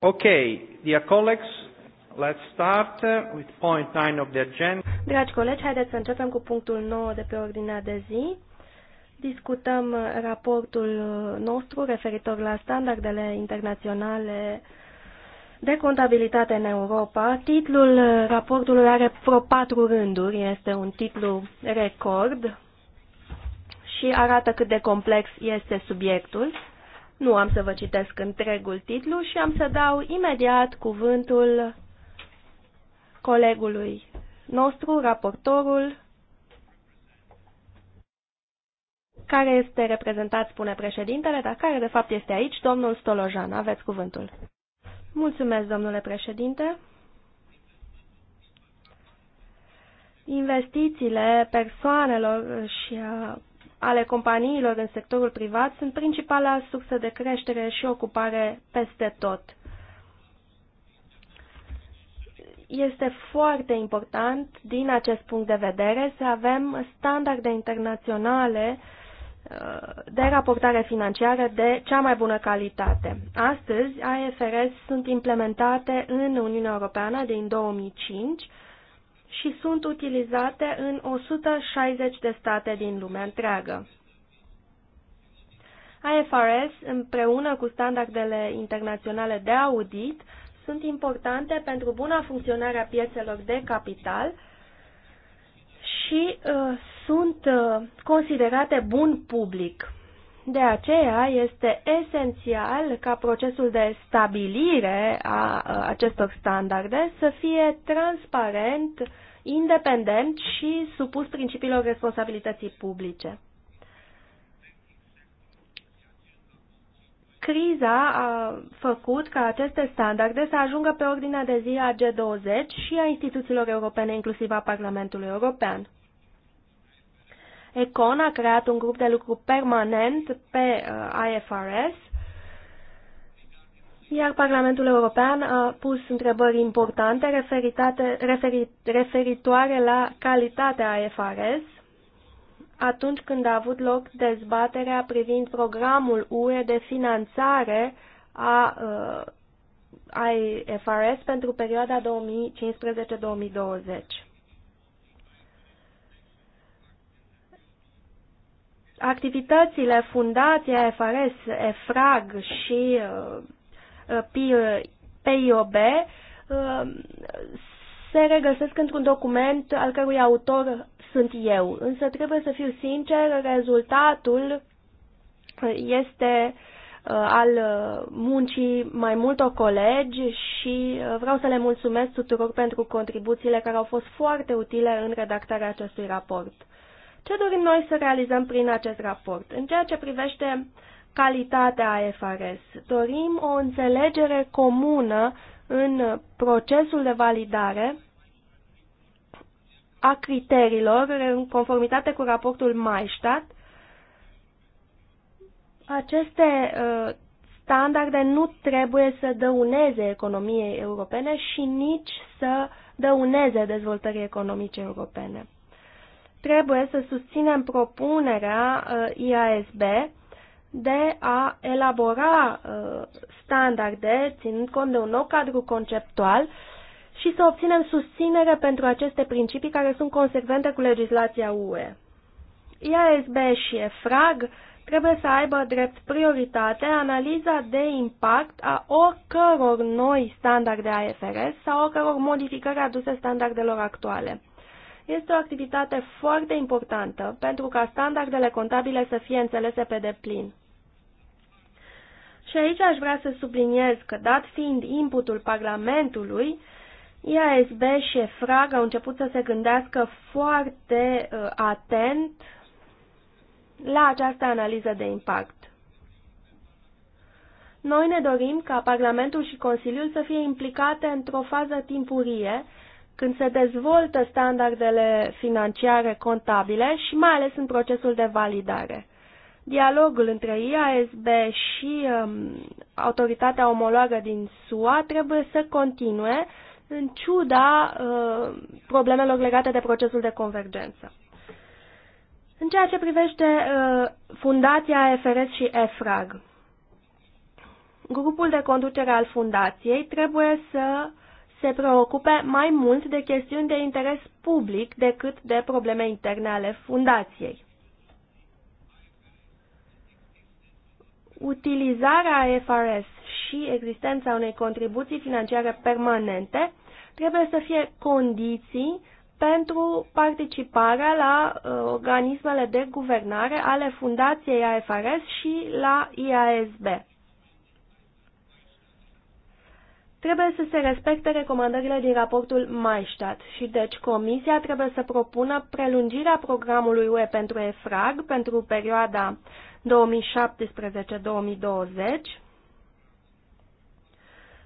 Okay, dear colleagues, let's start uh, with point 9 of the agenda. Dragi colegi, haideți să începem cu punctul 9 de pe ordinea de zi. Discutăm uh, raportul uh, nostru referitor la standardele internaționale de contabilitate în Europa. Titlul raportului are pro patru rânduri, este un titlu record și arată cât de complex este subiectul. Nu am să vă citesc întregul titlu și am să dau imediat cuvântul colegului nostru, raportorul, care este reprezentat, spune președintele, dar care de fapt este aici, domnul Stolojan. Aveți cuvântul. Mulțumesc, domnule președinte. Investițiile persoanelor și a ale companiilor în sectorul privat sunt principala sursă de creștere și ocupare peste tot. Este foarte important, din acest punct de vedere, să avem standarde internaționale uh, de raportare financiară de cea mai bună calitate. Astăzi, AFRS sunt implementate în Uniunea Europeană din 2005 și sunt utilizate în 160 de state din lumea întreagă. IFRS, împreună cu standardele internaționale de audit, sunt importante pentru buna funcționare a piețelor de capital și uh, sunt uh, considerate bun public. De aceea este esențial ca procesul de stabilire a acestor standarde să fie transparent, independent și supus principiilor responsabilității publice. Criza a făcut ca aceste standarde să ajungă pe ordinea de zi a G20 și a instituțiilor europene, inclusiv a Parlamentului European. Econ a creat un grup de lucru permanent pe uh, IFRS, iar Parlamentul European a pus întrebări importante referi, referitoare la calitatea IFRS atunci când a avut loc dezbaterea privind programul UE de finanțare a uh, IFRS pentru perioada 2015-2020. activitățile Fundației FRS, EFRAG și uh, PIOB uh, se regăsesc într-un document al cărui autor sunt eu. Însă trebuie să fiu sincer, rezultatul uh, este al muncii mai multor colegi și vreau să le mulțumesc tuturor pentru contribuțiile care au fost foarte utile în redactarea acestui raport. Ce dorim noi să realizăm prin acest raport? În ceea ce privește calitatea FRS, dorim o înțelegere comună în procesul de validare a criteriilor în conformitate cu raportul Maistat. Aceste uh, standarde nu trebuie să dăuneze economiei europene și nici să dăuneze dezvoltării economice europene trebuie să susținem propunerea uh, IASB de a elabora uh, standarde, ținând cont de un nou cadru conceptual, și să obținem susținere pentru aceste principii care sunt consecvente cu legislația UE. IASB și EFRAG trebuie să aibă drept prioritate analiza de impact a oricăror noi standarde AFRS sau oricăror modificări aduse standardelor actuale este o activitate foarte importantă pentru ca standardele contabile să fie înțelese pe deplin. Și aici aș vrea să subliniez că, dat fiind inputul Parlamentului, IASB și EFRAG au început să se gândească foarte uh, atent la această analiză de impact. Noi ne dorim ca Parlamentul și Consiliul să fie implicate într-o fază timpurie când se dezvoltă standardele financiare contabile și mai ales în procesul de validare. Dialogul între IASB și um, autoritatea omologă din SUA trebuie să continue în ciuda uh, problemelor legate de procesul de convergență. În ceea ce privește uh, fundația FRS și EFRAG, grupul de conducere al fundației trebuie să se preocupe mai mult de chestiuni de interes public decât de probleme interne ale fundației. Utilizarea FRS și existența unei contribuții financiare permanente trebuie să fie condiții pentru participarea la uh, organismele de guvernare ale Fundației AFRS și la IASB. Trebuie să se respecte recomandările din raportul Maistat și deci Comisia trebuie să propună prelungirea programului UE pentru EFRAG pentru perioada 2017-2020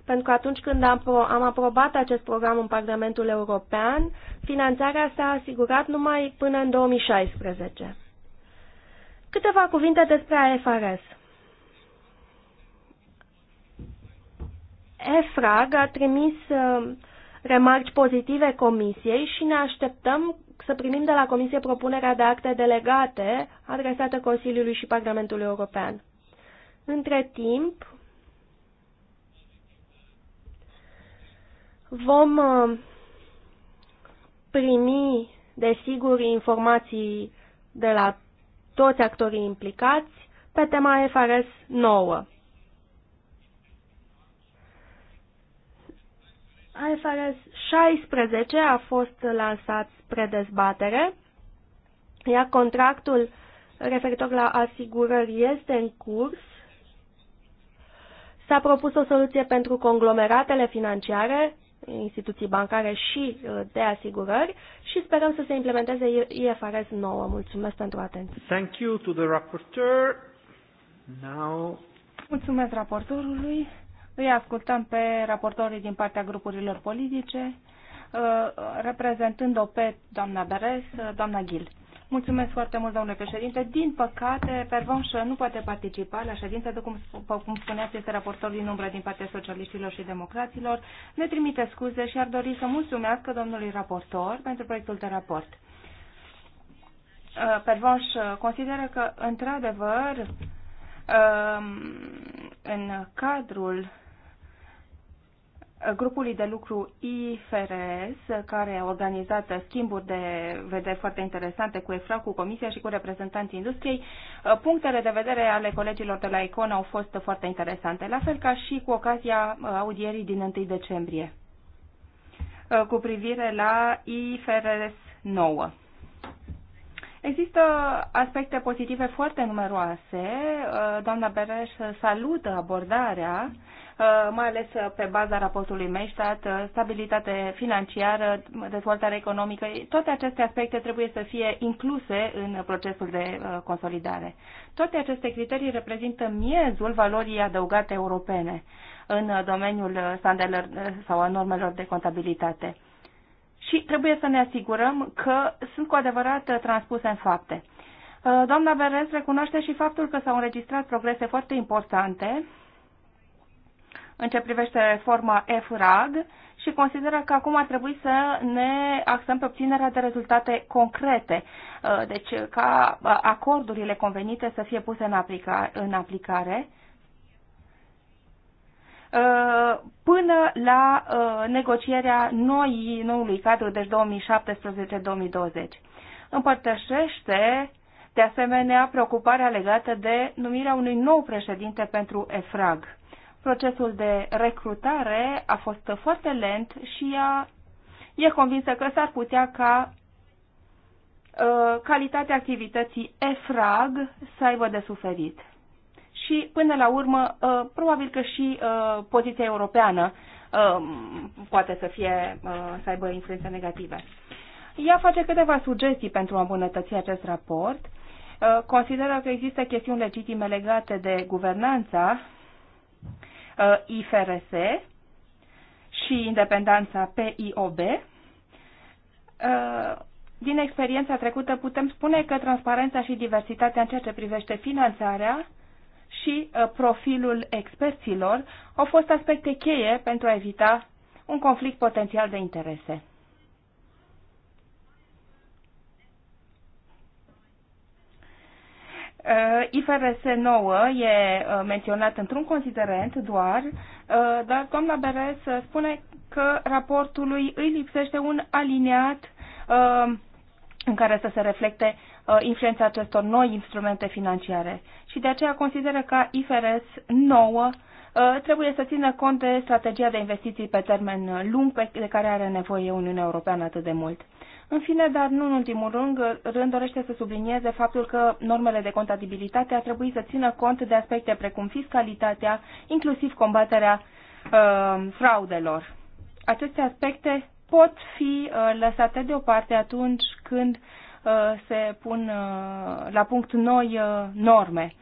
pentru că atunci când am, pro, am aprobat acest program în Parlamentul European, finanțarea s-a asigurat numai până în 2016. Câteva cuvinte despre AFRS. EFRAG a trimis uh, remarci pozitive comisiei și ne așteptăm să primim de la comisie propunerea de acte delegate adresată Consiliului și Parlamentului European. Între timp, vom uh, primi, desigur, informații de la toți actorii implicați pe tema FRS 9. IFRS 16 a fost lansat spre dezbatere, iar contractul referitor la asigurări este în curs. S-a propus o soluție pentru conglomeratele financiare, instituții bancare și uh, de asigurări și sperăm să se implementeze IFRS 9. Mulțumesc pentru atenție. Thank you to the rapporteur. Now... Mulțumesc raportorului. Îi ascultăm pe raportorii din partea grupurilor politice, uh, reprezentând-o pe doamna Beres, uh, doamna Ghil. Mulțumesc foarte mult, domnule președinte. Din păcate, Pervonșă nu poate participa la ședință, după cum spuneați, este raportor din umbră din partea socialiștilor și democraților. Ne trimite scuze și ar dori să mulțumească domnului raportor pentru proiectul de raport. Uh, Pervonș consideră că, într-adevăr, în cadrul grupului de lucru IFRS, care a organizat schimburi de vedere foarte interesante cu EFRA, cu Comisia și cu reprezentanții industriei. Punctele de vedere ale colegilor de la ICON au fost foarte interesante, la fel ca și cu ocazia audierii din 1 decembrie cu privire la IFRS 9. Există aspecte pozitive foarte numeroase. Doamna Bereș salută abordarea mai ales uh, pe baza raportului Meștat, uh, stabilitate financiară, dezvoltare economică, toate aceste aspecte trebuie să fie incluse în procesul de uh, consolidare. Toate aceste criterii reprezintă miezul valorii adăugate europene în domeniul standardelor sau a normelor de contabilitate. Și trebuie să ne asigurăm că sunt cu adevărat transpuse în fapte. Doamna Berens recunoaște și faptul că s-au înregistrat progrese foarte importante în ce privește reforma EFRAG și consideră că acum ar trebui să ne axăm pe obținerea de rezultate concrete, uh, deci ca uh, acordurile convenite să fie puse în, aplica în aplicare uh, până la negocierea noi, noului cadru, deci 2017-2020. Împărtășește de asemenea preocuparea legată de numirea unui nou președinte pentru EFRAG Procesul de recrutare a fost foarte lent și ea e convinsă că s-ar putea ca uh, calitatea activității EFRAG să aibă de suferit. Și, până la urmă, uh, probabil că și uh, poziția europeană um, poate să, fie, să aibă influențe negative. Ea face câteva sugestii pentru a îmbunătăți acest raport. Consideră că există chestiuni legitime legate de guvernanța Uh, IFRS și independența PIOB. Uh, din experiența trecută putem spune că transparența și diversitatea în ceea ce privește finanțarea și uh, profilul experților au fost aspecte cheie pentru a evita un conflict potențial de interese. Uh, IFRS 9 e uh, menționat într-un considerent doar, uh, dar doamna Beres spune că raportului îi lipsește un aliniat în care să se reflecte influența acestor noi instrumente financiare. Și de aceea consideră că IFRS 9 trebuie să țină cont de strategia de investiții pe termen lung pe de care are nevoie Uniunea Europeană atât de mult. În fine, dar nu în ultimul rând, rând dorește să sublinieze faptul că normele de contabilitate ar trebui să țină cont de aspecte precum fiscalitatea, inclusiv combaterea uh, fraudelor. Aceste aspecte pot fi uh, lăsate deoparte atunci când uh, se pun uh, la punct noi uh, norme.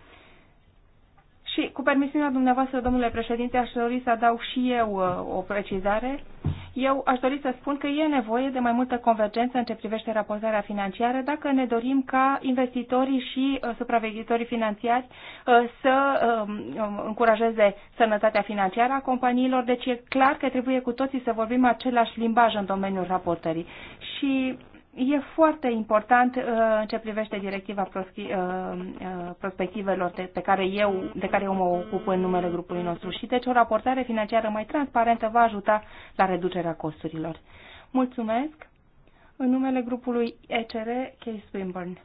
Și cu permisiunea dumneavoastră, domnule președinte, aș dori să adaug și eu uh, o precizare. Eu aș dori să spun că e nevoie de mai multă convergență în ce privește raportarea financiară dacă ne dorim ca investitorii și uh, supraveghetorii financiari uh, să um, um, încurajeze sănătatea financiară a companiilor. Deci e clar că trebuie cu toții să vorbim același limbaj în domeniul raportării. Și E foarte important uh, în ce privește directiva uh, uh, prospectivelor de, pe care eu, de care eu mă ocup în numele grupului nostru și deci o raportare financiară mai transparentă va ajuta la reducerea costurilor. Mulțumesc! În numele grupului ECR, Case Swinburne.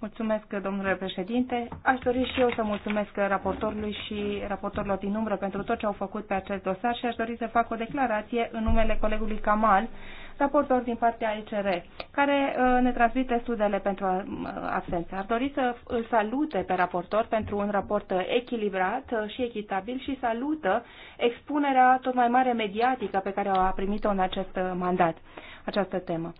Mulțumesc, domnule președinte. Aș dori și eu să mulțumesc raportorului și raportorilor din umbră pentru tot ce au făcut pe acest dosar și aș dori să fac o declarație în numele colegului Kamal, raportor din partea ICR, care uh, ne transmite studele pentru uh, absență. Ar dori să îl salute pe raportor pentru un raport uh, echilibrat și echitabil și salută expunerea tot mai mare mediatică pe care o a primit-o în acest mandat, această temă.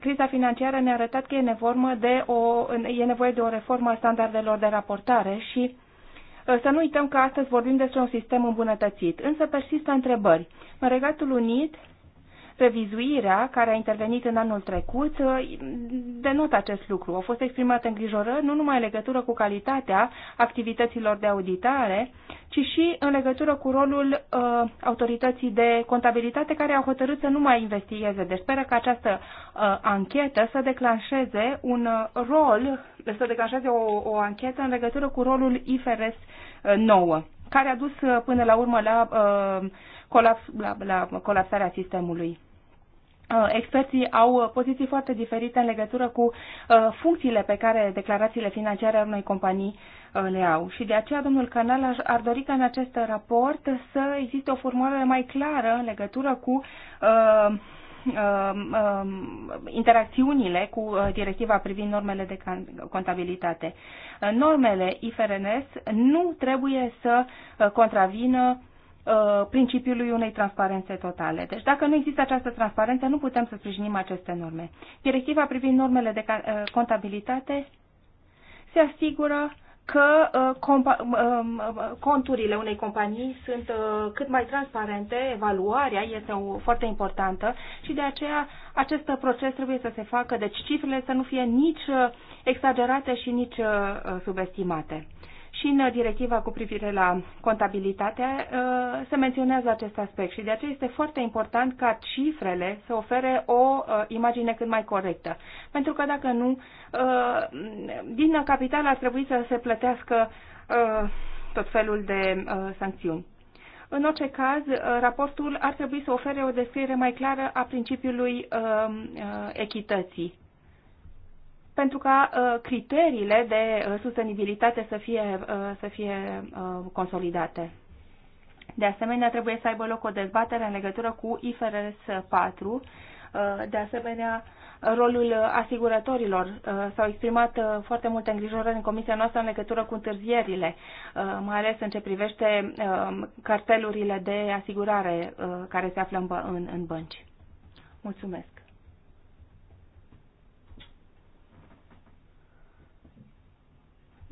Criza financiară ne-a arătat că e nevoie, de o, e nevoie de o reformă a standardelor de raportare și să nu uităm că astăzi vorbim despre un sistem îmbunătățit, însă persistă întrebări. În Regatul Unit, Previzuirea care a intervenit în anul trecut denotă acest lucru. Au fost exprimate îngrijorări nu numai în legătură cu calitatea activităților de auditare, ci și în legătură cu rolul uh, autorității de contabilitate care au hotărât să nu mai investigheze. Deci speră că această uh, anchetă să declanșeze un uh, rol, să declanșeze o, o anchetă în legătură cu rolul IFRS 9, uh, care a dus uh, până la urmă la uh, colaps, la, la colapsarea sistemului. Uh, experții au poziții foarte diferite în legătură cu uh, funcțiile pe care declarațiile financiare ale unei companii uh, le au. Și de aceea domnul Canal ar dori ca în acest raport să existe o formulare mai clară în legătură cu um, um, interacțiunile cu directiva privind normele de contabilitate. Normele IFRNS nu trebuie să contravină Uh, principiului unei transparențe totale. Deci dacă nu există această transparență, nu putem să sprijinim aceste norme. Directiva privind normele de uh, contabilitate se asigură că uh, um, um, um, conturile unei companii sunt cât mai transparente, evaluarea este o, foarte importantă și de aceea acest proces trebuie să se facă, deci cifrele să nu fie nici exagerate și nici subestimate și în directiva cu privire la contabilitate uh, se menționează acest aspect și de aceea este foarte important ca cifrele să ofere o uh, imagine cât mai corectă. Pentru că dacă nu, uh, din capital ar trebui să se plătească tot felul de sancțiuni. În orice caz, raportul ar trebui să ofere o descriere mai clară a principiului echității pentru ca uh, criteriile de uh, sustenibilitate să fie, uh, să fie consolidate. De asemenea, trebuie să aibă loc o dezbatere în legătură cu IFRS 4. De asemenea, rolul asigurătorilor. S-au exprimat foarte multe îngrijorări în comisia noastră în legătură cu întârzierile, mai ales în ce privește cartelurile de asigurare care se află în bănci. Mulțumesc.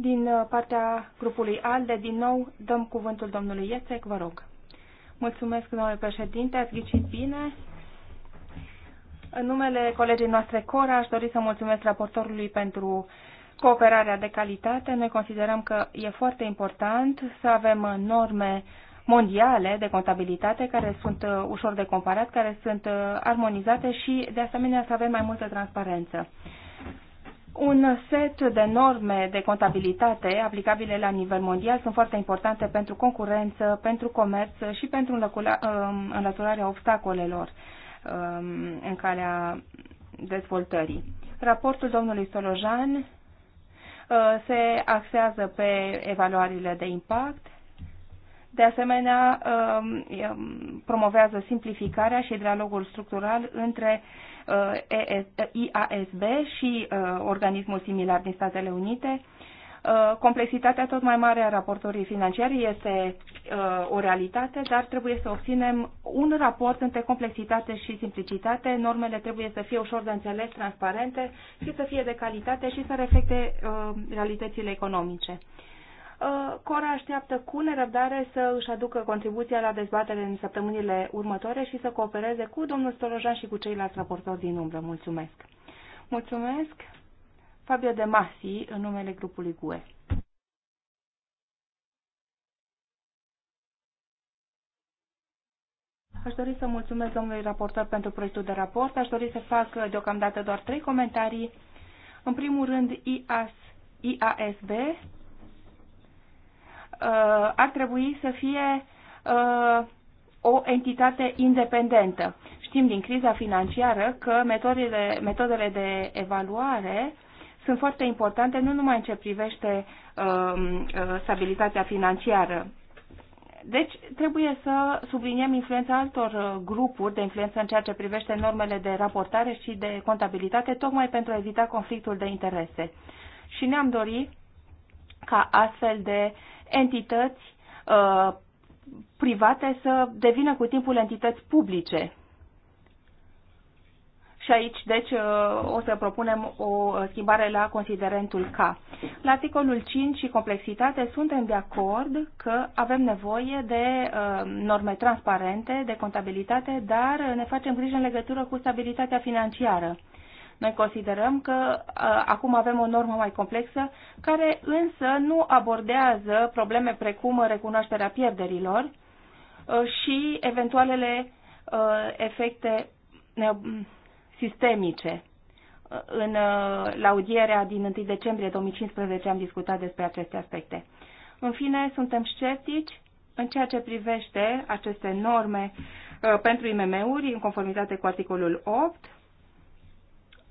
Din uh, partea grupului ALDE, din nou, dăm cuvântul domnului Iețec, vă rog. Mulțumesc, domnule președinte, ați ghicit bine. În numele colegii noastre Cora, aș dori să mulțumesc raportorului pentru cooperarea de calitate. Noi considerăm că e foarte important să avem uh, norme mondiale de contabilitate care sunt uh, ușor de comparat, care sunt armonizate și, de asemenea, să avem mai multă transparență un set de norme de contabilitate aplicabile la nivel mondial sunt foarte importante pentru concurență, pentru comerț și pentru um, înlăturarea obstacolelor um, în calea dezvoltării. Raportul domnului Solojan uh, se axează pe evaluările de impact, de asemenea, um, promovează simplificarea și dialogul structural între Uh, uh, IASB și uh, organismul similar din Statele Unite. Complexitatea tot mai mare a raportorii financiare este o realitate, dar trebuie să obținem un raport între complexitate și simplicitate. Normele trebuie să fie ușor de înțeles, transparente și să fie de calitate și să reflecte realitățile economice. Uh, Cora așteaptă cu nerăbdare să își aducă contribuția la dezbatere în săptămânile următoare și să coopereze cu domnul Stolojan și cu ceilalți raportori din umbră. Mulțumesc! Mulțumesc! Fabio De Masi, în numele grupului GUE. Aș dori să mulțumesc domnului raportor pentru proiectul de raport. Aș dori să fac deocamdată doar trei comentarii. În primul rând, IAS, IASB, Uh, ar trebui să fie uh, o entitate independentă. Știm din criza financiară că metodele, metodele de evaluare sunt foarte importante nu numai în ce privește um, uh, stabilitatea financiară. Deci trebuie să subliniem influența altor uh, grupuri de influență în ceea ce privește normele de raportare și de contabilitate, tocmai pentru a evita conflictul de interese. Și ne-am dorit ca astfel de entități uh, private să devină cu timpul entități publice. Și aici, deci, uh, o să propunem o schimbare la considerentul K. La articolul 5 și complexitate suntem de acord că avem nevoie de uh, norme transparente, de contabilitate, dar ne facem grijă în legătură cu stabilitatea financiară. Noi considerăm că acum avem o normă mai complexă, care însă nu abordează probleme precum recunoașterea pierderilor și eventualele efecte sistemice. În laudierea din 1 decembrie 2015 am discutat despre aceste aspecte. În fine, suntem sceptici în ceea ce privește aceste norme pentru IMM-uri în conformitate cu articolul 8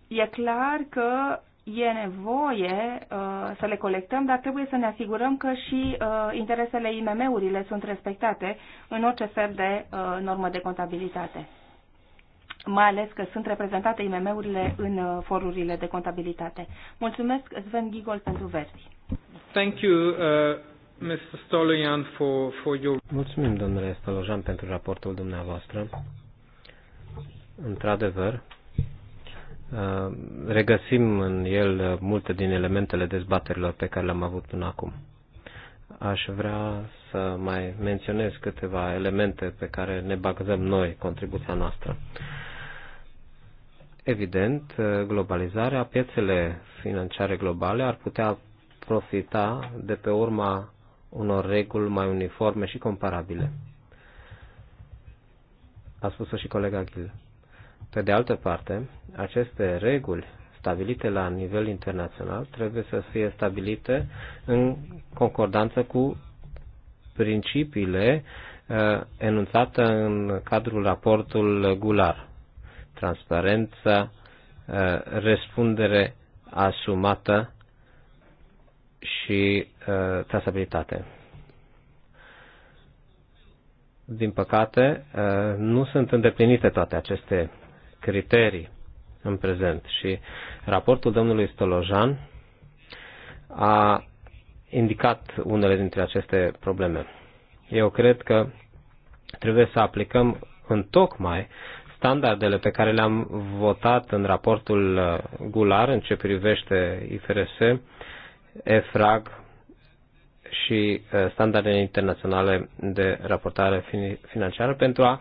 E clar că e nevoie uh, să le colectăm, dar trebuie să ne asigurăm că și uh, interesele IMM-urile sunt respectate în orice fel de uh, normă de contabilitate. Mai ales că sunt reprezentate IMM-urile în uh, forurile de contabilitate. Mulțumesc, Sven Gigol, pentru versi. Thank you, uh, Mr. Stolian, for, for your... Mulțumim, domnule Stolojan, pentru raportul dumneavoastră. Într-adevăr, Uh, regăsim în el uh, multe din elementele dezbaterilor pe care le-am avut până acum. Aș vrea să mai menționez câteva elemente pe care ne bazăm noi contribuția noastră. Evident, uh, globalizarea, piețele financiare globale ar putea profita de pe urma unor reguli mai uniforme și comparabile. A spus-o și colega Ghil. Pe de altă parte, aceste reguli stabilite la nivel internațional trebuie să fie stabilite în concordanță cu principiile uh, enunțate în cadrul raportul Gular. Transparență, uh, răspundere asumată și uh, trasabilitate. Din păcate, uh, nu sunt îndeplinite toate aceste criterii în prezent și raportul domnului Stolojan a indicat unele dintre aceste probleme. Eu cred că trebuie să aplicăm în tocmai standardele pe care le-am votat în raportul uh, Gular în ce privește IFRS, EFRAG și uh, standardele internaționale de raportare financiară pentru a uh,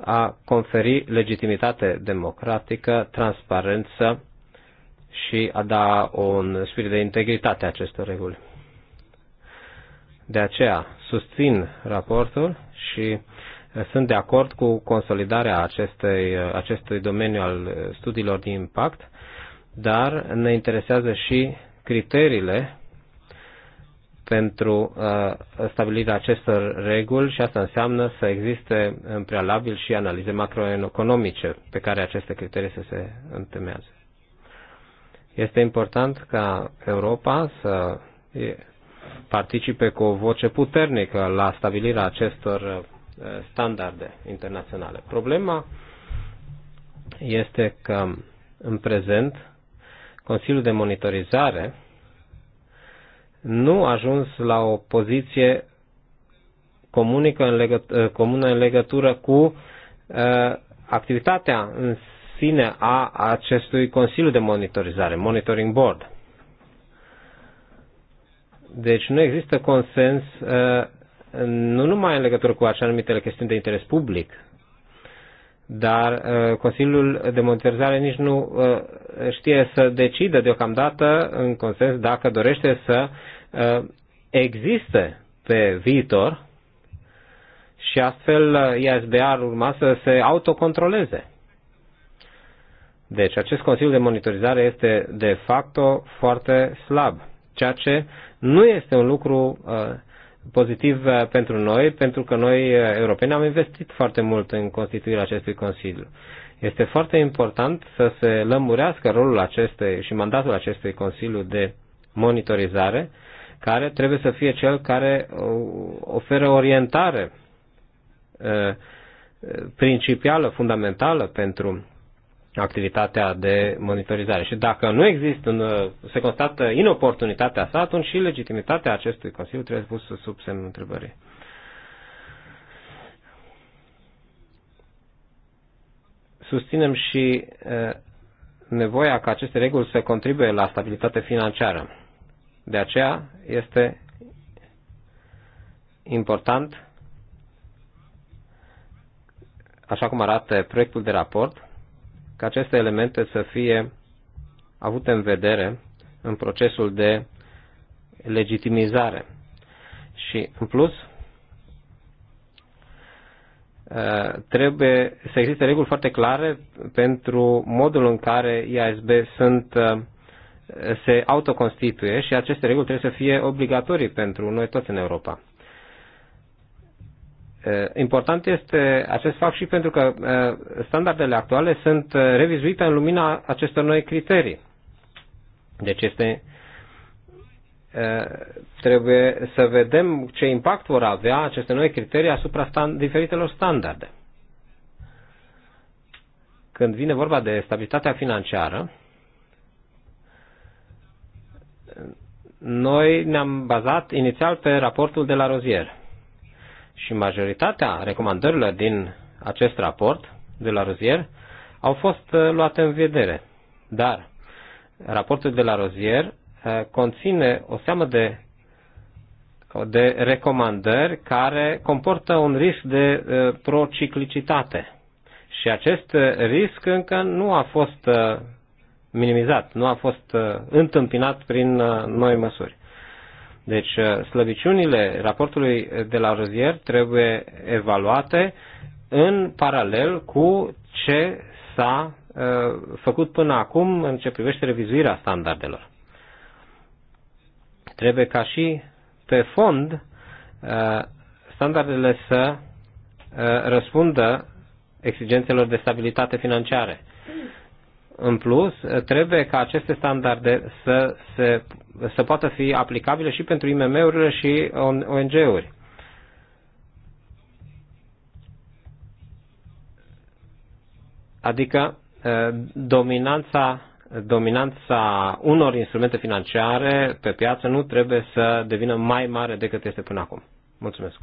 a conferi legitimitate democratică, transparență și a da un spirit de integritate acestor reguli. De aceea susțin raportul și eh, sunt de acord cu consolidarea acestei, eh, acestui domeniu al eh, studiilor de impact, dar ne interesează și criteriile pentru uh, stabilirea acestor reguli și asta înseamnă să existe în prealabil și analize macroeconomice pe care aceste criterii să se întemeieze. Este important ca Europa să participe cu o voce puternică la stabilirea acestor uh, standarde internaționale. Problema este că în prezent Consiliul de Monitorizare nu a ajuns la o poziție comunică în legătură, eh, comună în legătură cu uh, activitatea în sine a acestui Consiliu de Monitorizare, Monitoring Board. Deci nu există consens uh, nu numai în legătură cu acele anumitele chestiuni de interes public, dar uh, Consiliul de Monitorizare nici nu uh, știe să decidă deocamdată în consens dacă dorește să uh, existe pe viitor și astfel ISBA ar urma să se autocontroleze. Deci acest Consiliu de Monitorizare este de facto foarte slab, ceea ce nu este un lucru pozitiv uh, pentru noi, pentru că noi, uh, europeni, am investit foarte mult în constituirea acestui Consiliu. Este foarte important să se lămurească rolul acestei și mandatul acestui Consiliu de monitorizare, care trebuie să fie cel care uh, oferă orientare principială, fundamentală pentru activitatea de monitorizare. Și dacă nu există, se constată inoportunitatea sa, atunci și legitimitatea acestui Consiliu trebuie pusă sub semnul întrebării. Susținem și nevoia ca aceste reguli să contribuie la stabilitate financiară. De aceea este important, așa cum arată proiectul de raport, ca aceste elemente să fie avute în vedere în procesul de legitimizare. Și, în plus, uh, trebuie să existe reguli foarte clare pentru modul în care IASB sunt, uh, se autoconstituie și aceste reguli trebuie să fie obligatorii pentru noi toți în Europa. Important este acest fapt și pentru că standardele actuale sunt revizuite în lumina acestor noi criterii. Deci este trebuie să vedem ce impact vor avea aceste noi criterii asupra stand, diferitelor standarde. Când vine vorba de stabilitatea financiară, noi ne-am bazat inițial pe raportul de la Rozier și majoritatea recomandărilor din acest raport de la Rozier au fost uh, luate în vedere. Dar raportul de la Rozier uh, conține o seamă de, de recomandări care comportă un risc de uh, prociclicitate. Și acest risc încă nu a fost minimizat, nu a fost întâmpinat prin noi măsuri. Deci uh, slăbiciunile raportului de la rozier trebuie evaluate în paralel cu ce s-a uh, făcut până acum în ce privește revizuirea standardelor. Trebuie ca și pe fond uh, standardele să răspundă exigențelor de stabilitate financiare. În plus, trebuie ca aceste standarde să, se, să poată fi aplicabile și pentru IMM-urile și ONG-uri. Adică dominanța, dominanța unor instrumente financiare pe piață nu trebuie să devină mai mare decât este până acum. Mulțumesc.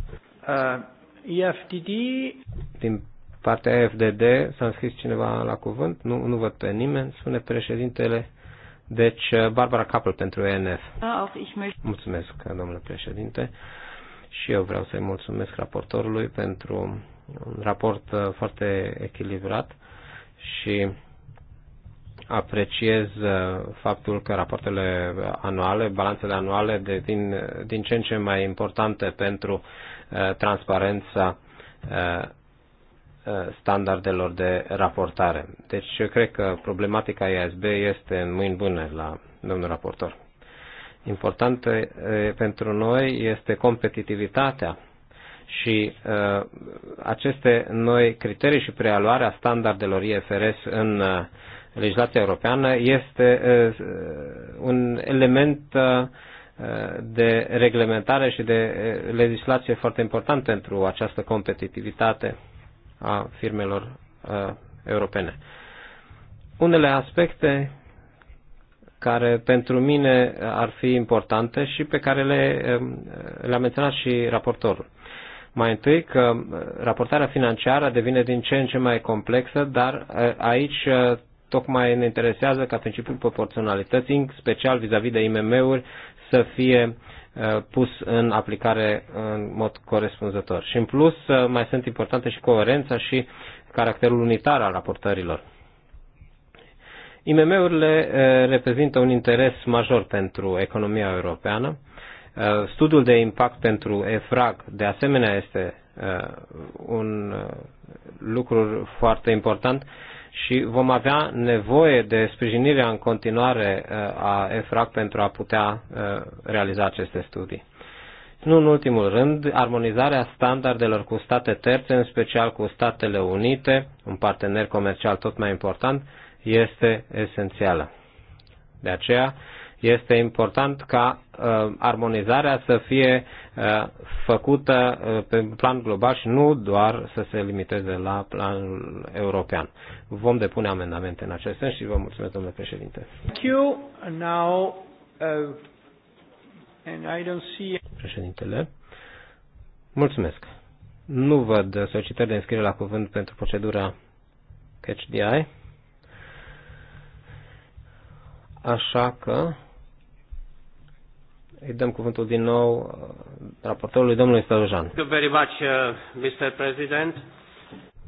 Uh, EFTD. Din partea FDD, s-a înscris cineva la cuvânt, nu, nu văd pe nimeni, spune președintele. Deci, uh, Barbara Capel pentru ENF. Ah, mulțumesc, domnule președinte. Și eu vreau să-i mulțumesc raportorului pentru un raport uh, foarte echilibrat și apreciez uh, faptul că rapoartele anuale, balanțele anuale devin din ce în ce mai importante pentru transparența Uh, standardelor de raportare. Deci eu cred că problematica ISB este în mâini bune la domnul raportor. Important uh, pentru noi este competitivitatea și uh, aceste noi criterii și prealuarea standardelor IFRS în uh, legislația europeană este uh, un element uh, de reglementare și de uh, legislație foarte important pentru această competitivitate a firmelor uh, europene. Unele aspecte care pentru mine ar fi importante și pe care le, um, le-a menționat și raportorul. Mai întâi că uh, raportarea financiară devine din ce în ce mai complexă, dar uh, aici uh, tocmai ne interesează ca principiul proporționalității, special vis-a-vis -vis de IMM-uri, să fie Uh, pus în aplicare în mod corespunzător. Și în plus uh, mai sunt importante și coerența și caracterul unitar al raportărilor. IMM-urile uh, reprezintă un interes major pentru economia europeană. Studiul de impact pentru EFRAG de asemenea este un lucru foarte important și vom avea nevoie de sprijinirea în continuare uh, a EFRAC pentru a putea uh, realiza aceste studii. Nu în ultimul rând, armonizarea standardelor cu state terțe, în special cu Statele Unite, un partener comercial tot mai important, este esențială. De aceea, este important ca uh, armonizarea să fie uh, făcută uh, pe plan global și nu doar să se limiteze la planul european. Vom depune amendamente în acest sens și vă mulțumesc, domnule președinte. Thank you. Now, uh, and I don't see... Președintele, mulțumesc. Nu văd solicitări de înscriere la cuvânt pentru procedura HDI, Așa că îi dăm cuvântul din nou uh, raportorului domnului Stărujan. Uh,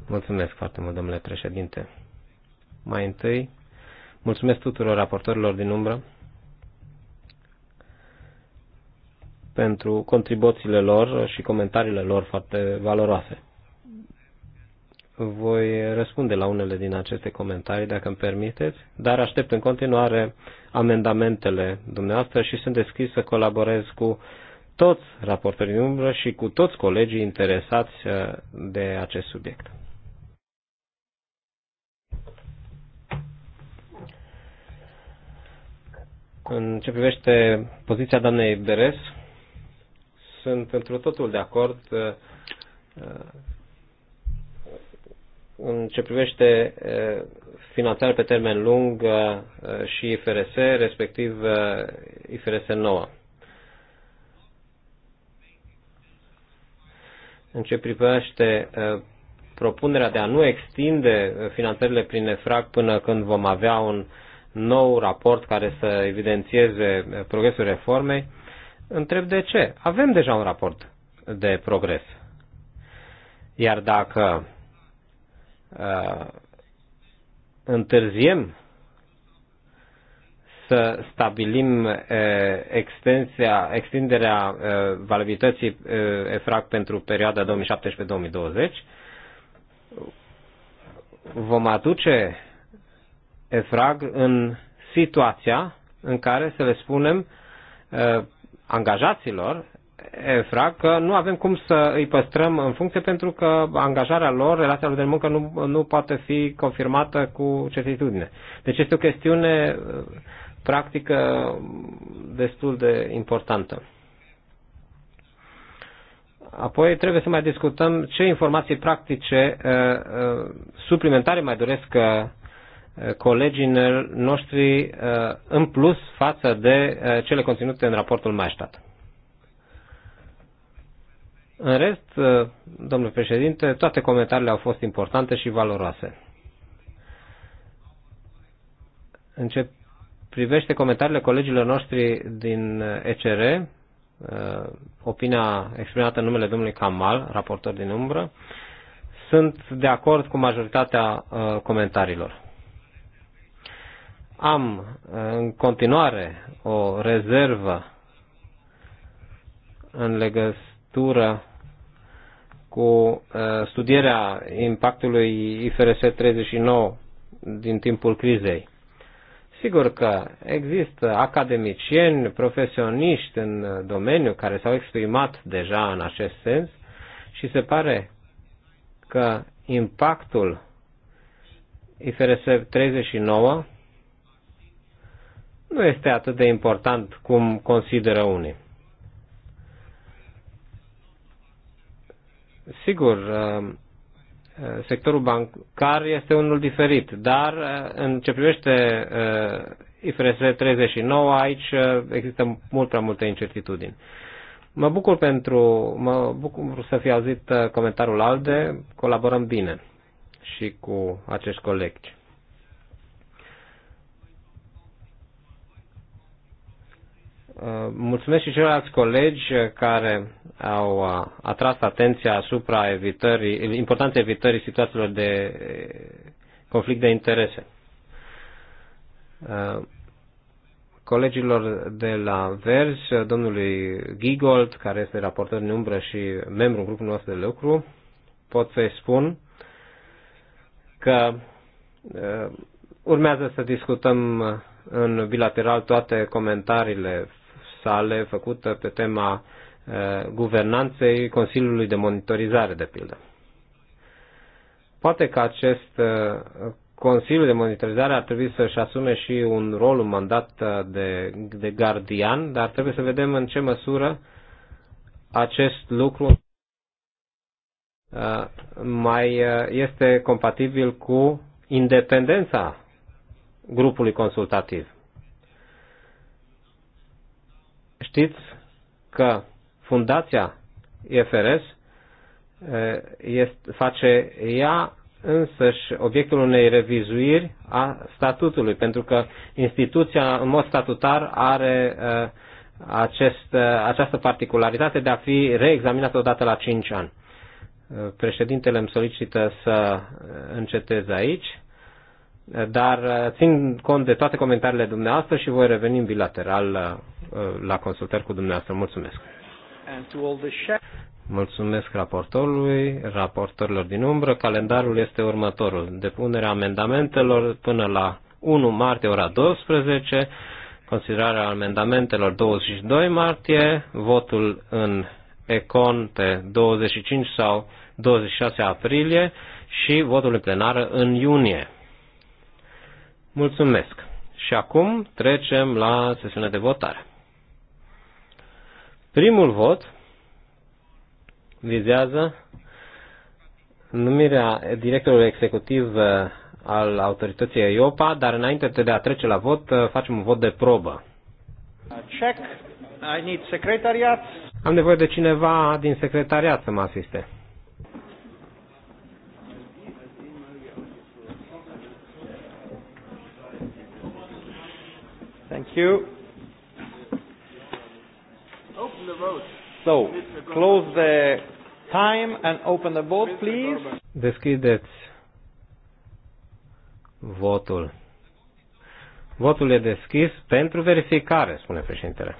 mulțumesc foarte mult, domnule președinte. Mai întâi, mulțumesc tuturor raportorilor din umbră pentru contribuțiile lor și comentariile lor foarte valoroase voi răspunde la unele din aceste comentarii, dacă îmi permiteți, dar aștept în continuare amendamentele dumneavoastră și sunt deschis să colaborez cu toți raportorii din umbră și cu toți colegii interesați uh, de acest subiect. În ce privește poziția doamnei Beres, sunt într totul de acord uh, uh, în ce privește finanțarea pe termen lung și IFRS, respectiv IFRS 9. În ce privește propunerea de a nu extinde finanțările prin EFRAC până când vom avea un nou raport care să evidențieze progresul reformei, întreb de ce. Avem deja un raport de progres. Iar dacă Uh, întârziem să stabilim uh, extensia, extinderea uh, valabilității EFRAC pentru perioada 2017-2020, vom aduce EFRAG în situația în care să le spunem angajaților EFRA că nu avem cum să îi păstrăm în funcție pentru că angajarea lor, relația lor de muncă nu, nu poate fi confirmată cu certitudine. Deci este o chestiune uh, practică destul de importantă. Apoi trebuie să mai discutăm ce informații practice uh, uh, suplimentare mai doresc uh, colegii noștri uh, în plus față de uh, cele conținute în raportul Maestat. În rest, uh, domnule președinte, toate comentariile au fost importante și valoroase. În ce privește comentariile colegilor noștri din uh, ECR, uh, opinia exprimată în numele domnului Kamal, raportor din umbră, sunt de acord cu majoritatea comentariilor. Am în continuare o rezervă în legătură cu uh, studierea impactului IFRS 39 din timpul crizei. Sigur că există academicieni, profesioniști în domeniu care s-au exprimat deja în acest sens și se pare că impactul IFRS 39 nu este atât de important cum consideră unii. Sigur, uh, uh, sectorul bancar este unul diferit, dar uh, în ce privește IFRS 39, aici există mult prea multe incertitudini. Mă bucur pentru, mă bucur să fi auzit comentariul ALDE, colaborăm bine și cu acești colegi. Uh, mulțumesc și celorlalți colegi uh, care au uh, atras atenția asupra evitării, importanței evitării situațiilor de conflict de interese. Colegilor de la Vers, domnului Gigold, care este raportor în umbră și membru în grupul nostru de lucru, pot să-i spun că urmează să discutăm în bilateral toate comentariile sale făcută pe tema uh, guvernanței Consiliului de Monitorizare, de pildă. Poate că acest uh, Consiliul de Monitorizare ar trebui să-și asume și un rol, un mandat uh, de, de gardian, dar trebuie să vedem în ce măsură acest lucru mai este compatibil cu independența grupului consultativ. știți că fundația IFRS este, face ea însăși obiectul unei revizuiri a statutului, pentru că instituția în mod statutar are acest, această particularitate de a fi reexaminată odată la 5 ani. Președintele îmi solicită să înceteze aici dar uh, țin cont de toate comentariile dumneavoastră și voi reveni bilateral la, uh, la consultări cu dumneavoastră. Mulțumesc! Mulțumesc raportorului, raportorilor din umbră. Calendarul este următorul. Depunerea amendamentelor până la 1 martie, ora 12, considerarea amendamentelor 22 martie, votul în Econ pe 25 sau 26 aprilie și votul în plenară în iunie. Mulțumesc. Și acum trecem la sesiunea de votare. Primul vot vizează numirea directorului executiv uh, al autorității IOPA, dar înainte de a trece la vot, uh, facem un vot de probă. Check. I need secretariat. Am nevoie de cineva din secretariat să mă asiste. Thank you. Open the vote. So, close the time and open the vote, please. Deschideți votul. Votul e deschis pentru verificare, spune președintele.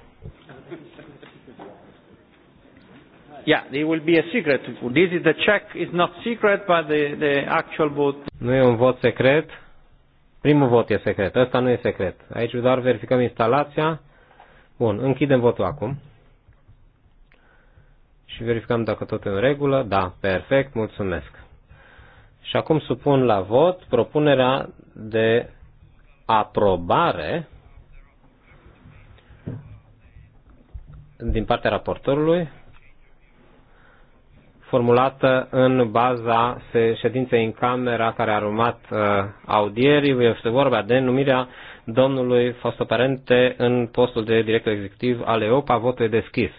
Yeah, there will be a secret. This is the check is not secret, but the, the actual vote. Nu e un vot secret, Primul vot e secret. Ăsta nu e secret. Aici doar verificăm instalația. Bun, închidem votul acum. Și verificăm dacă tot e în regulă. Da, perfect, mulțumesc. Și acum supun la vot propunerea de aprobare din partea raportorului formulată în baza ședinței în camera care a urmat uh, audierii. Este vorba de numirea domnului Fostoparente în postul de director executiv al EOPA. Votul e deschis.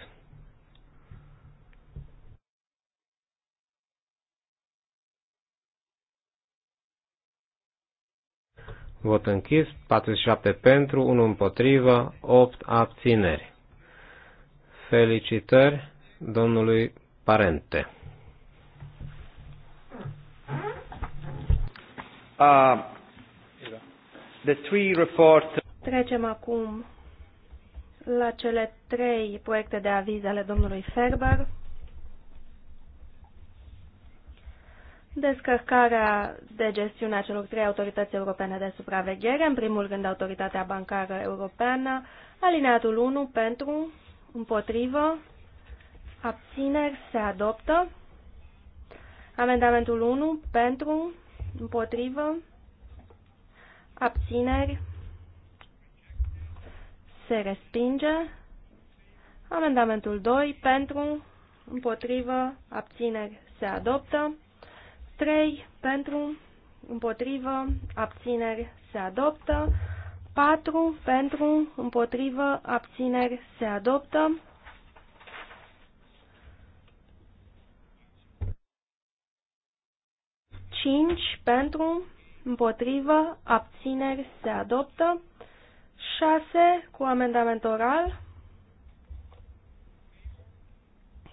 Vot închis, 47 pentru, 1 împotrivă, 8 abțineri. Felicitări domnului Parente. Uh, the three report... Trecem acum la cele trei proiecte de aviz ale domnului Ferber. Descărcarea de gestiune a celor trei autorități europene de supraveghere, în primul rând Autoritatea Bancară Europeană, alineatul 1 pentru, împotrivă, abțineri se adoptă, amendamentul 1 pentru, Împotrivă. Abțineri. Se respinge. Amendamentul 2 pentru, împotrivă, abțineri se adoptă. 3 pentru, împotrivă, abțineri se adoptă. 4 pentru, împotrivă, abțineri se adoptă. 5 pentru, împotrivă, abțineri se adoptă. 6 cu amendament oral,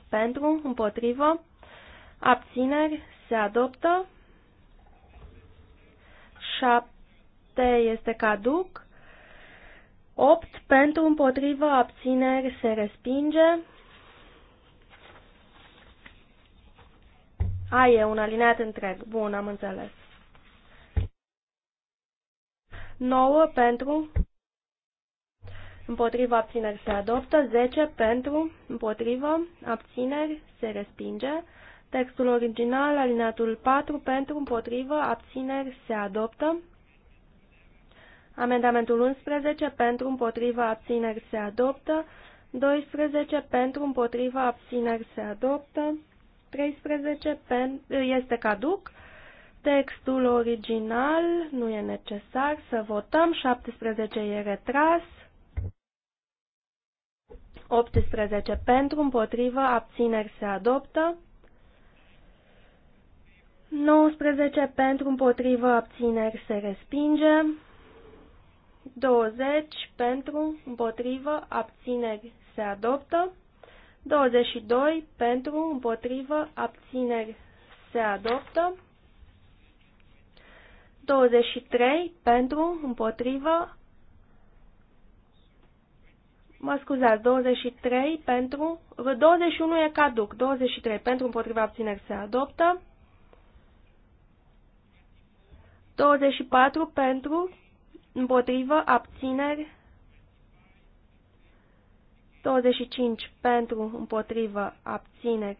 pentru, împotrivă, abțineri se adoptă. 7 este caduc. 8 pentru, împotrivă, abțineri se respinge. A, e un alineat întreg. Bun, am înțeles. 9 pentru, împotriva abțineri se adoptă, 10 pentru, împotriva abțineri se respinge, textul original, alineatul 4 pentru, împotriva abțineri se adoptă, amendamentul 11 pentru, împotriva abțineri se adoptă, 12 pentru, împotriva abțineri se adoptă, 13 este caduc. Textul original nu e necesar să votăm. 17 e retras. 18 pentru, împotrivă, abțineri se adoptă. 19 pentru, împotrivă, abțineri se respinge. 20 pentru, împotrivă, abțineri se adoptă. 22 pentru, împotrivă, abțineri se adoptă. 23 pentru, împotrivă, mă scuzați, 23 pentru, 21 e caduc, 23 pentru, împotriva abțineri se adoptă. 24 pentru, împotrivă, abțineri 25 pentru, împotrivă, abține,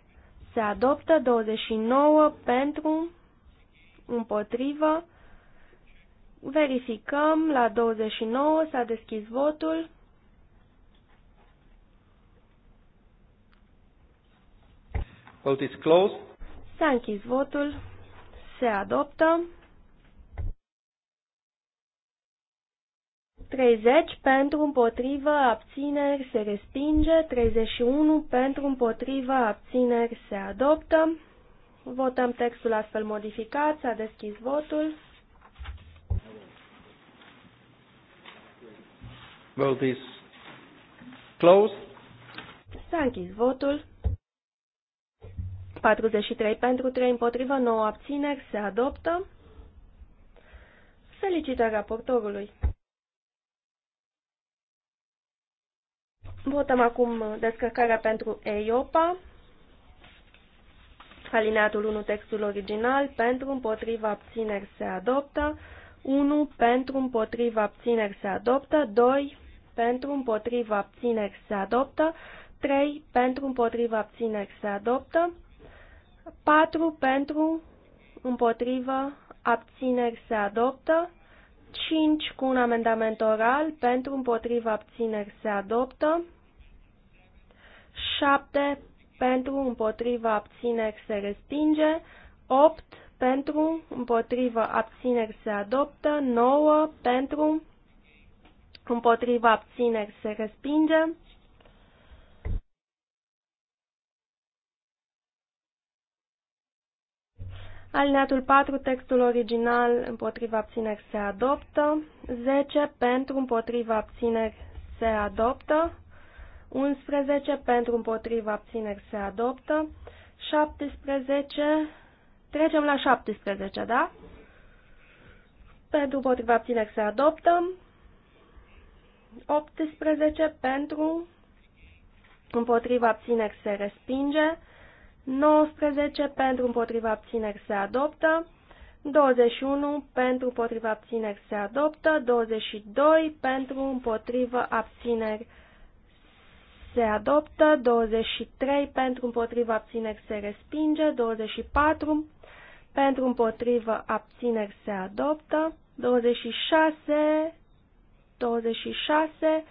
se adoptă. 29 pentru, împotrivă. Verificăm, la 29 s-a deschis votul. Vote is closed. S-a închis votul. Se adoptă. 30 pentru împotrivă abțineri se respinge, 31 pentru împotrivă abțineri se adoptă. Votăm textul astfel modificat, s-a deschis votul. Vote is closed. S-a închis votul. 43 pentru 3 împotrivă, 9 abțineri se adoptă. Felicitări raportorului. Votăm acum descărcarea pentru EIOPA. Alineatul 1, textul original, pentru împotriva abțineri se adoptă, 1 pentru împotriva abțineri se adoptă, 2 pentru împotriva abțineri se adoptă, 3 pentru împotriva abțineri se adoptă, 4 pentru împotriva abțineri se adoptă, 5 cu un amendament oral pentru împotriva abțineri se adoptă, 7 pentru, împotriva, abțineri, se respinge. 8 pentru, împotriva, abțineri, se adoptă. 9 pentru, împotriva, abțineri, se respinge. Alineatul 4, textul original, împotriva abțineri se adoptă. 10, pentru, împotriva abțineri se adoptă. 11 pentru împotriva abțineri se adoptă. 17. Trecem la 17, da? Pentru împotriva abțineri se adoptă. 18 pentru împotriva abțineri se respinge. 19 pentru împotriva abțineri se adoptă. 21 pentru împotriva abțineri se adoptă, 22 pentru împotriva abțineri se adoptă, 23 pentru împotriva abțineri se respinge, 24 pentru împotriva abțineri se adoptă, 26, 26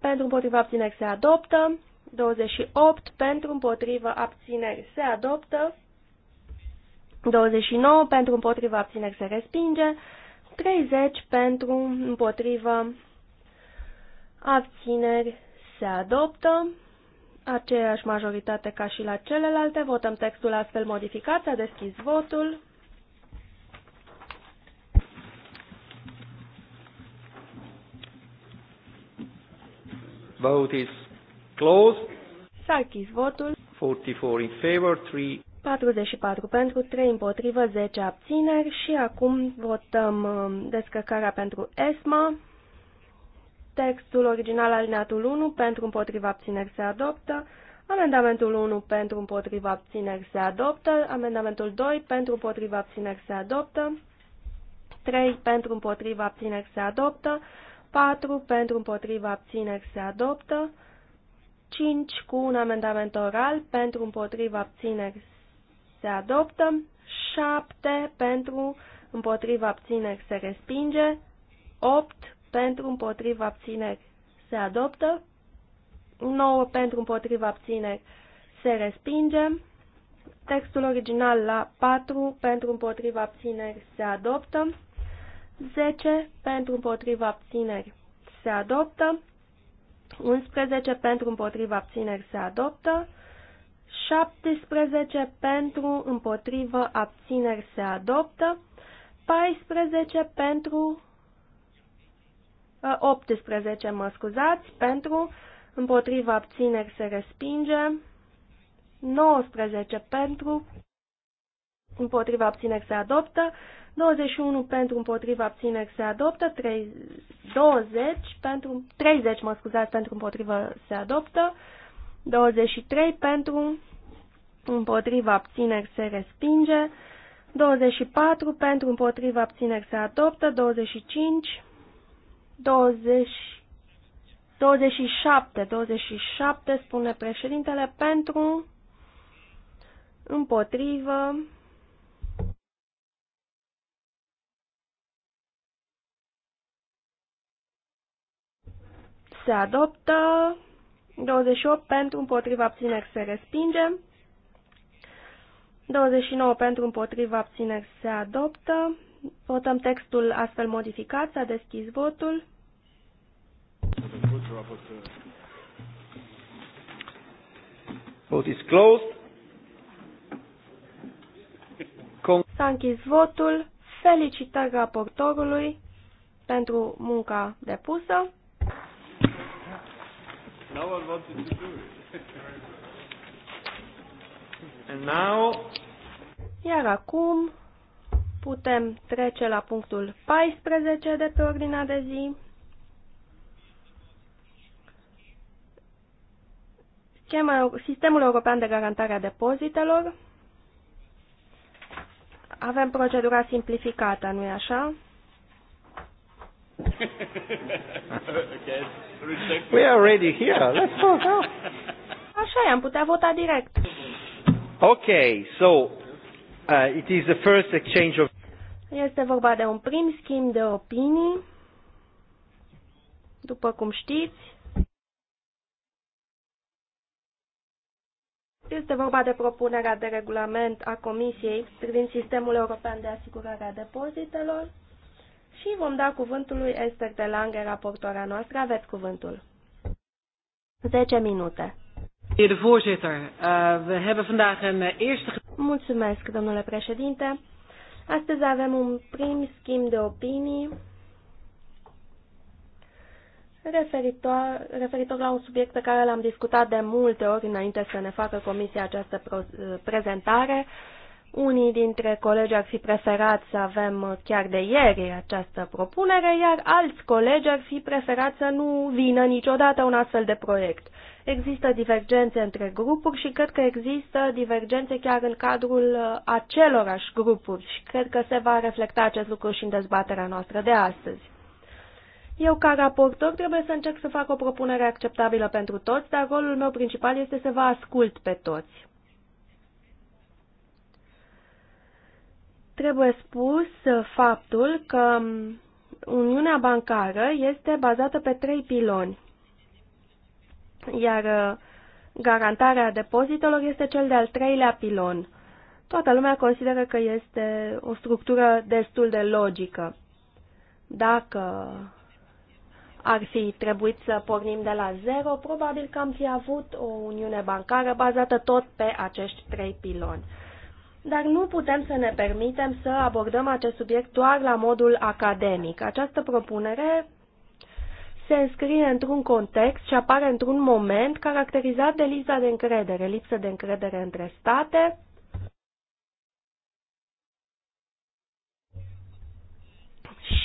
pentru împotriva abțineri se adoptă, 28 pentru împotriva abțineri se adoptă, 29 pentru împotriva abțineri se respinge, 30 pentru împotriva abțineri se adoptă aceeași majoritate ca și la celelalte. Votăm textul astfel modificat. S-a deschis votul. Vote is closed. S-a închis votul. 44 in favor, 3 44 pentru, 3 împotrivă, 10 abțineri și acum votăm um, descărcarea pentru ESMA. Textul original alineatul 1 pentru împotriva abțineri se adoptă. Amendamentul 1 pentru împotriva abțineri se adoptă. Amendamentul 2 pentru împotriva abțineri se adoptă. 3 pentru împotriva abțineri se adoptă. 4 pentru împotriva abțineri se adoptă. 5 cu un amendament oral pentru împotriva abțineri se adoptă. 7 pentru împotriva abțineri se respinge. 8 pentru împotriva abțineri se adoptă, 9 pentru împotriva abțineri se respinge, textul original la 4 pentru împotriva abțineri se adoptă, 10 pentru împotriva abțineri se adoptă, 11 pentru împotriva abțineri se adoptă, 17 pentru împotriva abțineri se adoptă, 14 pentru 18, uh, mă scuzați, pentru, împotriva abțineri se respinge, 19 pentru, împotriva abțineri se adoptă, 21 pentru împotriva abțineri se adoptă, 3, 20 pentru, 30 mă scuzați, pentru împotriva se adoptă, 23 pentru împotriva abțineri se respinge, 24 pentru împotriva abțineri se adoptă, 25 20, 27, 27, spune președintele, pentru, împotrivă, se adoptă, 28 pentru, împotriva, abțineri, se respinge, 29 pentru, împotriva, abțineri, se adoptă, Votăm textul astfel modificat. S-a deschis votul. Vote is closed. S-a închis votul. Felicitări raportorului pentru munca depusă. to do it. And now... Iar acum putem trece la punctul 14 de pe ordinea de zi. Schema, sistemul European de Garantare a Depozitelor. Avem procedura simplificată, nu-i așa? We are ready here. Let's go. Așa e, am putea vota direct. Okay, so uh, it is the first exchange of este vorba de un prim schimb de opinii. După cum știți, este vorba de propunerea de regulament a Comisiei privind sistemul european de asigurare a depozitelor și vom da cuvântul lui Esther de Lange, raportoarea noastră. Aveți cuvântul. 10 minute. Eh, eh, Mulțumesc, domnule președinte. Astăzi avem un prim schimb de opinii referitor, referitor la un subiect pe care l-am discutat de multe ori înainte să ne facă comisia această eh, prezentare. Unii dintre colegi ar fi preferat să avem chiar de ieri această propunere, iar alți colegi ar fi preferat să nu vină niciodată un astfel de proiect. Există divergențe între grupuri și cred că există divergențe chiar în cadrul acelorași grupuri și cred că se va reflecta acest lucru și în dezbaterea noastră de astăzi. Eu, ca raportor, trebuie să încerc să fac o propunere acceptabilă pentru toți, dar rolul meu principal este să vă ascult pe toți. Trebuie spus uh, faptul că um, Uniunea Bancară este bazată pe trei piloni, iar uh, garantarea depozitelor este cel de-al treilea pilon. Toată lumea consideră că este o structură destul de logică. Dacă ar fi trebuit să pornim de la zero, probabil că am fi avut o uniune bancară bazată tot pe acești trei piloni dar nu putem să ne permitem să abordăm acest subiect doar la modul academic. Această propunere se înscrie într-un context și apare într-un moment caracterizat de lipsa de încredere, lipsă de încredere între state,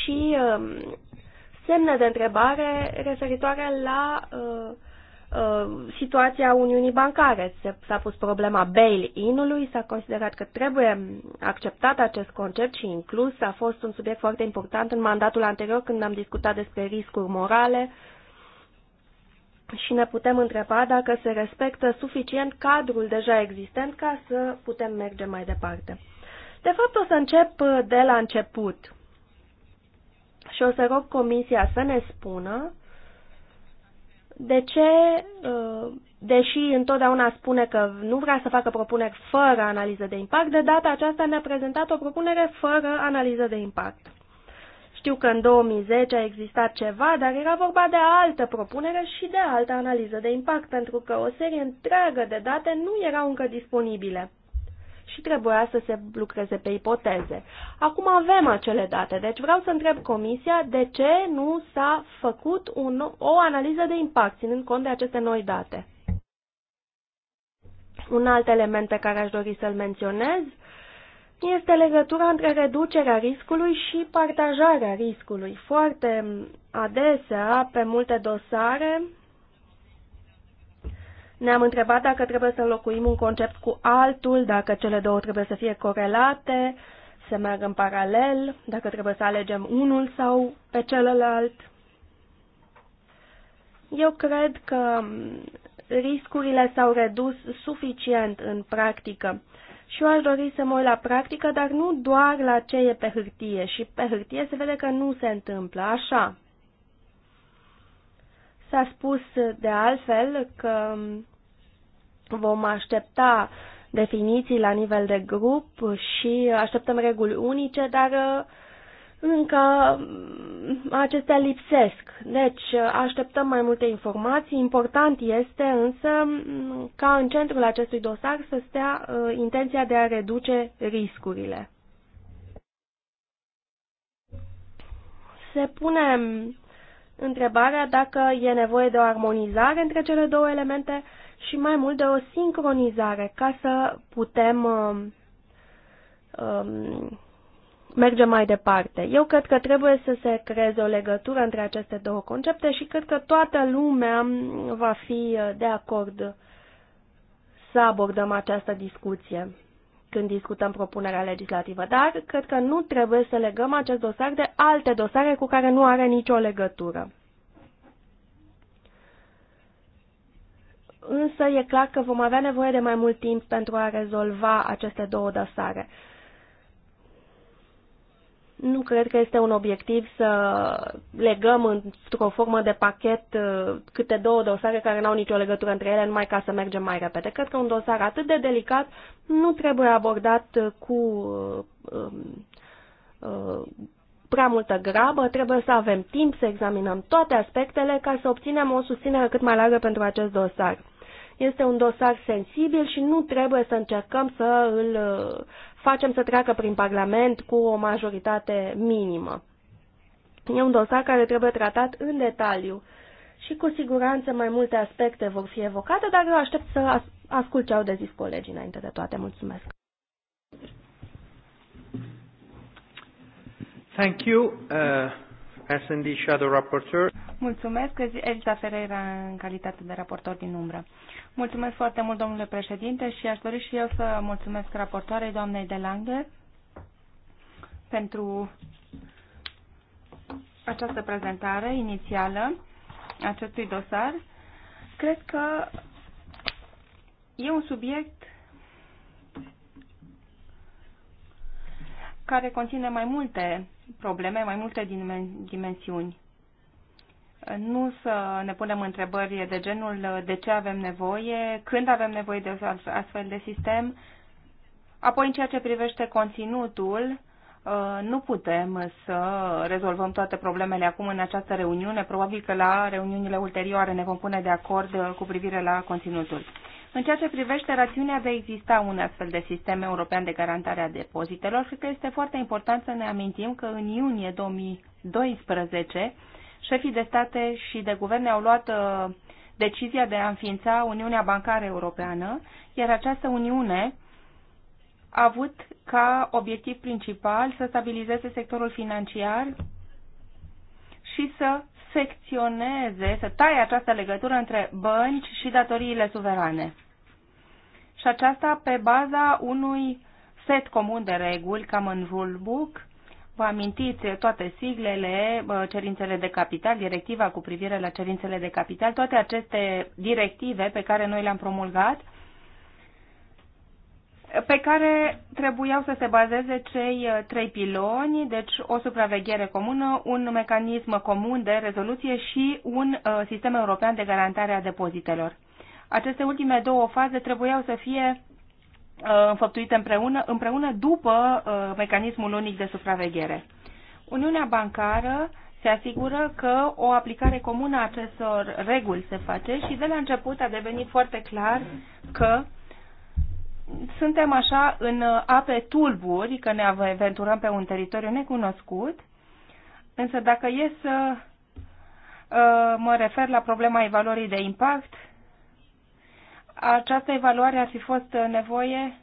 și um, semne de întrebare referitoare la uh, Uh, situația Uniunii Bancare. S-a pus problema bail-in-ului, s-a considerat că trebuie acceptat acest concept și inclus. A fost un subiect foarte important în mandatul anterior când am discutat despre riscuri morale și ne putem întreba dacă se respectă suficient cadrul deja existent ca să putem merge mai departe. De fapt, o să încep de la început și o să rog Comisia să ne spună de ce, uh, deși întotdeauna spune că nu vrea să facă propuneri fără analiză de impact, de data aceasta ne-a prezentat o propunere fără analiză de impact. Știu că în 2010 a existat ceva, dar era vorba de altă propunere și de altă analiză de impact, pentru că o serie întreagă de date nu erau încă disponibile și trebuia să se lucreze pe ipoteze. Acum avem acele date, deci vreau să întreb Comisia de ce nu s-a făcut un, o analiză de impact, ținând cont de aceste noi date. Un alt element pe care aș dori să-l menționez este legătura între reducerea riscului și partajarea riscului. Foarte adesea, pe multe dosare, ne-am întrebat dacă trebuie să înlocuim un concept cu altul, dacă cele două trebuie să fie corelate, să meargă în paralel, dacă trebuie să alegem unul sau pe celălalt. Eu cred că riscurile s-au redus suficient în practică și eu aș dori să mă uit la practică, dar nu doar la ce e pe hârtie. Și pe hârtie se vede că nu se întâmplă așa. S-a spus de altfel că Vom aștepta definiții la nivel de grup și așteptăm reguli unice, dar uh, încă mm, acestea lipsesc. Deci așteptăm mai multe informații. Important este însă mm, ca în centrul acestui dosar să stea uh, intenția de a reduce riscurile. Se pune mm, întrebarea dacă e nevoie de o armonizare între cele două elemente și mai mult de o sincronizare ca să putem um, um, merge mai departe. Eu cred că trebuie să se creeze o legătură între aceste două concepte și cred că toată lumea va fi uh, de acord să abordăm această discuție când discutăm propunerea legislativă, dar cred că nu trebuie să legăm acest dosar de alte dosare cu care nu are nicio legătură. însă e clar că vom avea nevoie de mai mult timp pentru a rezolva aceste două dosare. Nu cred că este un obiectiv să legăm într-o formă de pachet uh, câte două dosare care n-au nicio legătură între ele, numai ca să mergem mai repede. Cred că un dosar atât de delicat nu trebuie abordat uh, cu uh, um, uh, prea multă grabă, trebuie să avem timp să examinăm toate aspectele ca să obținem o susținere cât mai largă pentru acest dosar. Este un dosar sensibil și nu trebuie să încercăm să îl uh, facem să treacă prin Parlament cu o majoritate minimă. E un dosar care trebuie tratat în detaliu și cu siguranță mai multe aspecte vor fi evocate, dar eu aștept să ascult ce au de zis colegii înainte de toate. Mulțumesc! Thank you, uh, S&D Shadow Rapporteur. Mulțumesc, Elisa Ferreira, în calitate de raportor din umbră. Mulțumesc foarte mult, domnule președinte, și aș dori și eu să mulțumesc raportoarei doamnei de Lange pentru această prezentare inițială acestui dosar. Cred că e un subiect care conține mai multe probleme, mai multe dimensiuni nu să ne punem întrebări de genul de ce avem nevoie, când avem nevoie de astfel de sistem. Apoi, în ceea ce privește conținutul, uh, nu putem să rezolvăm toate problemele acum în această reuniune. Probabil că la reuniunile ulterioare ne vom pune de acord uh, cu privire la conținutul. În ceea ce privește rațiunea de a exista un astfel de sistem european de garantare a depozitelor, cred că este foarte important să ne amintim că în iunie 2012 șefii de state și de guverne au luat uh, decizia de a înființa Uniunea Bancară Europeană, iar această Uniune a avut ca obiectiv principal să stabilizeze sectorul financiar și să secționeze, să taie această legătură între bănci și datoriile suverane. Și aceasta pe baza unui set comun de reguli, cam în rulebook, Vă amintiți toate siglele, cerințele de capital, directiva cu privire la cerințele de capital, toate aceste directive pe care noi le-am promulgat, pe care trebuiau să se bazeze cei uh, trei piloni, deci o supraveghere comună, un mecanism comun de rezoluție și un uh, sistem european de garantare a depozitelor. Aceste ultime două faze trebuiau să fie Uh, înfăptuite împreună, împreună după uh, mecanismul unic de supraveghere. Uniunea bancară se asigură că o aplicare comună a acestor reguli se face și de la început a devenit foarte clar că suntem așa în ape tulburi, că ne aventurăm pe un teritoriu necunoscut, însă dacă e să uh, mă refer la problema evaluării de impact, această evaluare ar fi fost uh, nevoie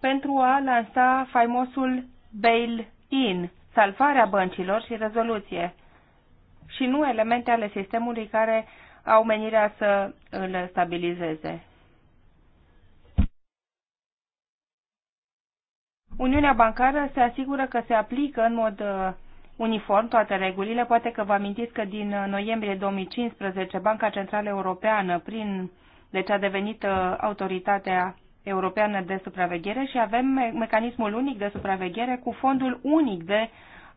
pentru a lansa faimosul bail-in, salvarea băncilor și rezoluție, și nu elemente ale sistemului care au menirea să îl stabilizeze. Uniunea bancară se asigură că se aplică în mod uh, uniform toate regulile. Poate că vă amintiți că din noiembrie 2015 Banca Centrală Europeană, prin deci a devenit uh, autoritatea europeană de supraveghere și avem mecanismul unic de supraveghere cu fondul unic de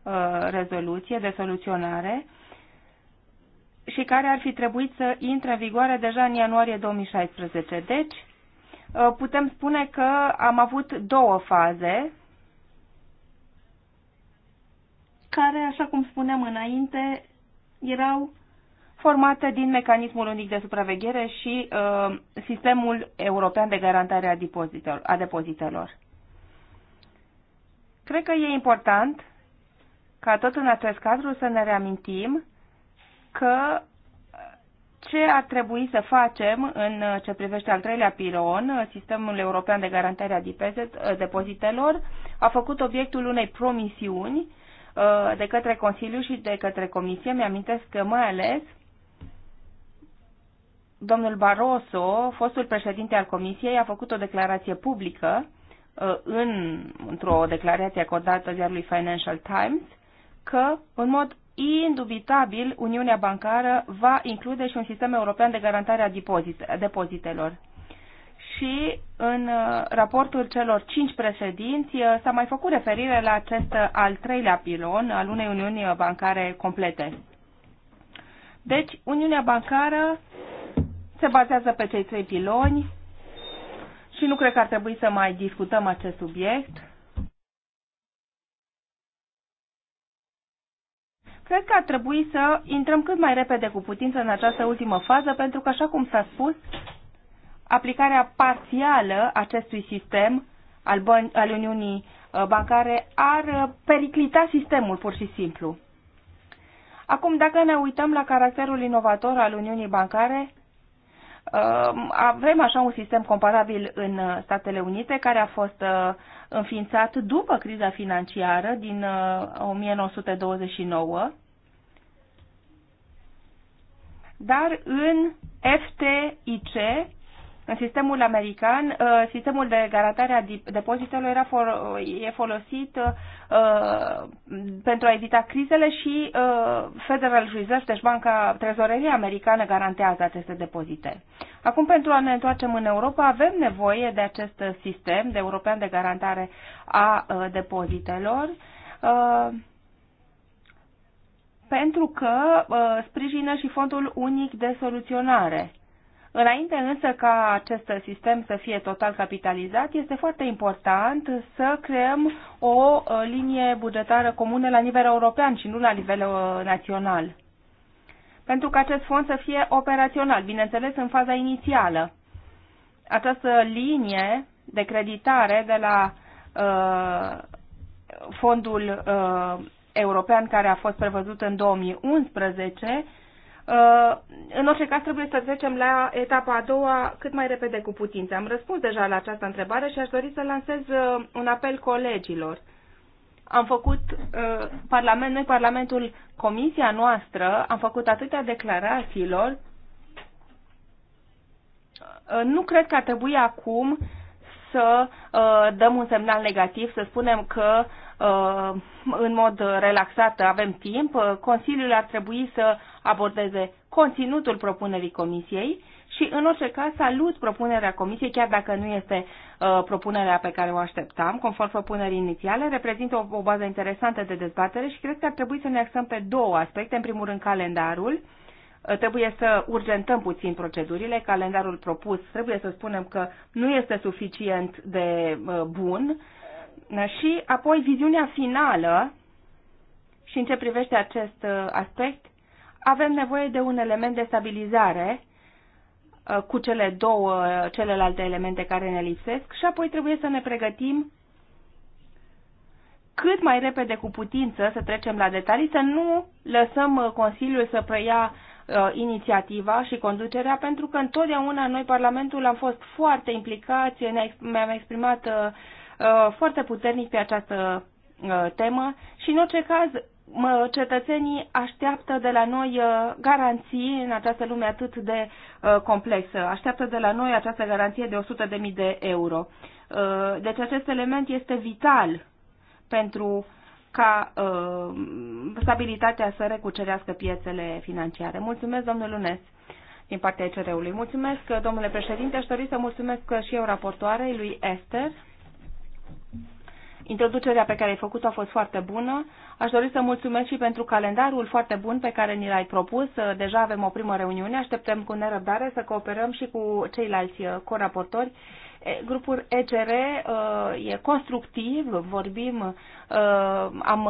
uh, rezoluție, de soluționare și care ar fi trebuit să intre în vigoare deja în ianuarie 2016. Deci, uh, putem spune că am avut două faze care, așa cum spuneam înainte, erau formate din mecanismul unic de supraveghere și uh, sistemul european de garantare a, a depozitelor. Cred că e important ca tot în acest cadru să ne reamintim că ce ar trebui să facem în ce privește al treilea pilon, sistemul european de garantare a depozitelor, a făcut obiectul unei promisiuni Uh, de către Consiliu și de către Comisie. Mi-amintesc că mai ales domnul Barroso, fostul președinte al Comisiei, a făcut o declarație publică uh, în, într-o declarație acordată ziarului Financial Times că, în mod indubitabil, Uniunea Bancară va include și un sistem european de garantare a depozitelor și în uh, raportul celor cinci președinți uh, s-a mai făcut referire la acest uh, al treilea pilon al unei uniuni bancare complete. Deci, Uniunea Bancară se bazează pe cei trei piloni și nu cred că ar trebui să mai discutăm acest subiect. Cred că ar trebui să intrăm cât mai repede cu putință în această ultimă fază, pentru că, așa cum s-a spus, aplicarea parțială acestui sistem al, ban- al Uniunii uh, Bancare ar uh, periclita sistemul pur și simplu. Acum, dacă ne uităm la caracterul inovator al Uniunii Bancare, um, avem așa un sistem comparabil în uh, Statele Unite care a fost înființat după criza financiară din 1929, dar în FTIC în sistemul american, uh, sistemul de garantare a depozitelor era for, e folosit uh, pentru a evita crizele și uh, Federal Reserve, deci Banca Trezorerie Americană, garantează aceste depozite. Acum, pentru a ne întoarcem în Europa, avem nevoie de acest sistem de european de garantare a uh, depozitelor. Uh, pentru că uh, sprijină și fondul unic de soluționare Înainte însă ca acest sistem să fie total capitalizat, este foarte important să creăm o uh, linie bugetară comună la nivel european și nu la nivel uh, național. Pentru că acest fond să fie operațional, bineînțeles în faza inițială. Această linie de creditare de la uh, fondul uh, european care a fost prevăzut în 2011 Uh, în orice caz, trebuie să trecem la etapa a doua cât mai repede cu putință. Am răspuns deja la această întrebare și aș dori să lansez uh, un apel colegilor. Am făcut, uh, parlament, noi, Parlamentul, Comisia noastră, am făcut atâtea declarațiilor. Uh, nu cred că ar trebui acum să uh, dăm un semnal negativ, să spunem că uh, în mod relaxat avem timp, Consiliul ar trebui să abordeze conținutul propunerii Comisiei și, în orice caz, salut propunerea Comisiei, chiar dacă nu este uh, propunerea pe care o așteptam, conform propunerii inițiale, reprezintă o, bază interesantă de dezbatere și cred că ar trebui să ne axăm pe două aspecte. În primul rând, calendarul. Uh, trebuie să urgentăm puțin procedurile. Calendarul propus, trebuie să spunem că nu este suficient de uh, bun Uh, și apoi viziunea finală și în ce privește acest uh, aspect, avem nevoie de un element de stabilizare uh, cu cele două celelalte elemente care ne lipsesc și apoi trebuie să ne pregătim cât mai repede cu putință să trecem la detalii, să nu lăsăm Consiliul să preia inițiativa și conducerea, pentru că întotdeauna noi, Parlamentul, am fost foarte implicați, ne-am exprimat uh, Uh, foarte puternic pe această uh, temă și, în orice caz, cetățenii așteaptă de la noi uh, garanții în această lume atât de complexă. Așteaptă de la noi această garanție de 100.000 de euro. Deci acest element este vital pentru ca stabilitatea să recucerească piețele financiare. Mulțumesc, domnul Lunes din partea ECR-ului. Mulțumesc, domnule președinte. Aș dori să mulțumesc și eu raportoarei lui Esther Introducerea pe care ai făcut-o a fost foarte bună. Aș dori să mulțumesc și pentru calendarul foarte bun pe care ni l-ai propus. Deja avem o primă reuniune, așteptăm cu nerăbdare să cooperăm și cu ceilalți uh, coraportori Grupul ECR uh, e constructiv, vorbim, uh, am,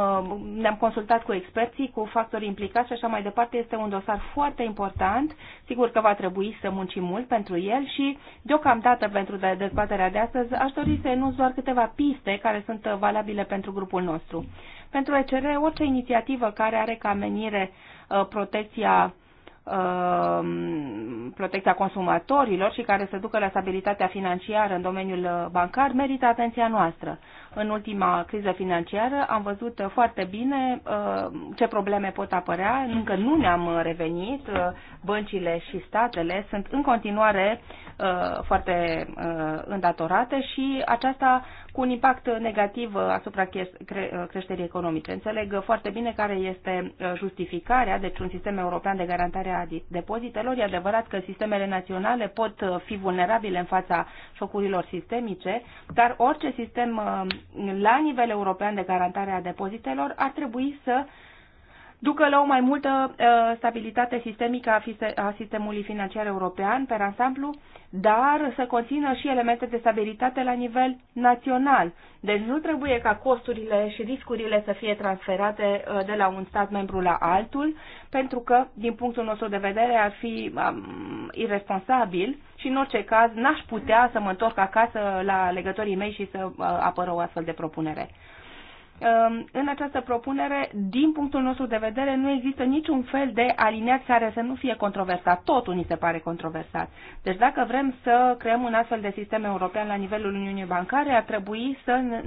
ne-am consultat cu experții, cu factorii implicați și așa mai departe. Este un dosar foarte important. Sigur că va trebui să muncim mult pentru el și, deocamdată, pentru dezbaterea de astăzi, aș dori să enunț doar câteva piste care sunt valabile pentru grupul nostru. Pentru ECR, orice inițiativă care are ca menire uh, protecția Um, protecția consumatorilor și care să ducă la stabilitatea financiară în domeniul uh, bancar merită atenția noastră în ultima criză financiară am văzut foarte bine uh, ce probleme pot apărea. Încă nu ne-am revenit. Uh, băncile și statele sunt în continuare uh, foarte îndatorate și aceasta cu un impact negativ asupra creșterii economice. Înțeleg foarte bine care este justificarea, deci un sistem european de garantare a depozitelor. E adevărat că sistemele naționale pot fi vulnerabile în fața șocurilor sistemice, dar orice sistem la nivel european de garantare a depozitelor ar trebui să ducă la o mai multă uh, stabilitate sistemică a, a sistemului financiar european pe ansamblu, dar să conțină și elemente de stabilitate la nivel național. Deci nu trebuie ca costurile și riscurile să fie transferate uh, de la un stat membru la altul, pentru că, din punctul nostru de vedere, ar fi um, irresponsabil și în orice caz n-aș putea să mă întorc acasă la legătorii mei și să uh, apăr o astfel de propunere. Um, în această propunere, din punctul nostru de vedere, nu există niciun fel de aliniat care să nu fie controversat. Totul ni se pare controversat. Deci dacă vrem să creăm un astfel de sistem european la nivelul Uniunii Bancare, ar trebui să ne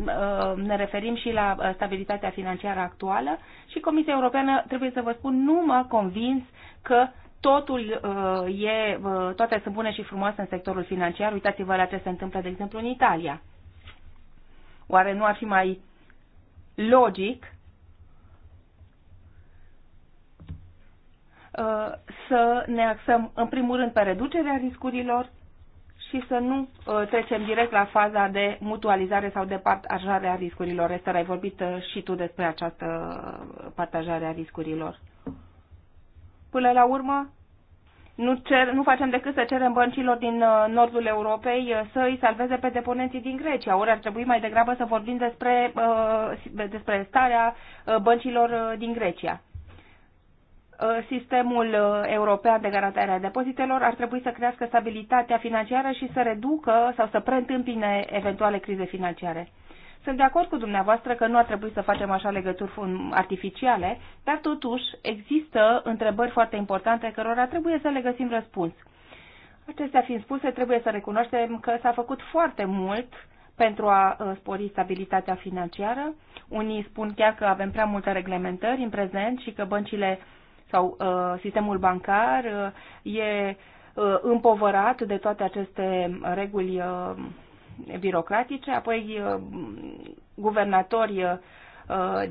uh, referim și la uh, stabilitatea financiară actuală și Comisia Europeană, trebuie să vă spun, nu m-a convins că totul uh, e, uh, toate sunt bune și frumoase în sectorul financiar. Uitați-vă la ce se întâmplă, de exemplu, în Italia. Oare nu ar fi mai logic uh, să ne axăm în primul rând pe reducerea riscurilor și să nu trecem direct la faza de mutualizare sau de partajare a riscurilor. Esther, ai vorbit și tu despre această partajare a riscurilor. Până la urmă, nu, cer, nu facem decât să cerem băncilor din uh, nordul Europei uh, să îi salveze pe deponenții din Grecia. Ori ar trebui mai degrabă să vorbim despre, uh, despre starea băncilor din Grecia. Sistemul european de garantare a depozitelor ar trebui să crească stabilitatea financiară și să reducă sau să preîntâmpine eventuale crize financiare. Sunt de acord cu dumneavoastră că nu ar trebui să facem așa legături artificiale, dar totuși există întrebări foarte importante cărora trebuie să le găsim răspuns. Acestea fiind spuse, trebuie să recunoaștem că s-a făcut foarte mult pentru a uh, spori stabilitatea financiară. Unii spun chiar că avem prea multe reglementări în prezent și că băncile sau uh, sistemul bancar uh, e uh, împovărat de toate aceste reguli uh, birocratice, apoi uh, guvernatori uh,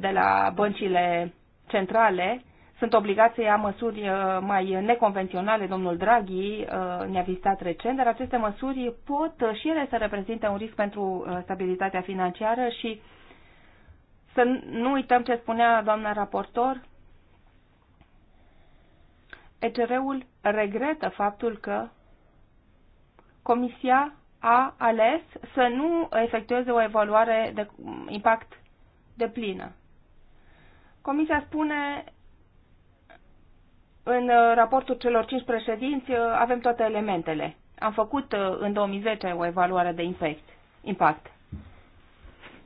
de la băncile centrale sunt obligați să ia măsuri uh, mai neconvenționale. Domnul Draghi ne-a vizitat recent, dar aceste măsuri pot și ele să reprezinte un risc pentru stabilitatea financiară și să nu uităm ce spunea doamna raportor, ECR-ul regretă faptul că Comisia a ales să nu efectueze o evaluare de impact de plină. Comisia spune în raportul celor cinci președinți avem toate elementele. Am făcut uh, în 2010 o evaluare de impact. impact.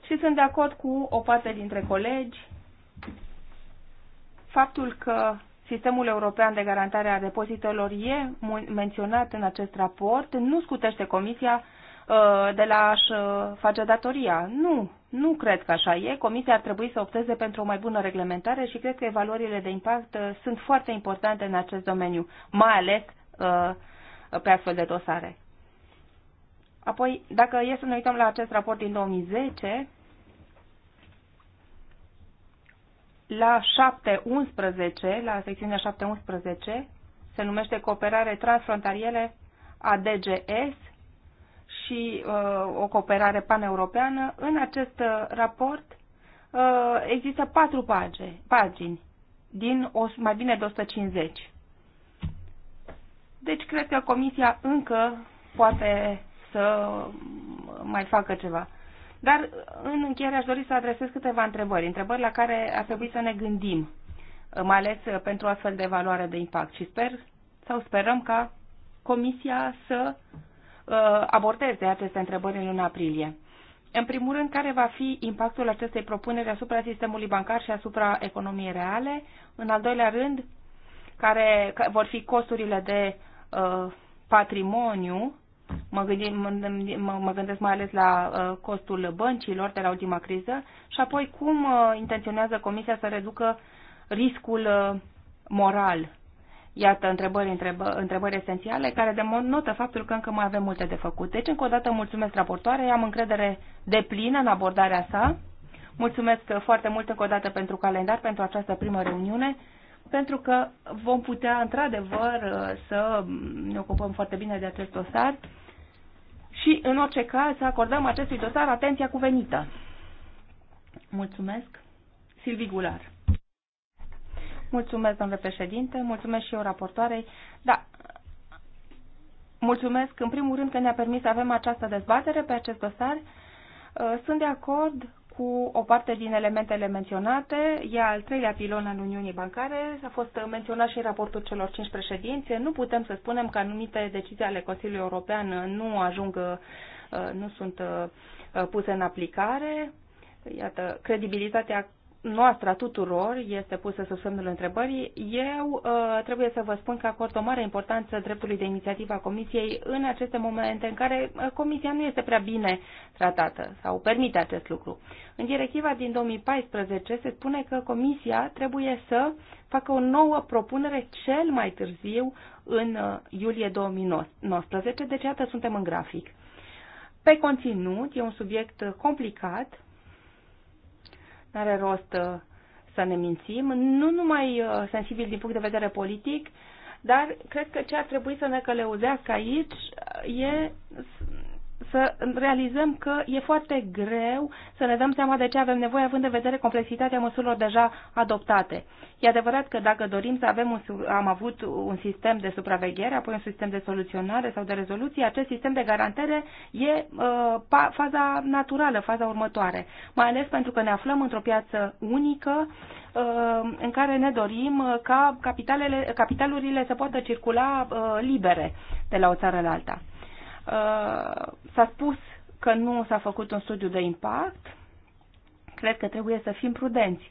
Și sunt de acord cu o parte dintre colegi faptul că Sistemul European de Garantare a Depozitelor e menționat în acest raport, nu scutește Comisia uh, de la a-și uh, face datoria. Nu, nu cred că așa e. Comisia ar trebui să opteze pentru o mai bună reglementare și cred că evaluările de impact uh, sunt foarte importante în acest domeniu, mai ales pe astfel de dosare. Apoi, dacă e să ne uităm la acest raport din 2010, la 7.11, la secțiunea 7.11, se numește Cooperare transfrontaliere a DGS și uh, o cooperare paneuropeană. În acest uh, raport uh, există patru page, pagini din o, mai bine de 150. Deci cred că Comisia încă poate să mai facă ceva. Dar în încheiere aș dori să adresez câteva întrebări, întrebări la care ar trebui să ne gândim, mai ales uh, pentru astfel de evaluare de impact. Și sper sau sperăm ca Comisia să uh, abordeze aceste întrebări în luna aprilie. În primul rând, care va fi impactul acestei propuneri asupra sistemului bancar și asupra economiei reale? În al doilea rând, care vor fi costurile de uh, patrimoniu mă, gândi, mă, mă gândesc mai ales la uh, costul băncilor de la ultima criză și apoi cum uh, intenționează Comisia să reducă riscul uh, moral. Iată întrebări, întrebă, întrebări esențiale care denotă faptul că încă mai avem multe de făcut. Deci, încă o dată, mulțumesc raportoare, am încredere de plină în abordarea sa. Mulțumesc foarte mult încă o dată pentru calendar, pentru această primă reuniune pentru că vom putea într-adevăr să ne ocupăm foarte bine de acest dosar și, în orice caz, să acordăm acestui dosar atenția cuvenită. Mulțumesc. Silvi Gular. Mulțumesc, domnule președinte, mulțumesc și eu raportoarei. Da, mulțumesc în primul rând că ne-a permis să avem această dezbatere pe acest dosar. Sunt de acord cu o parte din elementele menționate. E al treilea pilon al Uniunii Bancare. A fost menționat și raportul celor cinci președinți. Nu putem să spunem că anumite decizii ale Consiliului European nu ajung, uh, nu sunt uh, puse în aplicare. Iată, credibilitatea noastră a tuturor este pusă sub semnul întrebării, eu uh, trebuie să vă spun că acord o mare importanță dreptului de inițiativă a Comisiei în aceste momente în care uh, Comisia nu este prea bine tratată sau permite acest lucru. În directiva din 2014 se spune că Comisia trebuie să facă o nouă propunere cel mai târziu în uh, iulie 2019, deci iată suntem în grafic. Pe conținut, e un subiect complicat, N-are rost uh, să ne mințim, nu numai uh, sensibil din punct de vedere politic, dar cred că ce ar trebui să ne călăuzească aici uh, e să realizăm că e foarte greu să ne dăm seama de ce avem nevoie, având în vedere complexitatea măsurilor deja adoptate. E adevărat că dacă dorim să avem un, am avut un sistem de supraveghere, apoi un sistem de soluționare sau de rezoluție, acest sistem de garantare e uh, faza naturală, faza următoare, mai ales pentru că ne aflăm într-o piață unică uh, în care ne dorim uh, ca capitalurile să poată circula uh, libere de la o țară la alta. Uh, s-a spus că nu s-a făcut un studiu de impact. Cred că trebuie să fim prudenți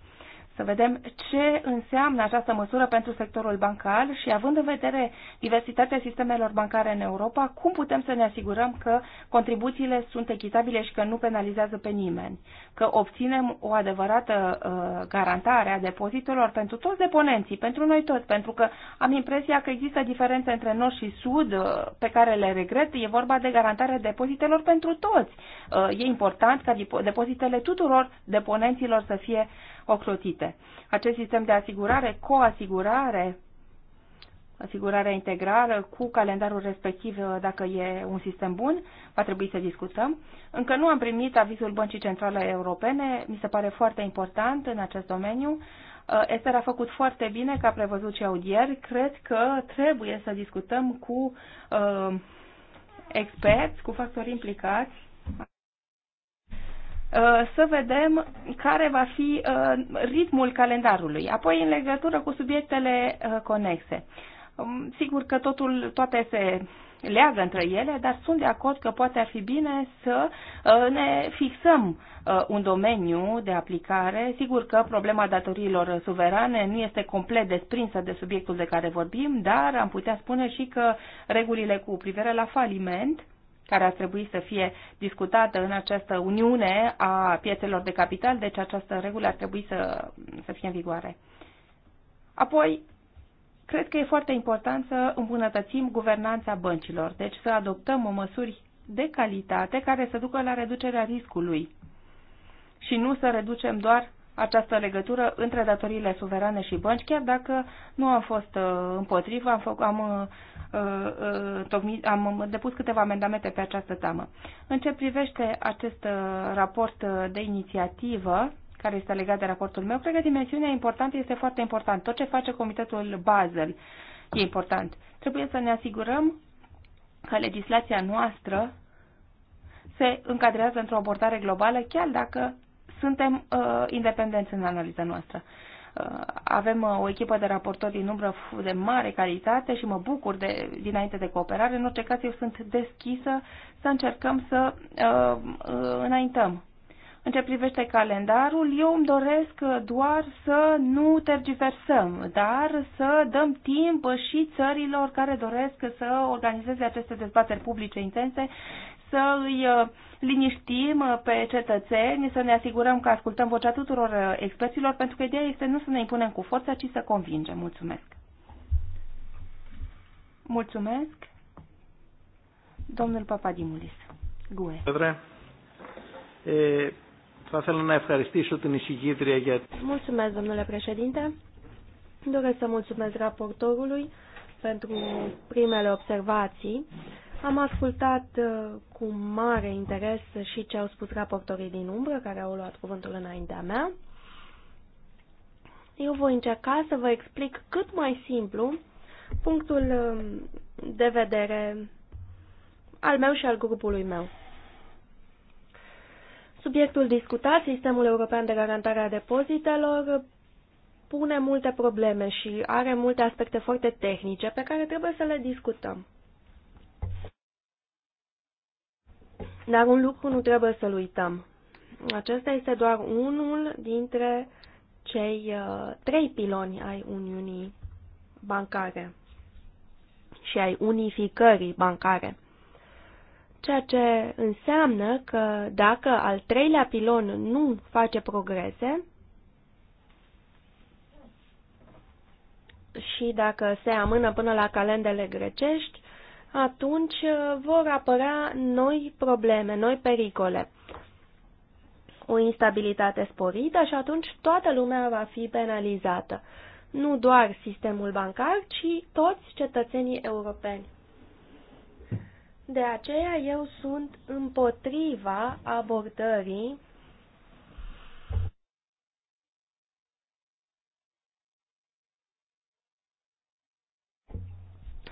să vedem ce înseamnă această măsură pentru sectorul bancar și având în vedere diversitatea sistemelor bancare în Europa, cum putem să ne asigurăm că contribuțiile sunt echitabile și că nu penalizează pe nimeni, că obținem o adevărată uh, garantare a depozitelor pentru toți deponenții, pentru noi toți, pentru că am impresia că există diferențe între nord și sud uh, pe care le regret, e vorba de garantarea depozitelor pentru toți. Uh, e important ca depozitele tuturor deponenților să fie uh, ocrotite. Acest sistem de asigurare, coasigurare, asigurarea integrală cu calendarul respectiv, dacă e un sistem bun, va trebui să discutăm. Încă nu am primit avizul Băncii Centrale Europene, mi se pare foarte important în acest domeniu. Uh, Ester a făcut foarte bine, că a prevăzut și audieri. Cred că trebuie să discutăm cu uh, experți, cu factori implicați Uh, să vedem care va fi uh, ritmul calendarului, apoi în legătură cu subiectele uh, conexe. Um, sigur că totul, toate se leagă între ele, dar sunt de acord că poate ar fi bine să ne fixăm un domeniu de aplicare. Sigur că problema datoriilor suverane nu este complet desprinsă de subiectul de care vorbim, dar am putea spune și că regulile cu privire la faliment care ar trebui să fie discutată în această uniune a piețelor de capital, deci această regulă ar trebui să, să fie în vigoare. Apoi, cred că e foarte important să îmbunătățim guvernanța băncilor, deci să adoptăm o măsuri de calitate care să ducă la reducerea riscului și nu să reducem doar această legătură între datoriile suverane și bănci, chiar dacă nu am fost uh, împotrivă, am, făc, am, uh, uh, tocmi, am depus câteva amendamente pe această teamă. În ce privește acest uh, raport uh, de inițiativă, care este legat de raportul meu, cred că dimensiunea importantă este foarte importantă. Tot ce face Comitetul Basel e important. Trebuie să ne asigurăm că legislația noastră se încadrează într-o abordare globală, chiar dacă suntem uh, independenți în analiza noastră. Uh, avem uh, o echipă de raportori din umbră de mare calitate și mă bucur de, dinainte de cooperare. În orice caz, eu sunt deschisă să încercăm să uh, uh, înaintăm. În ce privește calendarul, eu îmi doresc uh, doar să nu tergiversăm, dar să dăm timp și țărilor care doresc să organizeze aceste dezbateri publice intense să îi uh, liniștim uh, pe cetățeni, să ne asigurăm că ascultăm vocea tuturor uh, experților, pentru că ideea este nu să ne impunem cu forța, ci să convingem. Mulțumesc! Mulțumesc! Domnul Papadimulis, GUE. Θα ήθελα ne ευχαριστήσω την εισηγήτρια για... Mulțumesc, domnule președinte. Doresc să mulțumesc raportorului pentru primele observații. Am ascultat uh, cu mare interes și ce au spus raportorii din umbră care au luat cuvântul înaintea mea. Eu voi încerca să vă explic cât mai simplu punctul um, de vedere al meu și al grupului meu. Subiectul discutat, Sistemul European de Garantare a Depozitelor, pune multe probleme și are multe aspecte foarte tehnice pe care trebuie să le discutăm. Dar un lucru nu trebuie să-l uităm. Acesta este doar unul dintre cei uh, trei piloni ai Uniunii bancare și ai unificării bancare. Ceea ce înseamnă că dacă al treilea pilon nu face progrese și dacă se amână până la calendele grecești, atunci uh, vor apărea noi probleme, noi pericole. O instabilitate sporită și atunci toată lumea va fi penalizată. Nu doar sistemul bancar, ci toți cetățenii europeni. De aceea eu sunt împotriva abordării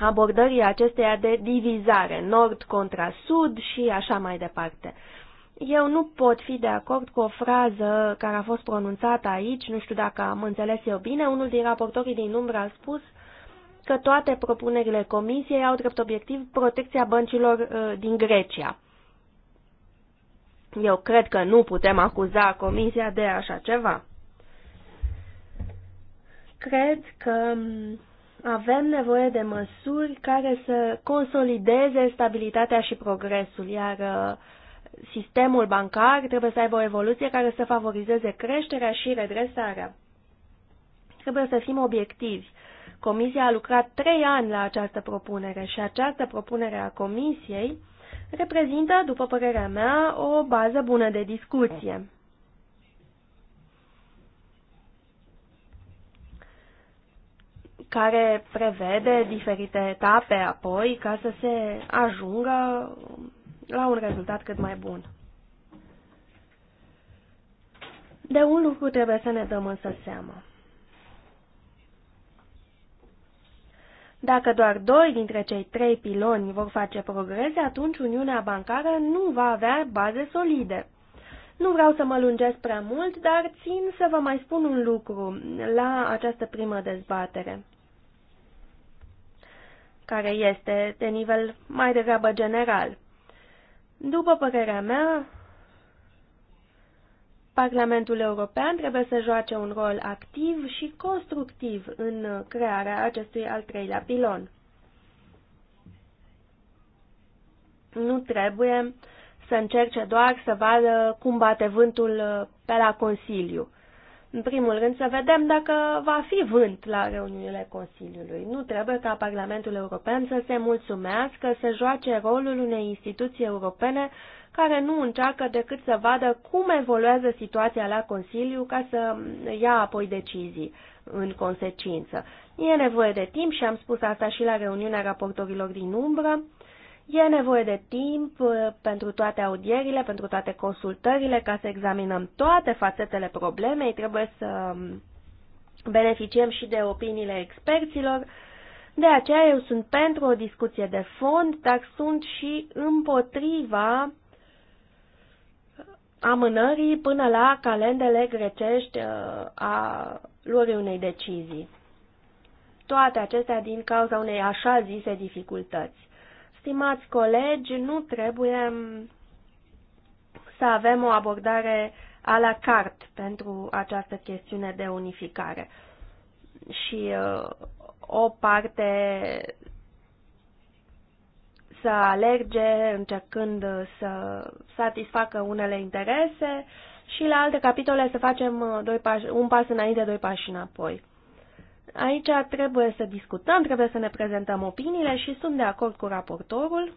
abordării acesteia de divizare, nord contra sud și așa mai departe. Eu nu pot fi de acord cu o frază care a fost pronunțată aici, nu știu dacă am înțeles eu bine, unul din raportorii din umbră a spus că toate propunerile comisiei au drept obiectiv protecția băncilor uh, din Grecia. Eu cred că nu putem acuza comisia de așa ceva. Cred că avem nevoie de măsuri care să consolideze stabilitatea și progresul, iar uh, sistemul bancar trebuie să aibă o evoluție care să favorizeze creșterea și redresarea. Trebuie să fim obiectivi. Comisia a lucrat trei ani la această propunere și această propunere a Comisiei reprezintă, după părerea mea, o bază bună de discuție. care prevede diferite etape apoi ca să se ajungă la un rezultat cât mai bun. De un lucru trebuie să ne dăm însă seama. Dacă doar doi dintre cei trei piloni vor face progrese, atunci Uniunea Bancară nu va avea baze solide. Nu vreau să mă lungesc prea mult, dar țin să vă mai spun un lucru la această primă dezbatere care este de nivel mai degrabă general. După părerea mea, Parlamentul European trebuie să joace un rol activ și constructiv în crearea acestui al treilea pilon. Nu trebuie să încerce doar să vadă cum bate vântul pe la Consiliu. În primul rând să vedem dacă va fi vânt la reuniunile Consiliului. Nu trebuie ca Parlamentul European să se mulțumească, să joace rolul unei instituții europene care nu încearcă decât să vadă cum evoluează situația la Consiliu ca să ia apoi decizii în consecință. E nevoie de timp și am spus asta și la reuniunea raportorilor din umbră. E nevoie de timp uh, pentru toate audierile, pentru toate consultările, ca să examinăm toate fațetele problemei. Trebuie să um, beneficiem și de opiniile experților. De aceea eu sunt pentru o discuție de fond, dar sunt și împotriva amânării până la calendele grecești uh, a luării unei decizii. Toate acestea din cauza unei așa zise dificultăți. Stimați colegi, nu trebuie să avem o abordare a la carte pentru această chestiune de unificare. Și uh, o parte să alerge încercând să satisfacă unele interese și la alte capitole să facem doi pași, un pas înainte, doi pași înapoi. Aici trebuie să discutăm, trebuie să ne prezentăm opiniile și sunt de acord cu raportorul.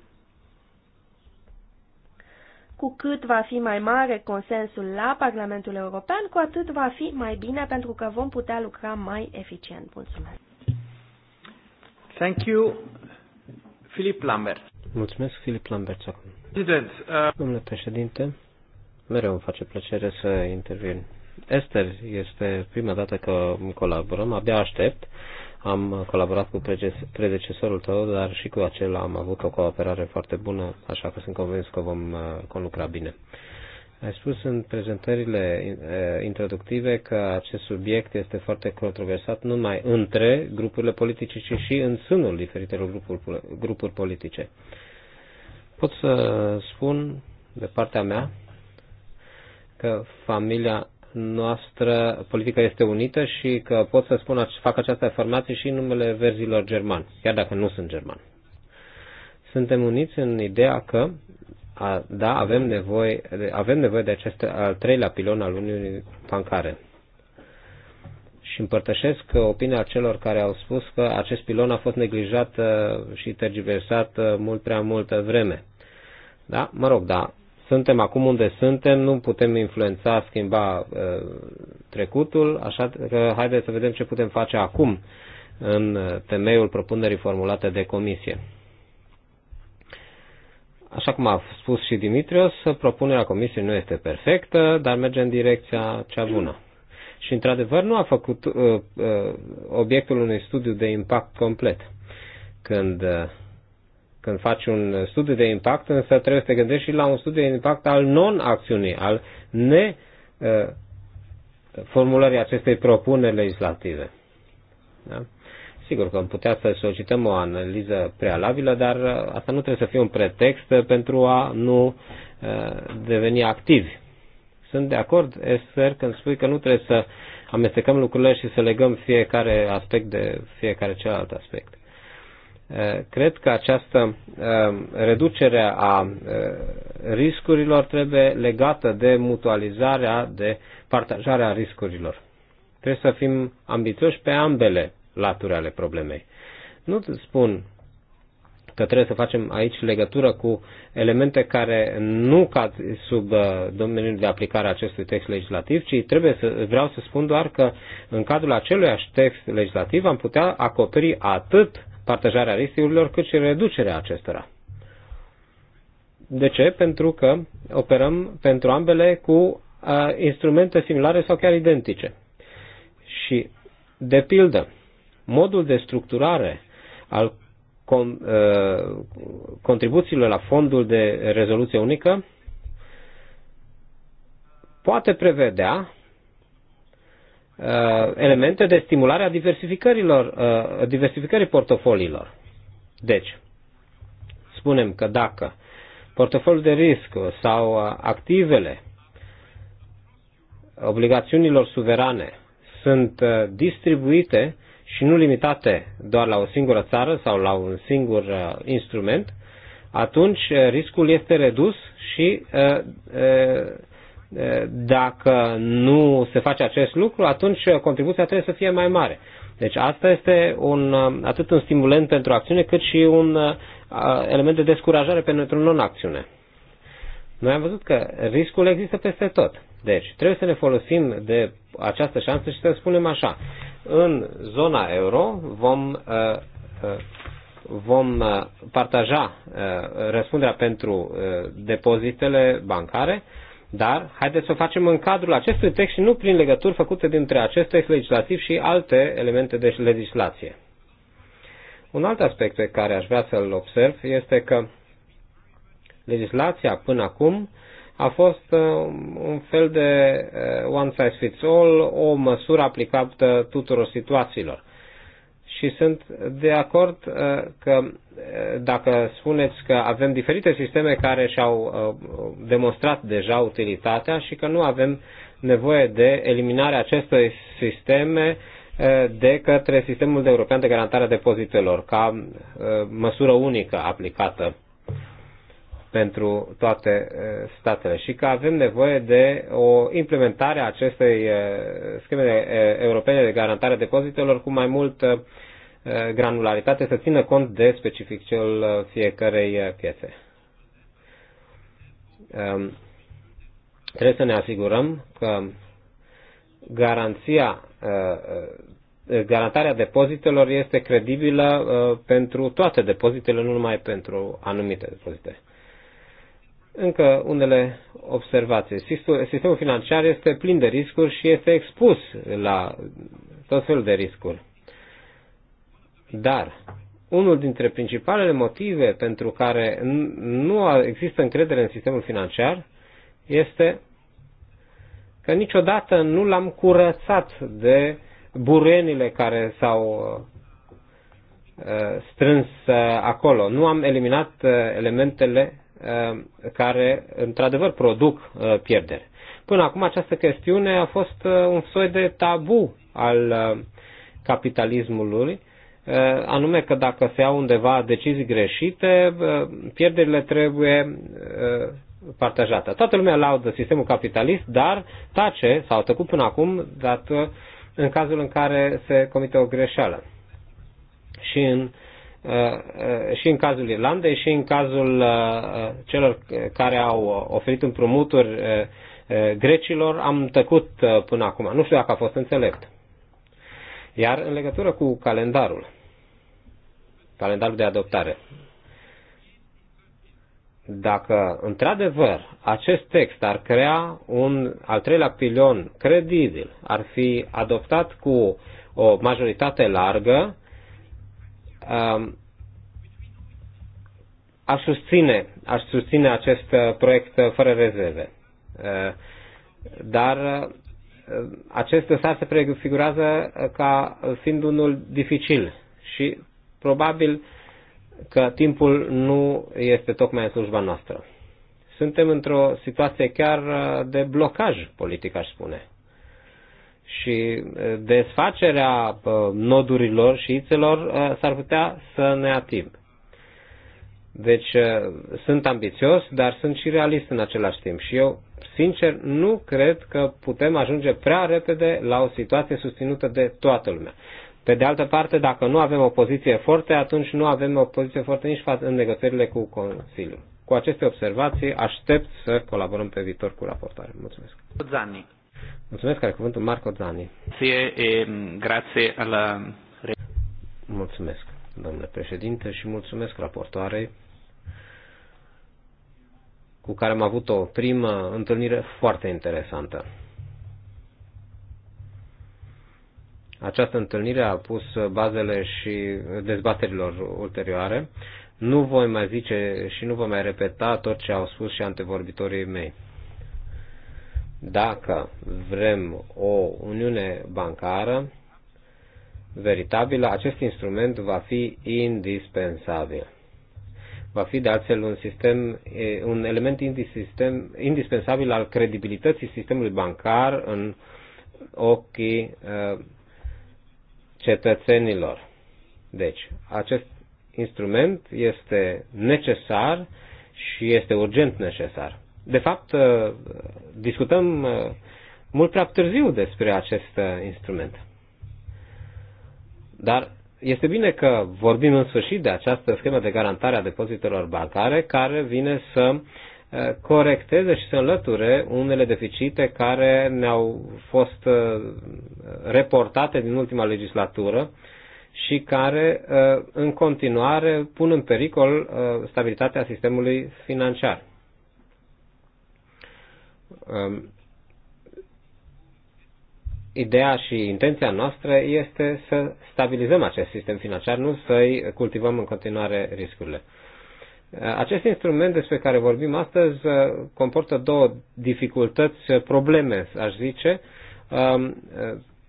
Cu cât va fi mai mare consensul la Parlamentul European, cu atât va fi mai bine pentru că vom putea lucra mai eficient. Mulțumesc. Thank you, Philip Lambert. Mulțumesc, Philip Lambert. Uh, Domnule președinte, mereu îmi face plăcere să intervin Esther, este prima dată că colaborăm, abia aștept. Am colaborat cu predecesorul tău, dar și cu acela am avut o cooperare foarte bună, așa că sunt convins că vom uh, conlucra bine. Ai spus în prezentările uh, introductive că acest subiect este foarte controversat nu numai între grupurile politice, ci și în sânul diferitelor grupuri, grupuri politice. Pot să spun de partea mea că familia noastră politică este unită și că pot să spun, fac această afirmație și în numele verzilor germani, chiar dacă nu sunt germani. Suntem uniți în ideea că, a, da, avem nevoie, avem nevoie de acest al treilea pilon al Uniunii Bancare. Și împărtășesc opinia celor care au spus că acest pilon a fost neglijat uh, și tergiversat uh, mult prea multă vreme. Da? Mă rog, da, suntem acum unde suntem, nu putem influența, schimba uh, trecutul, așa că haideți să vedem ce putem face acum în uh, temeiul propunerii formulate de comisie. Așa cum a spus și Dimitrios, propunerea comisiei nu este perfectă, dar merge în direcția cea bună. Și, într-adevăr, nu a făcut uh, uh, obiectul unui studiu de impact complet. Când uh, când faci un studiu de impact, însă trebuie să te gândești și la un studiu de impact al non-acțiunii, al ne uh, formulării acestei propuneri legislative. Da? Sigur că am putea să solicităm o analiză prealabilă, dar uh, asta nu trebuie să fie un pretext pentru a nu uh, deveni activi. Sunt de acord, Esther, când spui că nu trebuie să amestecăm lucrurile și să legăm fiecare aspect de fiecare celălalt aspect cred că această um, reducere a uh, riscurilor trebuie legată de mutualizarea, de partajarea riscurilor. Trebuie să fim ambițioși pe ambele laturi ale problemei. Nu spun că trebuie să facem aici legătură cu elemente care nu cad sub uh, domeniul de aplicare a acestui text legislativ, ci trebuie să, vreau să spun doar că în cadrul acelui text legislativ am putea acoperi atât partajarea riscurilor, cât și reducerea acestora. De ce? Pentru că operăm pentru ambele cu a, instrumente similare sau chiar identice. Și, de pildă, modul de structurare al con, a, contribuțiilor la fondul de rezoluție unică poate prevedea Uh, elemente de stimulare a diversificărilor, uh, diversificării portofoliilor. Deci, spunem că dacă portofoliul de risc sau uh, activele obligațiunilor suverane sunt distribuite și nu limitate doar la o singură țară sau la un singur instrument, atunci riscul este redus și dacă nu se face acest lucru, atunci contribuția trebuie să fie mai mare. Deci asta este un, atât un stimulant pentru acțiune, cât și un element de descurajare pentru non-acțiune. Noi am văzut că riscul există peste tot. Deci, trebuie să ne folosim de această șansă și să spunem așa. În zona euro vom, vom partaja răspunderea pentru depozitele bancare, dar haideți să o facem în cadrul acestui text și nu prin legături făcute dintre acest text legislativ și alte elemente de legislație. Un alt aspect pe care aș vrea să-l observ este că legislația până acum a fost uh, un fel de uh, one size fits all, o măsură aplicată tuturor situațiilor și sunt de acord uh, că uh, dacă spuneți că avem diferite sisteme care și-au uh, demonstrat deja utilitatea și că nu avem nevoie de eliminarea acestor sisteme de către sistemul de european de garantare a depozitelor, ca măsură unică aplicată pentru toate statele și că avem nevoie de o implementare a acestei scheme europene de garantare a depozitelor cu mai mult Uh, granularitate să țină cont de specificul uh, fiecarei uh, piețe. Um, trebuie să ne asigurăm că garanția, garantarea depozitelor este credibilă pentru toate depozitele, nu numai pentru anumite depozite. Încă unele observații. Sistemul financiar este plin de riscuri și este expus la tot felul de riscuri dar unul dintre principalele motive pentru care nu există încredere în sistemul financiar este că niciodată nu l-am curățat de burenile care s-au uh, strâns uh, acolo. Nu am eliminat uh, elementele care, într-adevăr, produc pierdere. Până acum această chestiune a fost un soi de tabu al capitalismului Eh, anume că dacă se iau undeva decizii greșite, eh, pierderile trebuie eh, partajate. Toată lumea laudă sistemul capitalist, dar tace sau tăcut până acum dat, în cazul în care se comite o greșeală. Și în, și în cazul Irlandei și în cazul celor care au oferit împrumuturi grecilor am tăcut până acum. Nu știu dacă a fost înțelept. Iar în legătură cu calendarul, calendarul de adoptare. Dacă, într-adevăr, acest text ar crea un al treilea pilon credibil, ar fi adoptat cu o majoritate largă, um, aș susține, aș susține acest proiect fără rezerve. Uh, dar uh, acest dosar se prefigurează ca fiind unul dificil și probabil că timpul nu este tocmai în slujba noastră. Suntem într-o situație chiar uh, de blocaj politic, aș spune. Și uh, desfacerea uh, nodurilor și ițelor s-ar putea să ne ating. Deci sunt ambițios, dar sunt și realist în același timp. Și eu, sincer, nu cred că putem ajunge prea repede la o situație susținută de toată lumea. Pe de altă parte, dacă nu avem o poziție forte, atunci nu avem o poziție forte nici în negocierile cu Consiliul. Cu aceste observații, aștept să colaborăm pe viitor cu raportare. Mulțumesc. Zani. Mulțumesc, care cuvântul Marco Zani. grație ehm, la... Mulțumesc, domnule președinte, și mulțumesc raportoarei cu care am avut o primă întâlnire foarte interesantă. Această întâlnire a pus bazele și dezbaterilor ulterioare. Nu voi mai zice și nu voi mai repeta tot ce au spus și antevorbitorii mei. Dacă vrem o uniune bancară veritabilă, acest instrument va fi indispensabil va fi de altfel un, sistem, un element indisistem, indispensabil al credibilității sistemului bancar în ochii uh, cetățenilor. Deci, acest instrument este necesar și este urgent necesar. De fapt, uh, discutăm uh, mult prea târziu despre acest uh, instrument. Dar este bine că vorbim în sfârșit de această schemă de garantare a depozitelor bancare care vine să Uh, corecteze și să înlăture unele deficite care ne-au fost uh, reportate din ultima legislatură și care uh, în continuare pun în pericol stabilitatea sistemului financiar. Um, ideea și intenția noastră este să stabilizăm acest sistem financiar, nu să-i cultivăm în continuare riscurile. Acest instrument despre care vorbim astăzi uh, comportă două dificultăți, uh, probleme, aș zice. Um, uh,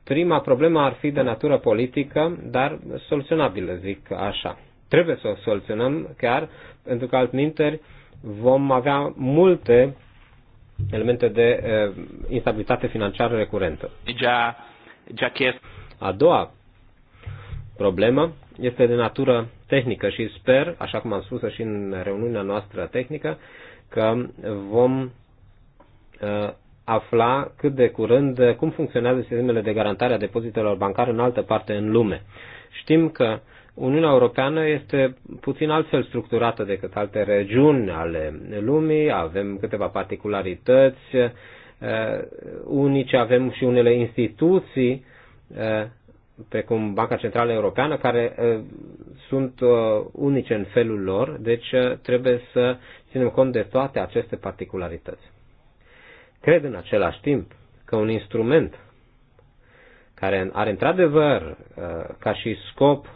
prima problemă ar fi de natură politică, dar soluționabilă, zic așa. Trebuie să o soluționăm chiar, pentru că altminteri vom avea multe elemente de instabilitate financiară recurentă. A doua problemă este de natură tehnică și sper, așa cum am spus și în reuniunea noastră tehnică, că vom uh, afla cât de curând uh, cum funcționează sistemele de garantare a depozitelor bancare în altă parte în lume. Știm că Uniunea Europeană este puțin altfel structurată decât alte regiuni ale lumii, avem câteva particularități uh, unice, avem și unele instituții precum Banca Centrală Europeană, care sunt unice în felul lor, deci trebuie să ținem cont de toate aceste particularități. Cred în același timp că un instrument care are într-adevăr ca și scop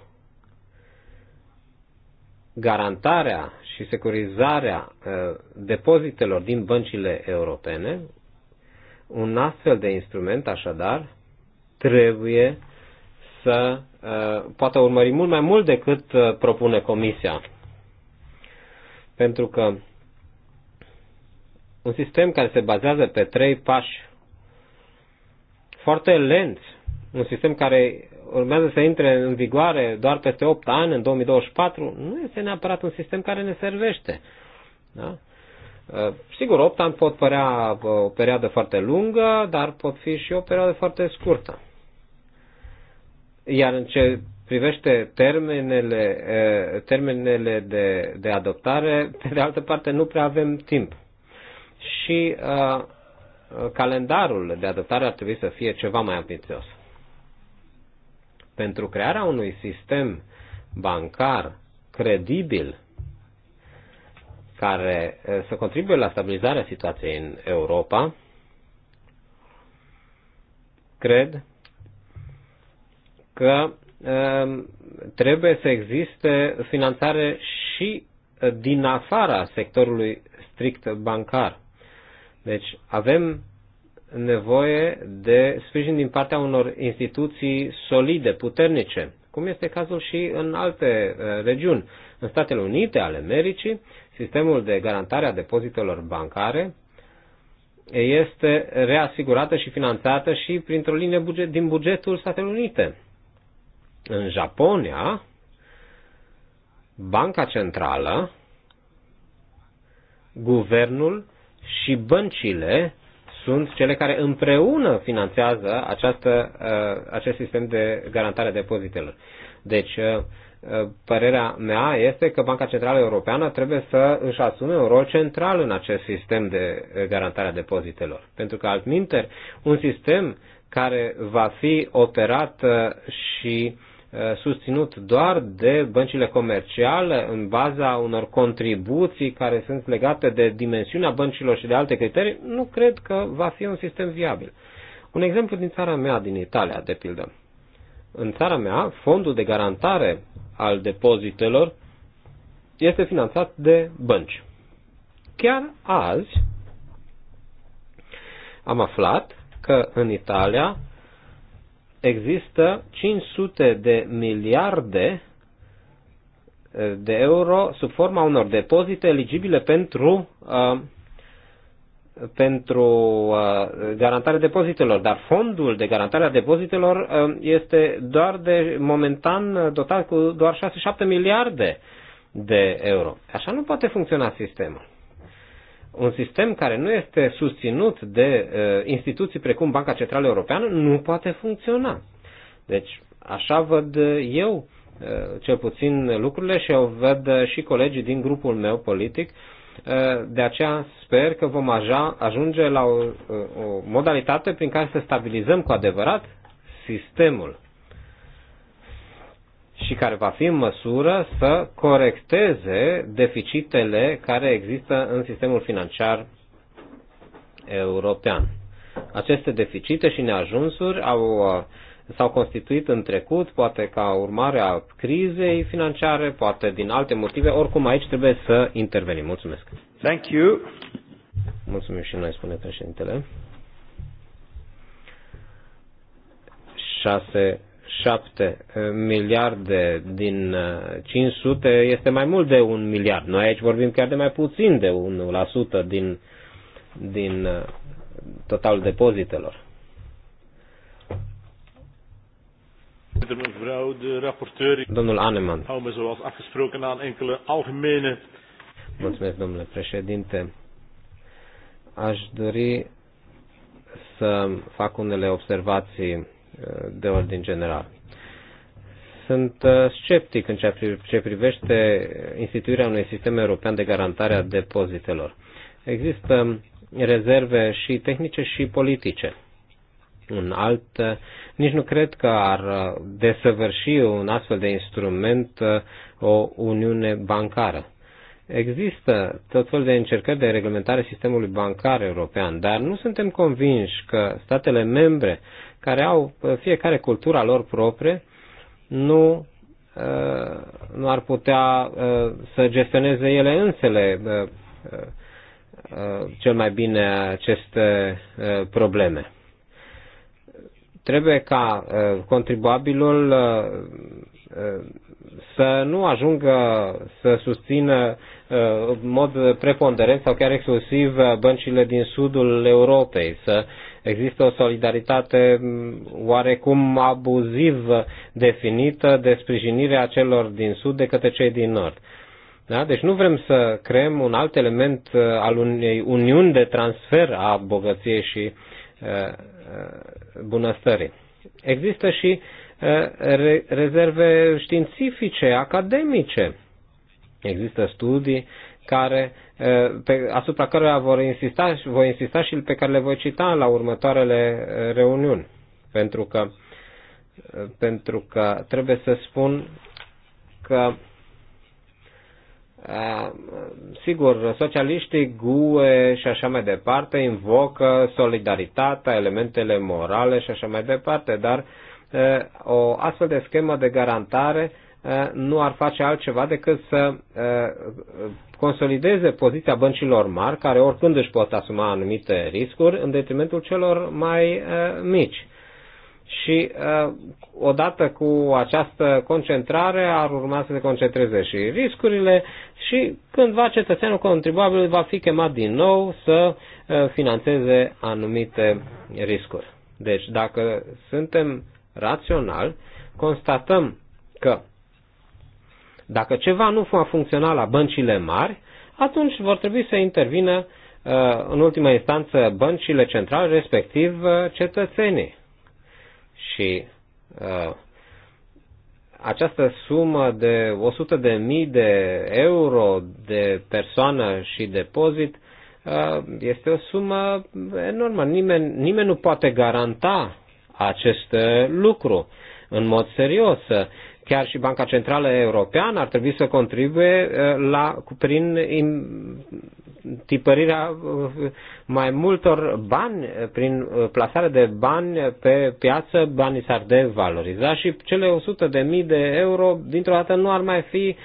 garantarea și securizarea depozitelor din băncile europene, un astfel de instrument, așadar, trebuie să uh, poată urmări mult mai mult decât uh, propune Comisia. Pentru că un sistem care se bazează pe trei pași foarte lent, un sistem care urmează să intre în vigoare doar peste 8 ani, în 2024, nu este neapărat un sistem care ne servește. Da? Uh, sigur, 8 ani pot părea o perioadă foarte lungă, dar pot fi și o perioadă foarte scurtă. Iar în ce privește termenele, termenele de, de adoptare, pe de altă parte nu prea avem timp. Și uh, calendarul de adoptare ar trebui să fie ceva mai ambițios. Pentru crearea unui sistem bancar credibil care să contribuie la stabilizarea situației în Europa, cred că um, trebuie să existe finanțare și din afara sectorului strict bancar. Deci avem nevoie de sprijin din partea unor instituții solide, puternice, cum este cazul și în alte uh, regiuni. În Statele Unite ale Americii, sistemul de garantare a depozitelor bancare este reasigurată și finanțată și printr-o linie buget, din bugetul Statelor Unite. În Japonia, Banca Centrală, guvernul și băncile sunt cele care împreună finanțează această, uh, acest sistem de garantare a depozitelor. Deci, uh, uh, părerea mea este că Banca Centrală Europeană trebuie să își asume un rol central în acest sistem de garantare a depozitelor. Pentru că, altminteri, un sistem care va fi operat și uh, Eh, susținut doar de băncile comerciale în baza unor contribuții care sunt legate de dimensiunea băncilor și de alte criterii, nu cred că va fi un sistem viabil. Un exemplu din țara mea, din Italia, de pildă. În țara mea, fondul de garantare al depozitelor este finanțat de bănci. Chiar azi am aflat că în Italia există 500 de miliarde eh, de euro sub forma unor depozite eligibile pentru, uh, pentru uh, garantarea depozitelor, dar fondul de garantare a depozitelor uh, este doar de momentan dotat cu doar 6-7 miliarde de euro. Așa nu poate funcționa sistemul un sistem care nu este susținut de uh, instituții precum Banca Centrală Europeană nu poate funcționa. Deci, așa văd eu uh, cel puțin lucrurile și o văd și colegii din grupul meu politic. Uh, de aceea sper că vom aja, ajunge la o, uh, o modalitate prin care să stabilizăm cu adevărat sistemul și care va fi în măsură să corecteze deficitele care există în sistemul financiar european. Aceste deficite și neajunsuri au, uh, s-au constituit în trecut, poate ca urmare a crizei financiare, poate din alte motive, oricum aici trebuie să intervenim. Mulțumesc! Thank you! Mulțumim și noi, spune președintele. 6 7 eh, miliarde din 500 eh, este mai mult de un miliard. Noi aici vorbim chiar de mai puțin de 1% din, din eh, totalul depozitelor. Domnul Aneman. Mulțumesc, domnule președinte. Aș dori să fac unele observații de ordin general. Sunt uh, sceptic în ce privește instituirea unui sistem european de garantare a depozitelor. Există rezerve și tehnice și politice. Un alt, uh, nici nu cred că ar uh, desăvârși un astfel de instrument o uniune bancară. Există tot fel de încercări de reglementare sistemului bancar european, dar nu suntem convinși că statele membre care au uh, fiecare cultura lor proprie, nu, uh, nu ar putea uh, să gestioneze ele însele cel mai bine aceste probleme. Trebuie ca contribuabilul să nu ajungă să susțină în mod preponderent sau chiar exclusiv băncile din sudul Europei, să Există o solidaritate mm, oarecum abuziv definită de sprijinirea celor din sud de către cei din nord. Da? Deci nu vrem să creăm un alt element uh, al unei uniuni de transfer a bogăției și uh, uh, bunăstării. Există și rezerve științifice, academice. Există studii care pe, asupra căruia vor insista, voi insista și pe care le voi cita la următoarele reuniuni. Pentru că, pentru că trebuie să spun că sigur, socialiștii GUE și așa mai departe invocă solidaritatea, elementele morale și așa mai departe, dar o astfel de schemă de garantare Eh, nu ar face altceva decât să eh, consolideze poziția băncilor mari, care oricând își pot asuma anumite riscuri, în detrimentul celor mai eh, mici. Și odată cu această concentrare ar urma să se concentreze și riscurile și cândva cetățeanul contribuabil va fi chemat din nou să financeze anumite riscuri. Deci dacă suntem rațional, constatăm că dacă ceva nu va funcționa la băncile mari, atunci vor trebui să intervină uh, în ultima instanță băncile centrale, respectiv uh, cetățenii. Și uh, această sumă de 100.000 de, mii de euro de persoană și depozit este o sumă enormă. Nimeni, nimeni nu poate garanta acest lucru în mod serios. Chiar și Banca Centrală Europeană ar trebui să contribuie eh, la, prin tipărirea eh, mai multor bani, eh, prin plasarea de bani pe piață, banii s-ar devaloriza și cele 100 de mii de euro dintr-o dată nu ar mai fi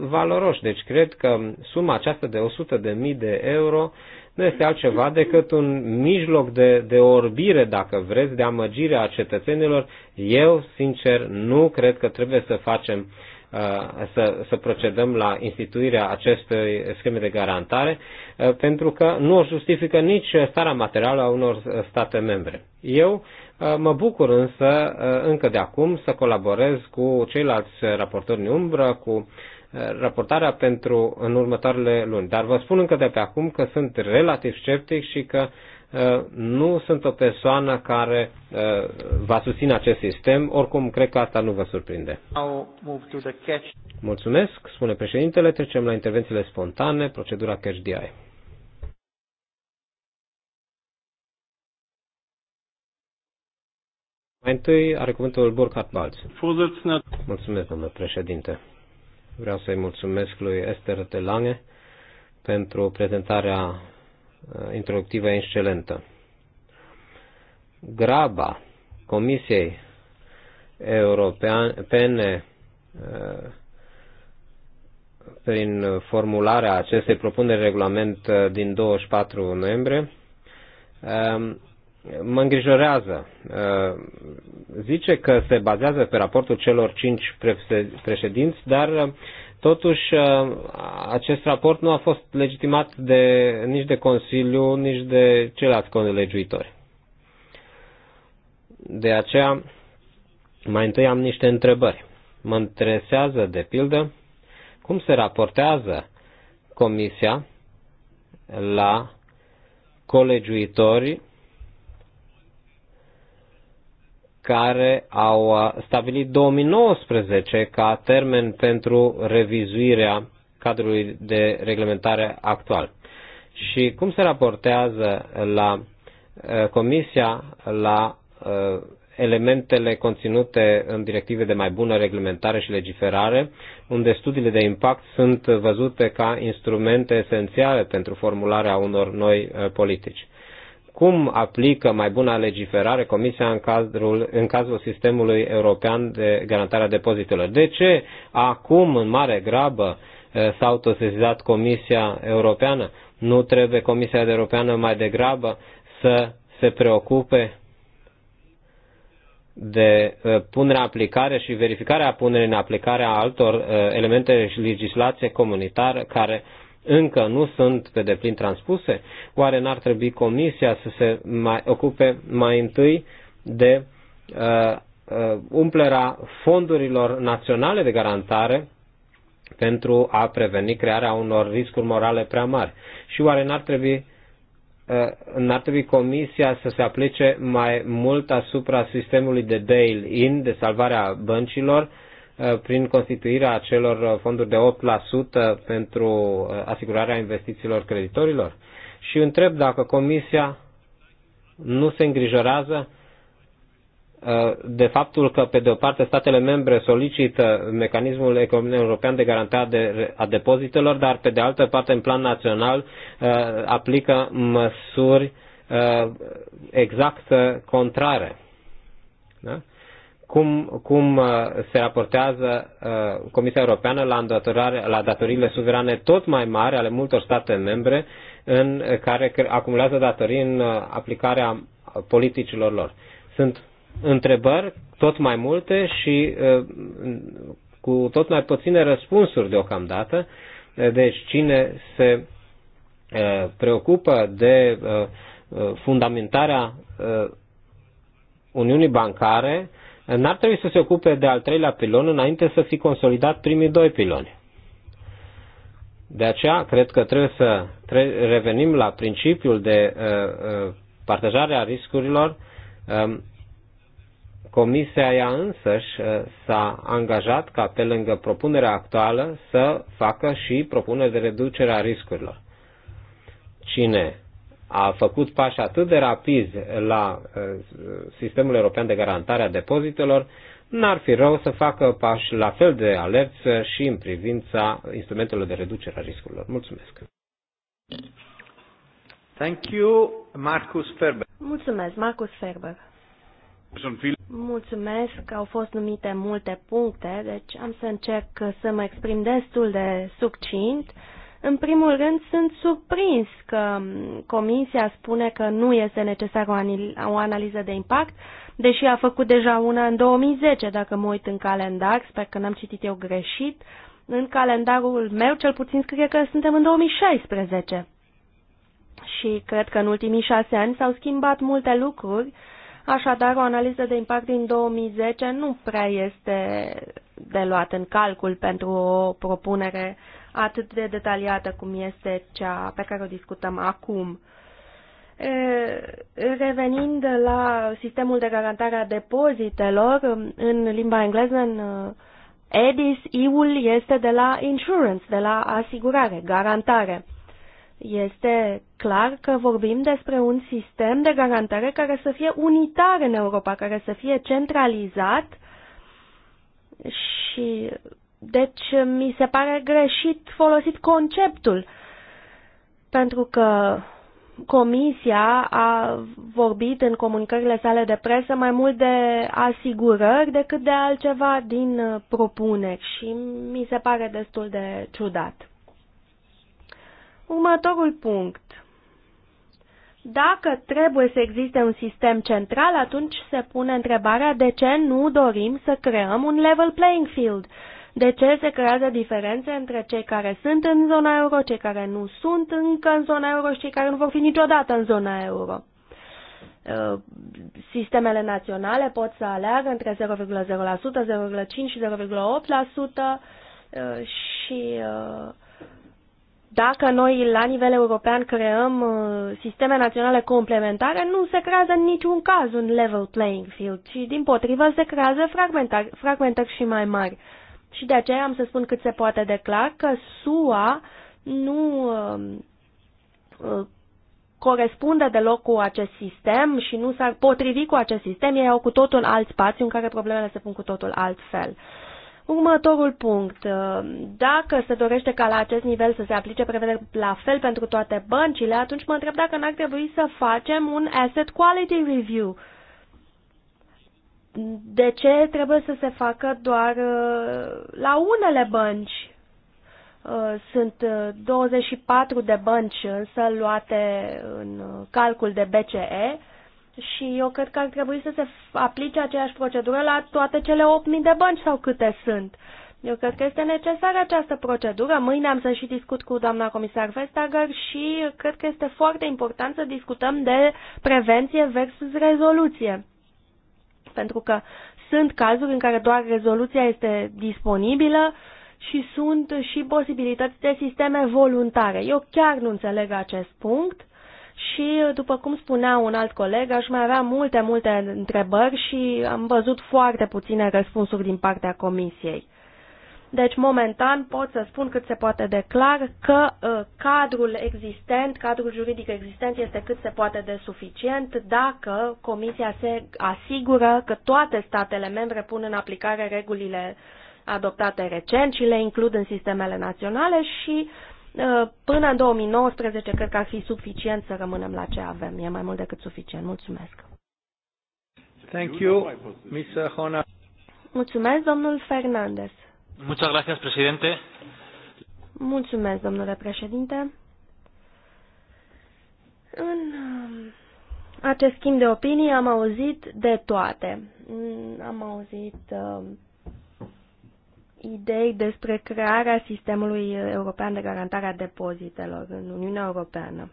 valoroși. Deci cred că suma aceasta de 100 de mii de euro nu este altceva decât un mijloc de, de orbire, dacă vreți, de amăgire a cetățenilor. Eu, sincer, nu cred că trebuie să facem uh, să, să procedăm la instituirea acestei scheme de garantare, uh, pentru că nu o justifică nici starea materială a unor state membre. Eu uh, mă bucur însă încă de acum să colaborez cu ceilalți raportori în umbră, cu raportarea pentru în următoarele luni. Dar vă spun încă de pe acum că sunt relativ sceptic și că uh, nu sunt o persoană care uh, va susține acest sistem. Oricum, cred că asta nu vă surprinde. Mulțumesc, spune președintele. Trecem la intervențiile spontane, procedura Cash DI. Mai întâi are cuvântul Burkhard Balz. Mulțumesc, domnule președinte. Vreau să-i mulțumesc lui Esther de Lange pentru prezentarea uh, introductivă excelentă. Graba Comisiei Europene uh, prin formularea acestei propuneri regulament uh, din 24 noiembrie um, mă îngrijorează. Uh, zice că se bazează pe raportul celor cinci președinți, dar uh, totuși uh, acest raport nu a fost legitimat de, nici de Consiliu, nici de ceilalți colegiuitori. De aceea, mai întâi am niște întrebări. Mă interesează, de pildă, cum se raportează Comisia la colegiuitorii care au uh, stabilit 2019 ca termen pentru revizuirea cadrului de reglementare actual. Și cum se raportează la uh, Comisia la uh, elementele conținute în directive de mai bună reglementare și legiferare, unde studiile de impact sunt văzute ca instrumente esențiale pentru formularea unor noi politici cum aplică mai buna legiferare Comisia în, cadrul, în cazul sistemului european de garantare a depozitelor. De ce acum, în mare grabă, eh, s-a autosezizat Comisia Europeană? Nu trebuie Comisia Europeană mai degrabă să se preocupe de eh, punerea aplicare și verificarea punerii în aplicare a altor eh, elemente și legislație comunitară care încă nu sunt pe deplin transpuse, oare n-ar trebui Comisia să se mai ocupe mai întâi de uh, uh, umplerea fondurilor naționale de garantare pentru a preveni crearea unor riscuri morale prea mari? Și oare n-ar trebui uh, n-ar trebui comisia să se aplice mai mult asupra sistemului de bail-in, de salvarea băncilor, Uh, prin constituirea acelor fonduri de 8% pentru uh, asigurarea investițiilor creditorilor? Și întreb dacă Comisia nu se îngrijorează uh, de faptul că, pe de o parte, statele membre solicită mecanismul economiei european de garantare a depozitelor, dar, pe de altă parte, în plan național, aplică măsuri exact contrare. Da? cum, cum uh, se raportează uh, Comisia Europeană la, la datoriile suverane tot mai mari ale multor state membre în uh, care acumulează datorii în aplicarea politicilor lor. Sunt întrebări tot mai multe și cu tot mai puține răspunsuri deocamdată. Deci cine se preocupă de fundamentarea Uniunii Bancare n-ar trebui să se ocupe de al treilea pilon înainte să fi consolidat primii doi piloni. De aceea, cred că trebuie să tre- revenim la principiul de uh, uh, partajare a riscurilor. Uh, comisia ea însăși uh, s-a angajat ca, pe lângă propunerea actuală, să facă și propuneri de reducere a riscurilor. Cine a făcut pași atât de rapid la uh, sistemul european de garantare a depozitelor, n-ar fi rău să facă pași la fel de alerți și în privința instrumentelor de reducere a riscurilor. Mulțumesc! Thank you, Marcus Ferber. Mulțumesc, Marcus Ferber. Mulțumesc, au fost numite multe puncte, deci am să încerc să mă exprim destul de succint. În primul rând, sunt surprins că Comisia spune că nu este necesară o analiză de impact, deși a făcut deja una în 2010, dacă mă uit în calendar, sper că n-am citit eu greșit. În calendarul meu, cel puțin, scrie că suntem în 2016. Și cred că în ultimii șase ani s-au schimbat multe lucruri, așadar o analiză de impact din 2010 nu prea este de luat în calcul pentru o propunere uh, atât de detaliată cum este cea pe care o discutăm acum. Revenind la sistemul de garantare a depozitelor, în limba engleză, în uh, EDIS, I-ul este de la insurance, de la asigurare, garantare. Este clar că vorbim despre un sistem de garantare care să fie unitar în Europa, care să fie centralizat și deci mi se pare greșit folosit conceptul, pentru că Comisia a vorbit în comunicările sale de presă mai mult de asigurări decât de altceva din uh, propuneri și mi se pare destul de ciudat. Următorul punct. Dacă trebuie să existe un sistem central, atunci se pune întrebarea de ce nu dorim să creăm un level playing field de ce se creează diferențe între cei care sunt în zona euro, cei care nu sunt încă în zona euro și cei care nu vor fi niciodată în zona euro. Uh, sistemele naționale pot să aleagă între 0,0%, 0,5 și 0,8% uh, și uh, dacă noi la nivel european creăm sisteme naționale complementare, nu se creează în niciun caz un level playing field, ci din potrivă se creează fragmentări, fragmentări și mai mari. Și de aceea am să spun cât se poate de clar că SUA nu um, uh, corespunde deloc cu acest sistem și nu s-ar potrivi cu acest sistem, ei au cu totul alt spațiu în care problemele se pun cu totul altfel. Următorul punct. Uh, dacă se dorește ca la acest nivel să se aplice prevederi la fel pentru toate băncile, atunci mă întreb dacă n-ar trebui să facem un asset quality review de ce trebuie să se facă doar uh, la unele bănci? Uh, sunt 24 uh, de bănci însă luate în calcul de BCE și eu cred că ar trebui să se aplice aceeași procedură la toate cele 8.000 de bănci sau câte sunt. Eu cred că este necesară această procedură. Mâine am să și discut cu doamna comisar Vestager și cred că este foarte important să discutăm de prevenție versus rezoluție pentru că sunt cazuri în care doar rezoluția este disponibilă și sunt și posibilități de sisteme voluntare. Eu chiar nu înțeleg acest punct și, după cum spunea un alt coleg, aș mai avea multe, multe întrebări și am văzut foarte puține răspunsuri din partea comisiei. Deci, momentan, pot să spun cât se poate de clar că uh, cadrul existent, cadrul juridic existent este cât se poate de suficient dacă Comisia se asigură că toate statele membre pun în aplicare regulile adoptate recent și le includ în sistemele naționale și uh, până în 2019 cred că ar fi suficient să rămânem la ce avem. E mai mult decât suficient. Mulțumesc. Thank you, Mr. Hona. Mulțumesc, domnul Fernandez. Muchas gracias, presidente. Mulțumesc, domnule președinte. În um, acest schimb de opinii am auzit de toate. Mm, am auzit uh, idei despre crearea sistemului european de garantare a depozitelor în Uniunea Europeană.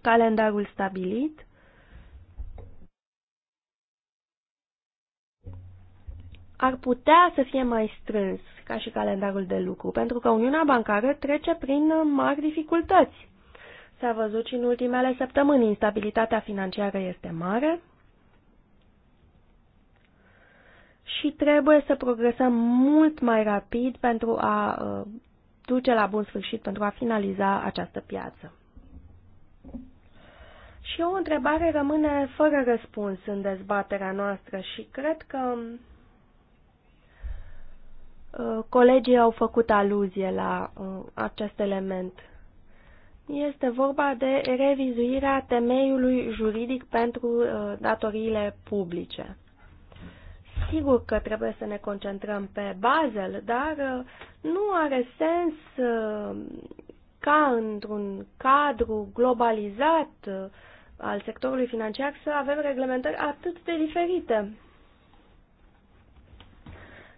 Calendarul stabilit, ar putea să fie mai strâns ca și calendarul de lucru, pentru că Uniunea Bancară trece prin mari dificultăți. S-a văzut și în ultimele săptămâni, instabilitatea financiară este mare și trebuie să progresăm mult mai rapid pentru a uh, duce la bun sfârșit, pentru a finaliza această piață. Și o întrebare rămâne fără răspuns în dezbaterea noastră și cred că Uh, colegii au făcut aluzie la uh, acest element. Este vorba de revizuirea temeiului juridic pentru uh, datoriile publice. Sigur că trebuie să ne concentrăm pe Basel, dar nu are sens ca într-un cadru globalizat al sectorului financiar să avem reglementări atât de diferite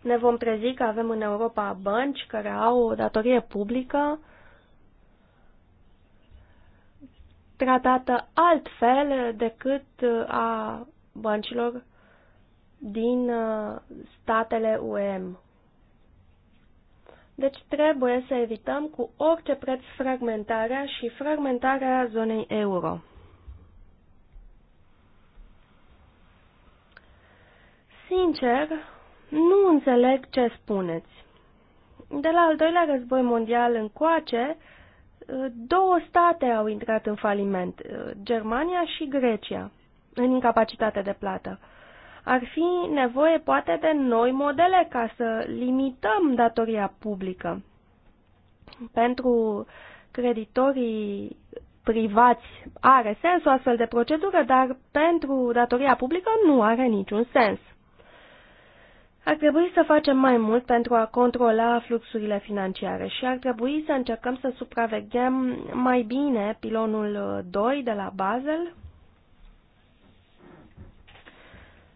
ne vom trezi că avem în Europa bănci care au o datorie publică tratată altfel decât uh, a băncilor din uh, statele UEM. Deci trebuie să evităm cu orice preț fragmentarea și fragmentarea zonei euro. Sincer, nu înțeleg ce spuneți. De la al doilea război mondial încoace, două state au intrat în faliment, Germania și Grecia, în incapacitate de plată. Ar fi nevoie poate de noi modele ca să limităm datoria publică. Pentru creditorii privați are sens o astfel de procedură, dar pentru datoria publică nu are niciun sens. Ar trebui să facem mai mult pentru a controla fluxurile financiare și ar trebui să încercăm să supraveghem mai bine pilonul 2 uh, de la Basel,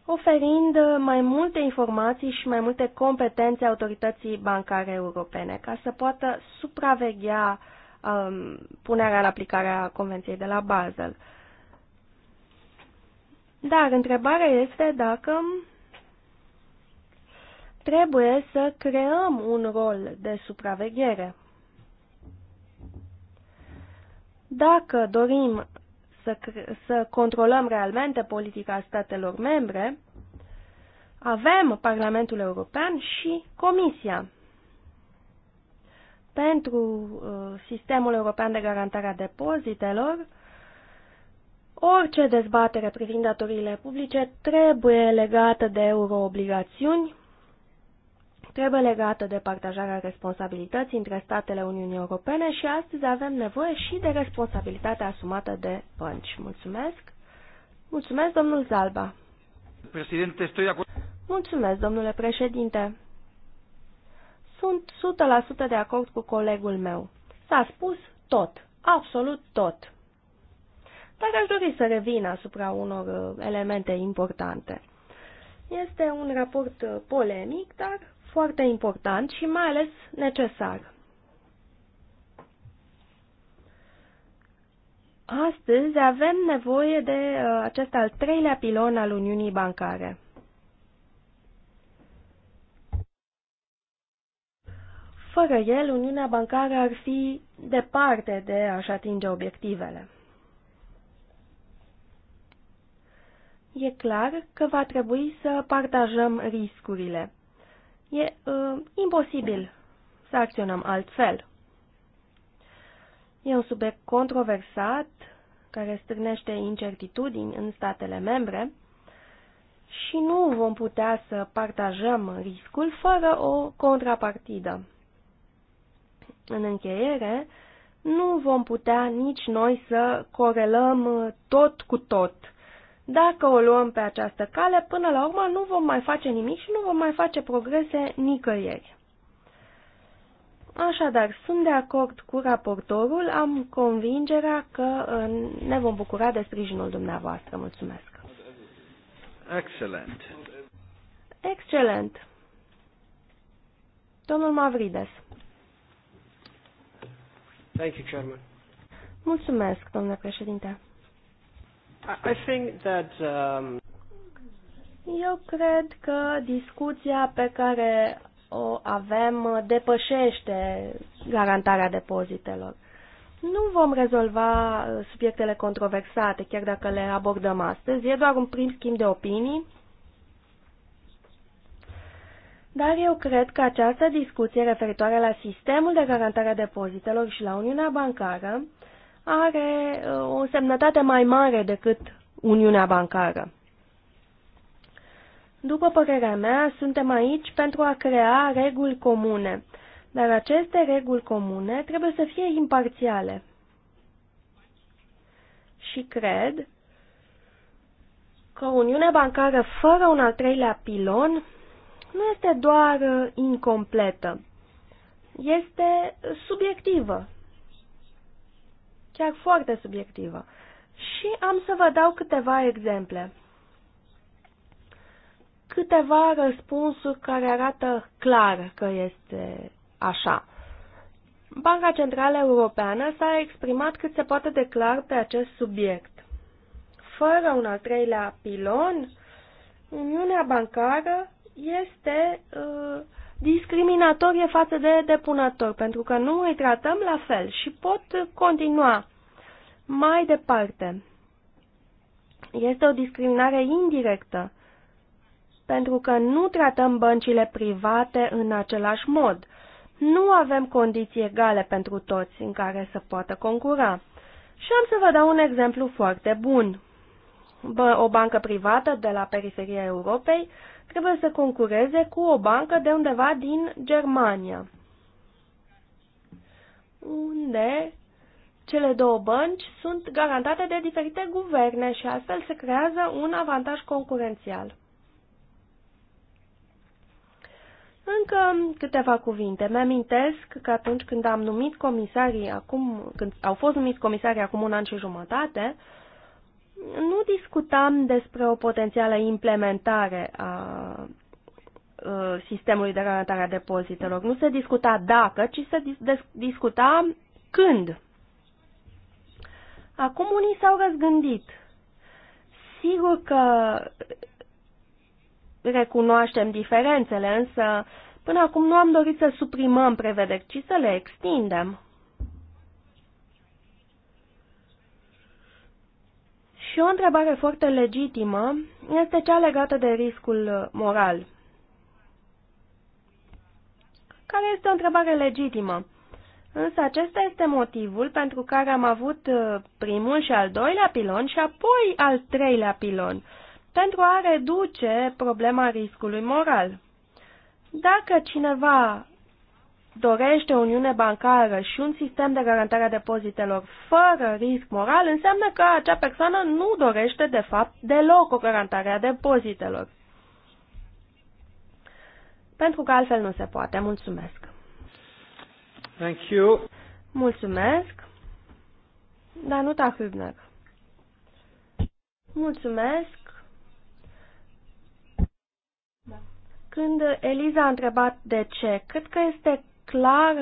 oferind uh, mai multe informații și mai multe competențe autorității bancare europene ca să poată supraveghea um, punerea în aplicare a Convenției de la Basel. Dar întrebarea este dacă Trebuie să creăm un rol de supraveghere. Dacă dorim să, să controlăm realmente politica statelor membre, avem Parlamentul European și Comisia pentru uh, sistemul european de garantare a depozitelor, orice dezbatere privind datoriile publice trebuie legată de euroobligațiuni trebuie legată de partajarea responsabilității între statele Uniunii Europene și astăzi avem nevoie și de responsabilitatea asumată de bănci. Mulțumesc! Mulțumesc, domnul Zalba! Mulțumesc, domnule președinte! Sunt 100% de acord cu colegul meu. S-a spus tot, absolut tot. Dar aș dori să revin asupra unor uh, elemente importante. Este un raport uh, polemic, dar foarte important și mai ales necesar. Astăzi avem nevoie de uh, acest al treilea pilon al Uniunii Bancare. Fără el, Uniunea Bancară ar fi departe de a-și atinge obiectivele. E clar că va trebui să partajăm riscurile. E uh, imposibil să acționăm altfel. E un subiect controversat care strânește incertitudini în statele membre și nu vom putea să partajăm riscul fără o contrapartidă. În încheiere, nu vom putea nici noi să corelăm tot cu tot dacă o luăm pe această cale, până la urmă nu vom mai face nimic și nu vom mai face progrese nicăieri. Așadar, sunt de acord cu raportorul, am convingerea că uh, ne vom bucura de sprijinul dumneavoastră. Mulțumesc! Excelent! Excelent! Domnul Mavrides. Thank you, Chairman. Mulțumesc, domnule președinte. I think that, um... Eu cred că discuția pe care o avem depășește garantarea depozitelor. Nu vom rezolva uh, subiectele controversate, chiar dacă le abordăm astăzi. E doar un prim schimb de opinii. Dar eu cred că această discuție referitoare la sistemul de garantare a depozitelor și la Uniunea Bancară are uh, o semnătate mai mare decât Uniunea Bancară. După părerea mea, suntem aici pentru a crea reguli comune, dar aceste reguli comune trebuie să fie imparțiale. Și cred că Uniunea Bancară fără un al treilea pilon nu este doar uh, incompletă, este subiectivă chiar foarte subiectivă. Și am să vă dau câteva exemple. Câteva răspunsuri care arată clar că este așa. Banca Centrală Europeană s-a exprimat cât se poate de clar pe acest subiect. Fără un al treilea pilon, Uniunea Bancară este uh, discriminatorie față de depunător, pentru că nu îi tratăm la fel și pot continua mai departe. Este o discriminare indirectă, pentru că nu tratăm băncile private în același mod. Nu avem condiții egale pentru toți în care să poată concura. Și am să vă dau un exemplu foarte bun. O bancă privată de la periferia Europei trebuie să concureze cu o bancă de undeva din Germania, unde cele două bănci sunt garantate de diferite guverne și astfel se creează un avantaj concurențial. Încă câteva cuvinte. Mi-amintesc că atunci când am numit comisarii acum, când au fost numiți comisarii acum un an și jumătate, nu discutam despre o potențială implementare a sistemului de garantare a depozitelor. Nu se discuta dacă, ci se discuta când. Acum unii s-au răzgândit. Sigur că recunoaștem diferențele, însă până acum nu am dorit să suprimăm prevederi, ci să le extindem. Și o întrebare foarte legitimă este cea legată de riscul moral, care este o întrebare legitimă. Însă acesta este motivul pentru care am avut uh, primul și al doilea pilon și apoi al treilea pilon, pentru a reduce problema riscului moral. Dacă cineva dorește o uniune bancară și un sistem de garantare a depozitelor fără risc moral, înseamnă că acea persoană nu dorește, de fapt, deloc o garantare a depozitelor. Pentru că altfel nu se poate. Mulțumesc. Thank you. Mulțumesc. Danuta Hübner. Mulțumesc. Când Eliza a întrebat de ce, cred că este clar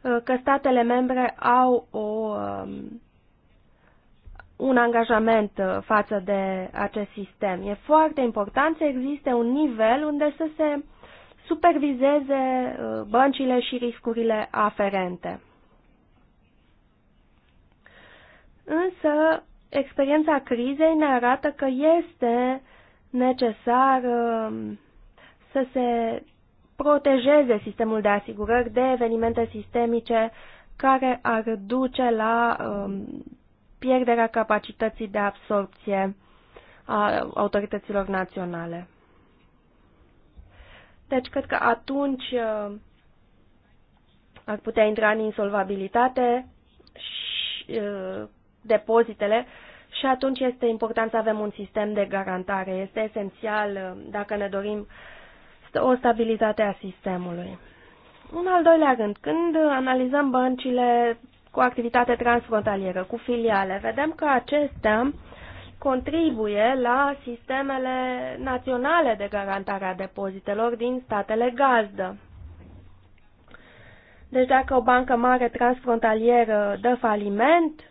uh, că statele membre au o, um, un angajament uh, față de acest sistem. E foarte important să existe un nivel unde să se supervizeze uh, băncile și riscurile aferente. Însă, experiența crizei ne arată că este necesar um, să se protejeze sistemul de asigurări de evenimente sistemice care ar duce la um, pierderea capacității de absorpție a autorităților naționale. Deci, cred că atunci uh, ar putea intra în insolvabilitate și uh, depozitele și atunci este important să avem un sistem de garantare. Este esențial uh, dacă ne dorim uh, o stabilitate a sistemului. Un al doilea rând, când analizăm băncile cu activitate transfrontalieră, cu filiale, vedem că acestea contribuie la sistemele naționale de garantare a depozitelor din statele gazdă. Deci dacă o bancă mare transfrontalieră dă faliment,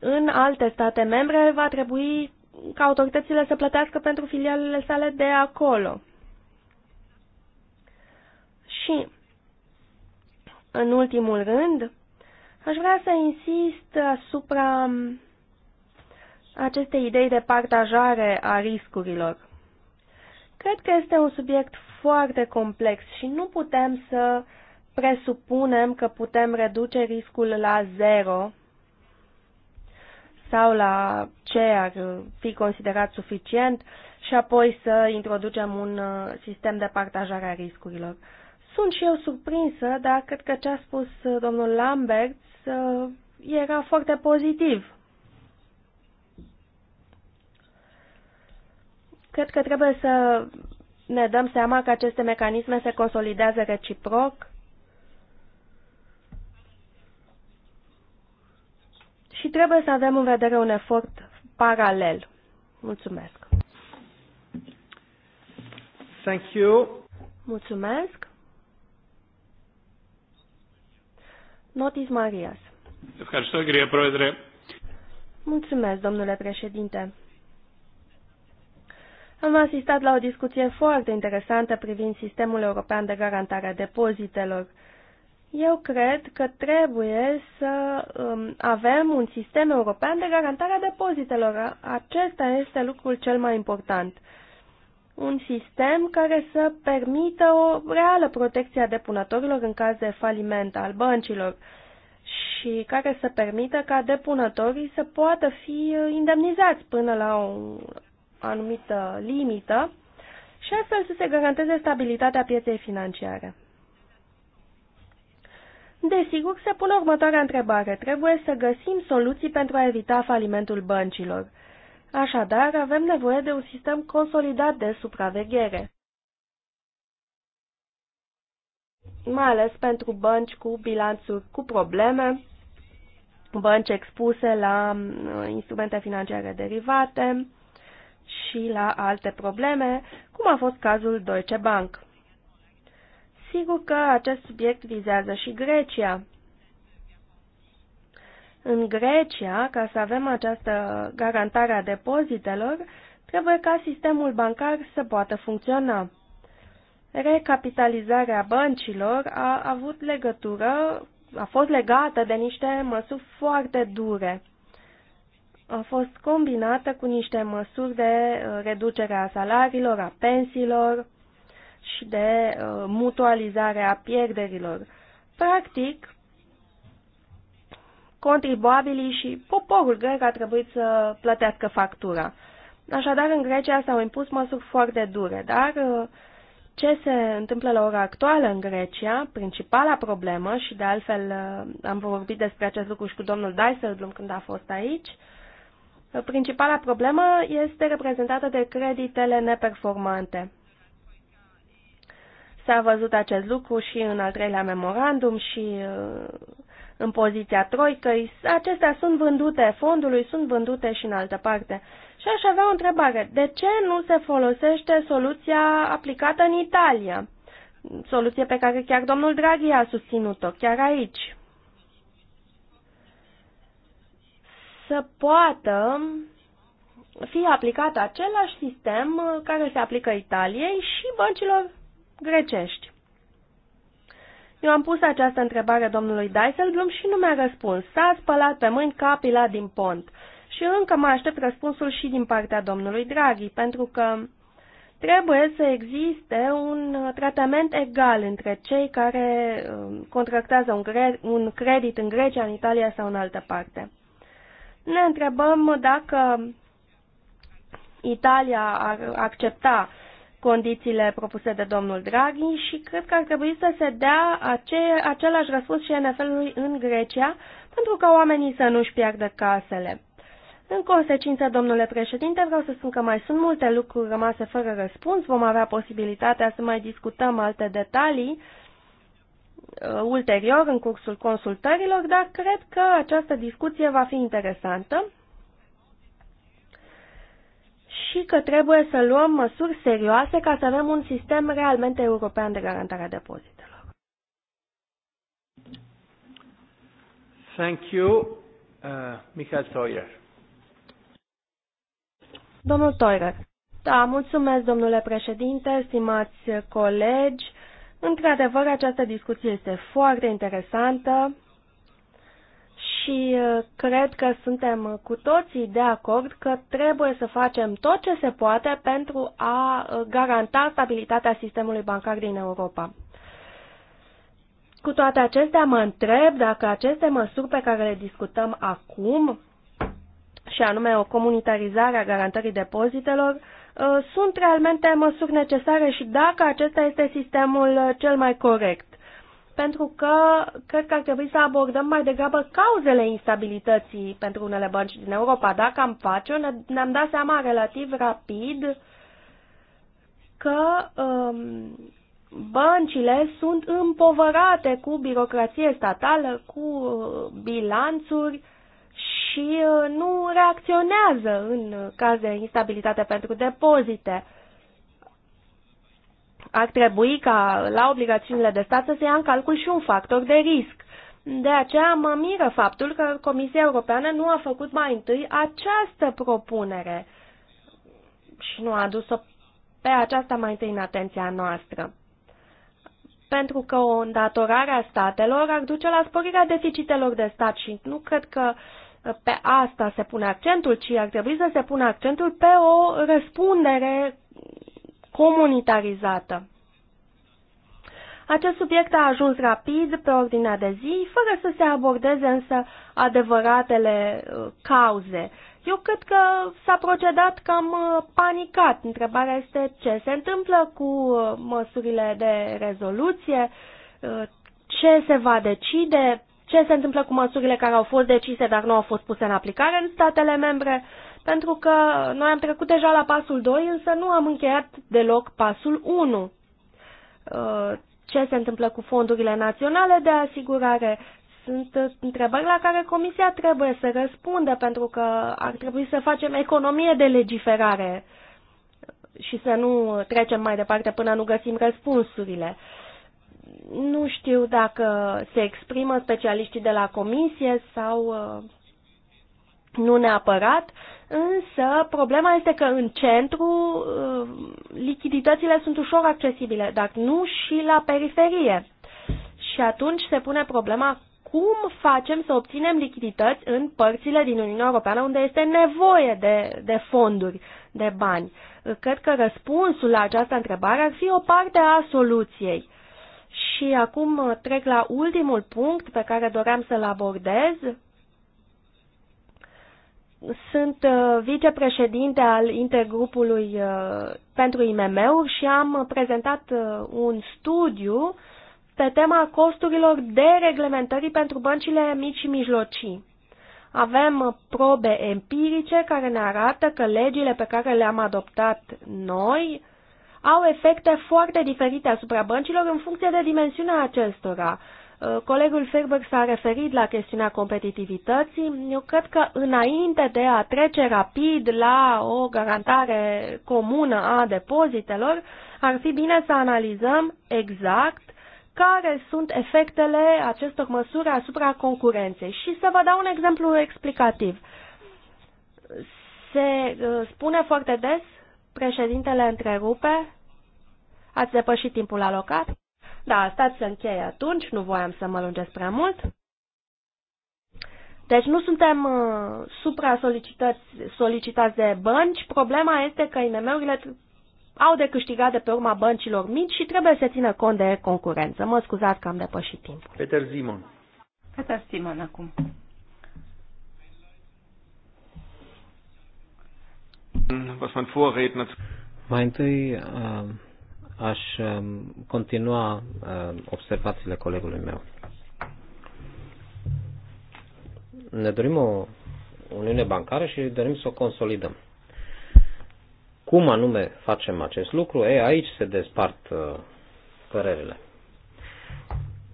în alte state membre va trebui ca autoritățile să plătească pentru filialele sale de acolo. Și, în ultimul rând, aș vrea să insist asupra acestei idei de partajare a riscurilor. Cred că este un subiect foarte complex și nu putem să presupunem că putem reduce riscul la zero sau la ce ar fi considerat suficient și apoi să introducem un uh, sistem de partajare a riscurilor. Sunt și eu surprinsă, dar cred că ce a spus uh, domnul Lambert uh, era foarte pozitiv. Cred că trebuie să ne dăm seama că aceste mecanisme se consolidează reciproc și trebuie să avem în vedere un efort paralel. Mulțumesc! Thank you. Mulțumesc! Notis Marias. Mulțumesc, domnule președinte. Am asistat la o discuție foarte interesantă privind sistemul european de garantare a depozitelor. Eu cred că trebuie să um, avem un sistem european de garantare a depozitelor. Acesta este lucrul cel mai important. Un sistem care să permită o reală protecție a depunătorilor în caz de faliment al băncilor și care să permită ca depunătorii să poată fi indemnizați până la o anumită limită și astfel să se garanteze stabilitatea pieței financiare. Desigur, se pune următoarea întrebare. Trebuie să găsim soluții pentru a evita falimentul băncilor. Așadar, avem nevoie de un sistem consolidat de supraveghere. Mai ales pentru bănci cu bilanțuri cu probleme, bănci expuse la uh, instrumente financiare derivate și la alte probleme, cum a fost cazul Deutsche Bank. Sigur că acest subiect vizează și Grecia. În Grecia, ca să avem această garantare a depozitelor, trebuie ca sistemul bancar să poată funcționa. Recapitalizarea băncilor a avut legătură, a fost legată de niște măsuri foarte dure. A fost combinată cu niște măsuri de uh, reducere a salariilor, a pensiilor, și de uh, mutualizare a pierderilor. Practic, contribuabilii și poporul grec a trebuit să plătească factura. Așadar, în Grecia s-au impus măsuri foarte dure, dar uh, ce se întâmplă la ora actuală în Grecia, principala problemă, și de altfel uh, am vorbit despre acest lucru și cu domnul Dijsselbloem când a fost aici, principala problemă este reprezentată de creditele neperformante. S-a văzut acest lucru și în al treilea memorandum și uh, în poziția troicăi. Acestea sunt vândute fondului, sunt vândute și în altă parte. Și aș avea o întrebare. De ce nu se folosește soluția aplicată în Italia? Soluție pe care chiar domnul Draghi a susținut-o, chiar aici. Să poată fi aplicat același sistem care se aplică Italiei și băncilor grecești. Eu am pus această întrebare domnului Dijsselbloem și nu mi-a răspuns. S-a spălat pe mâini capila din pont. Și încă mă aștept răspunsul și din partea domnului Draghi, pentru că trebuie să existe un tratament egal între cei care um, contractează un, cre- un credit în Grecia, în Italia sau în altă parte. Ne întrebăm dacă Italia ar accepta uh, condițiile propuse de domnul Draghi și cred că ar trebui să se dea ace același răspuns și NFL-ului în Grecia pentru ca oamenii să nu-și piardă casele. În consecință, domnule președinte, vreau să spun că mai sunt multe lucruri rămase fără răspuns. Vom avea posibilitatea să mai discutăm alte detalii uh, ulterior în cursul consultărilor, dar cred că această discuție va fi interesantă și că trebuie să luăm măsuri serioase ca să avem un sistem realmente european de garantare a depozitelor. Thank you, uh, Michael Toyer. Domnul Toyer. Da, mulțumesc, domnule președinte, stimați colegi. Într-adevăr, această discuție este foarte interesantă și uh, cred că suntem cu toții de acord că trebuie să facem tot ce se poate pentru a uh, garanta stabilitatea sistemului bancar din Europa. Cu toate acestea, mă întreb dacă aceste măsuri pe care le discutăm acum, și anume o comunitarizare a garantării depozitelor, uh, sunt realmente măsuri necesare și dacă acesta este sistemul cel mai corect pentru că cred că ar trebui să abordăm mai degrabă cauzele instabilității pentru unele bănci din Europa. Dacă am face-o, ne-am dat seama relativ rapid că um, băncile sunt împovărate cu birocrație statală, cu uh, bilanțuri și uh, nu reacționează în caz de instabilitate pentru depozite ar trebui ca la obligațiunile de stat să se ia în calcul și un factor de risc. De aceea mă miră faptul că Comisia Europeană nu a făcut mai întâi această propunere și nu a adus-o pe aceasta mai întâi în atenția noastră. Pentru că o îndatorare a statelor ar duce la sporirea deficitelor de stat și nu cred că pe asta se pune accentul, ci ar trebui să se pună accentul pe o răspundere comunitarizată. Acest subiect a ajuns rapid pe ordinea de zi, fără să se abordeze însă adevăratele uh, cauze. Eu cred că s-a procedat cam uh, panicat. Întrebarea este ce se întâmplă cu uh, măsurile de rezoluție, ce se va decide, ce se întâmplă cu măsurile care au fost decise, dar nu au fost puse în aplicare în statele membre pentru că noi am trecut deja la pasul 2, însă nu am încheiat deloc pasul 1. Uh, ce se întâmplă cu fondurile naționale de asigurare? Sunt întrebări la care Comisia trebuie să răspundă, pentru că ar trebui să facem economie de legiferare și să nu trecem mai departe până nu găsim răspunsurile. Nu știu dacă se exprimă specialiștii de la Comisie sau uh, nu neapărat, Însă, problema este că în centru uh, lichiditățile sunt ușor accesibile, dar nu și la periferie. Și atunci se pune problema cum facem să obținem lichidități în părțile din Uniunea Europeană unde este nevoie de, de fonduri, de bani. Cred că răspunsul la această întrebare ar fi o parte a soluției. Și acum uh, trec la ultimul punct pe care doream să-l abordez, sunt uh, vicepreședinte al intergrupului uh, pentru IMM-uri și am prezentat uh, un studiu pe tema costurilor dereglementării pentru băncile mici și mijlocii. Avem probe empirice care ne arată că legile pe care le-am adoptat noi au efecte foarte diferite asupra băncilor în funcție de dimensiunea acestora. Uh, colegul Ferber s-a referit la chestiunea competitivității. Eu cred că înainte de a trece rapid la o garantare comună a depozitelor, ar fi bine să analizăm exact care sunt efectele acestor măsuri asupra concurenței. Și să vă dau un exemplu explicativ. Se uh, spune foarte des, președintele întrerupe, ați depășit timpul alocat. Da, stați să încheie atunci, nu voiam să mă lungesc prea mult. Deci nu suntem uh, supra-solicitați de bănci, problema este că IMM-urile au de câștigat de pe urma băncilor mici și trebuie să țină cont de concurență. Mă scuzați că am depășit timpul. Peter Simon. Peter Simon acum. Was Mai întâi, uh aș um, continua um, observațiile colegului meu. Ne dorim o uniune bancară și dorim să o consolidăm. Cum anume facem acest lucru? E, aici se despart uh, părerile.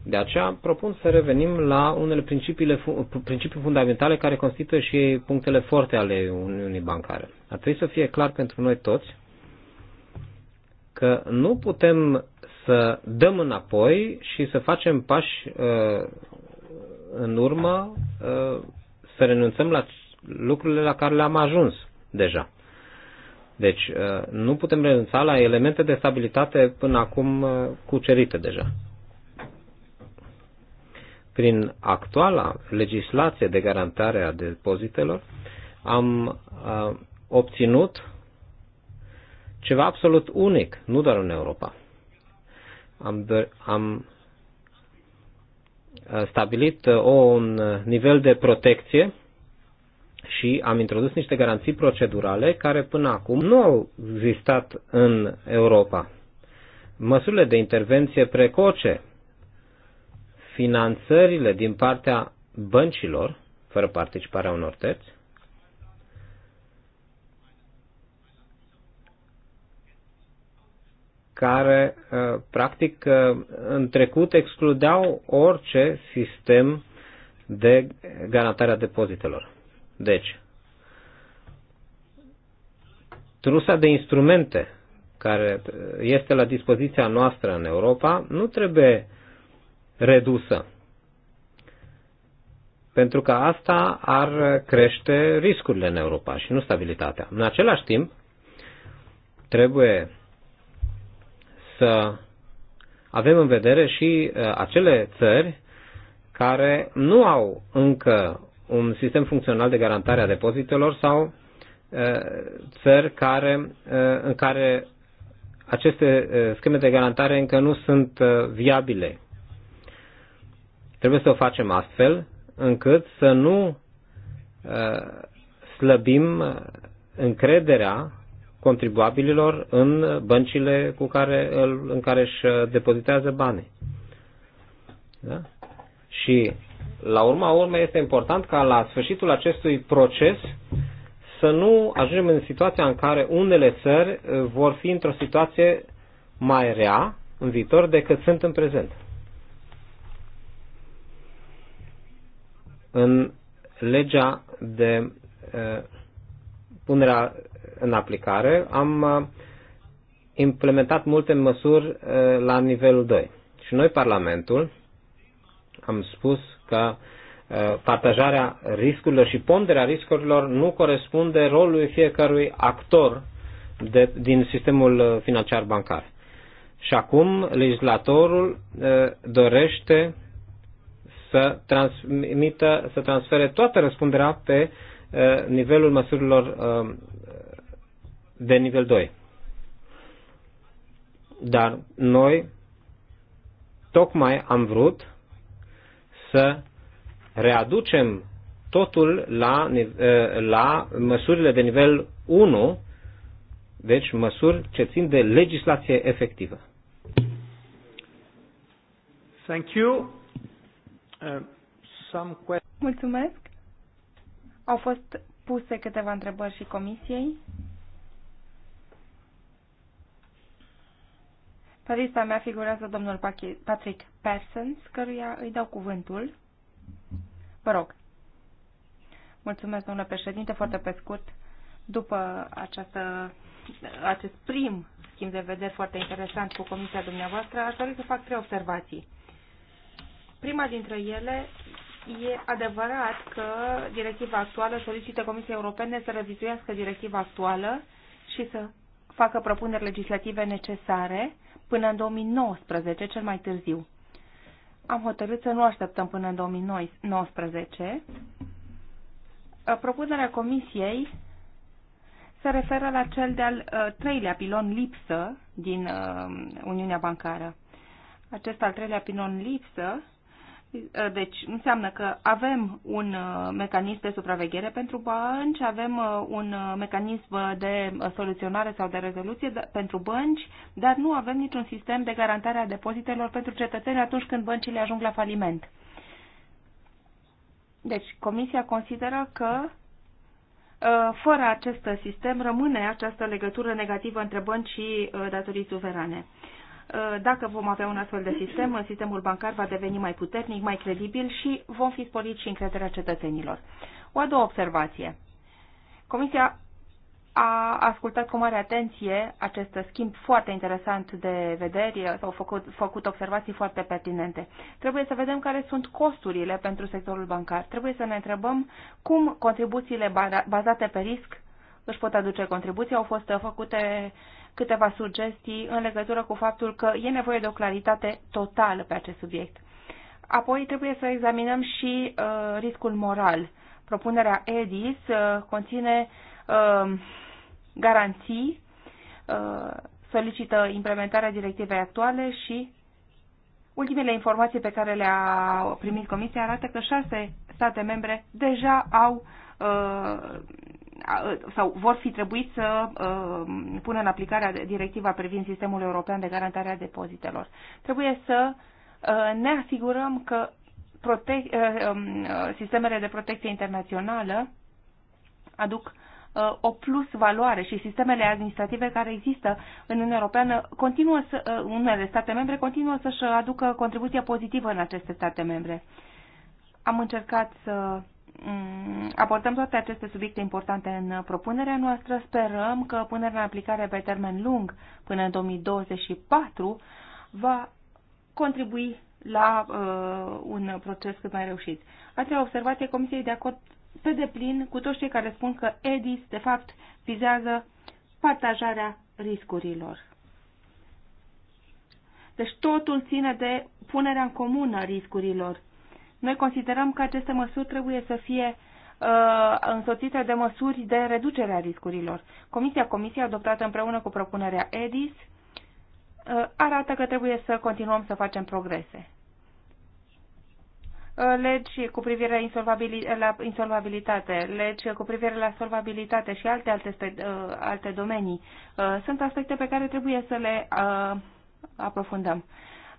De aceea propun să revenim la unele principiile, principii fundamentale care constituie și punctele forte ale Uniunii Bancare. Ar trebui să fie clar pentru noi toți că nu putem să dăm înapoi și să facem pași uh, în urmă, uh, să renunțăm la lucrurile la care le-am ajuns deja. Deci uh, nu putem renunța la elemente de stabilitate până acum cucerite deja. Prin actuala legislație de garantare a depozitelor am obținut ceva absolut unic, nu doar în Europa. Am, am uh, stabilit uh, o, un uh, nivel de protecție și am introdus niște garanții procedurale care până acum nu au existat în Europa. Măsurile de intervenție precoce, finanțările din partea băncilor, fără participarea unor terți, care uh, practic uh, în trecut excludeau orice sistem de garantare a depozitelor. Deci, trusa de instrumente care uh, este la dispoziția noastră în Europa nu trebuie redusă. Pentru că asta ar crește riscurile în Europa și nu stabilitatea. În același timp, trebuie să avem în vedere și uh, acele țări care nu au încă un sistem funcțional de garantare a depozitelor sau uh, țări care, uh, în care aceste scheme de garantare încă nu sunt viabile. Trebuie să o facem astfel încât să nu slăbim încrederea contribuabililor în băncile cu care, în care își uh, depozitează banii. Da? Și la urma urmei este important ca la sfârșitul acestui proces să nu ajungem în situația în care unele țări uh, vor fi într-o situație mai rea în viitor decât sunt în prezent. În legea de uh, punerea în aplicare, am uh, implementat multe măsuri uh, la nivelul 2. Și noi, Parlamentul, am spus că uh, partajarea riscurilor și ponderea riscurilor nu corespunde rolului fiecărui actor de, din sistemul financiar bancar. Și acum legislatorul dorește să transmită, să transfere toată răspunderea pe Uh, nivelul măsurilor uh, de nivel 2. Dar noi tocmai am vrut să readucem totul la, uh, la măsurile de nivel 1, deci măsuri ce țin de legislație efectivă. Thank you. Uh, some Mulțumesc. Au fost puse câteva întrebări și comisiei. Pe lista mea figurează domnul Patrick Persons, căruia îi dau cuvântul. Vă rog. Mulțumesc, domnule președinte, foarte pe scurt. După această, acest prim schimb de vedere foarte interesant cu comisia dumneavoastră, aș dori să fac trei observații. Prima dintre ele E adevărat că directiva actuală solicită Comisiei Europene să revizuiască directiva actuală și să facă propuneri legislative necesare până în 2019, cel mai târziu. Am hotărât să nu așteptăm până în 2019. Propunerea Comisiei se referă la cel de-al uh, treilea pilon lipsă din uh, Uniunea Bancară. Acest al treilea pilon lipsă Eh, deci înseamnă că avem un eh, mecanism de supraveghere pentru bănci, avem eh, un mecanism de soluționare sau de rezoluție pentru bănci, dar nu avem niciun sistem de garantare a depozitelor pentru cetățeni atunci când băncile ajung la faliment. Deci Comisia consideră că fără acest sistem rămâne această legătură negativă între bănci și datorii suverane. Uh, dacă vom avea un astfel de sistem, sistemul bancar va deveni mai puternic, mai credibil și vom fi sporit și încrederea cetățenilor. O a doua observație. Comisia a ascultat cu mare atenție acest schimb foarte interesant de vederi, s-au făcut, făcut observații foarte pertinente. Trebuie să vedem care sunt costurile pentru sectorul bancar. Trebuie să ne întrebăm cum contribuțiile bazate pe risc își pot aduce contribuții. Au fost făcute câteva sugestii în legătură cu faptul că e nevoie de o claritate totală pe acest subiect. Apoi trebuie să examinăm și uh, riscul moral. Propunerea EDIS uh, conține uh, garanții, uh, solicită implementarea directivei actuale și ultimele informații pe care le-a primit Comisia arată că șase state membre deja au uh, sau vor fi trebuit să uh, pună în aplicare directiva privind sistemul european de garantare a depozitelor. Trebuie să uh, ne asigurăm că prote- uh, um, sistemele de protecție internațională aduc o plus valoare și sistemele administrative care există în Uniunea Europeană continuă să, unele state membre continuă să-și aducă contribuția pozitivă în aceste state membre. Am încercat să Mm, abordăm toate aceste subiecte importante în propunerea noastră. Sperăm că punerea în aplicare pe termen lung până în 2024 va contribui la uh, un proces cât mai reușit. A treia observație, Comisia e de acord pe deplin cu toți cei care spun că EDIS, de fapt, vizează partajarea riscurilor. Deci totul ține de punerea în comună a riscurilor noi considerăm că aceste măsuri trebuie să fie uh, însoțite de măsuri de reducere a riscurilor. Comisia Comisiei, adoptată împreună cu propunerea EDIS, uh, arată că trebuie să continuăm să facem progrese. Uh, legi cu privire la, insolvabili la insolvabilitate, legi cu privire la solvabilitate și alte, alte, uh, alte domenii uh, sunt aspecte pe care trebuie să le aprofundăm.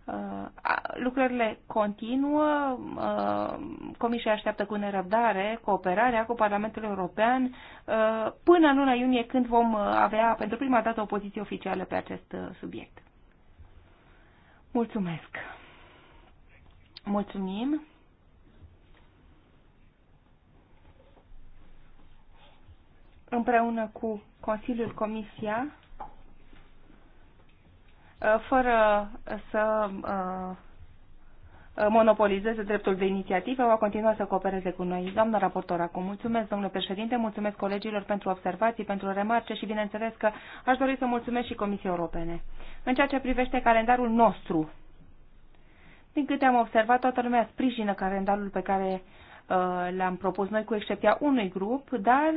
Uh, lucrările continuă, uh, Comisia așteaptă cu nerăbdare cooperarea cu Parlamentul European uh, până în luna iunie când vom avea pentru prima dată o poziție oficială pe acest subiect. Mulțumesc! Mulțumim! Împreună cu Consiliul Comisia, Uh, fără să uh, monopolizeze dreptul de inițiativă, va continua să coopereze cu noi. Doamna raportor, acum mulțumesc, domnule președinte, mulțumesc colegilor pentru observații, pentru remarce și, bineînțeles, că aș dori să mulțumesc și Comisiei Europene. În ceea ce privește calendarul nostru, din câte am observat, toată lumea sprijină calendarul pe care uh, l-am propus noi, cu excepția unui grup, dar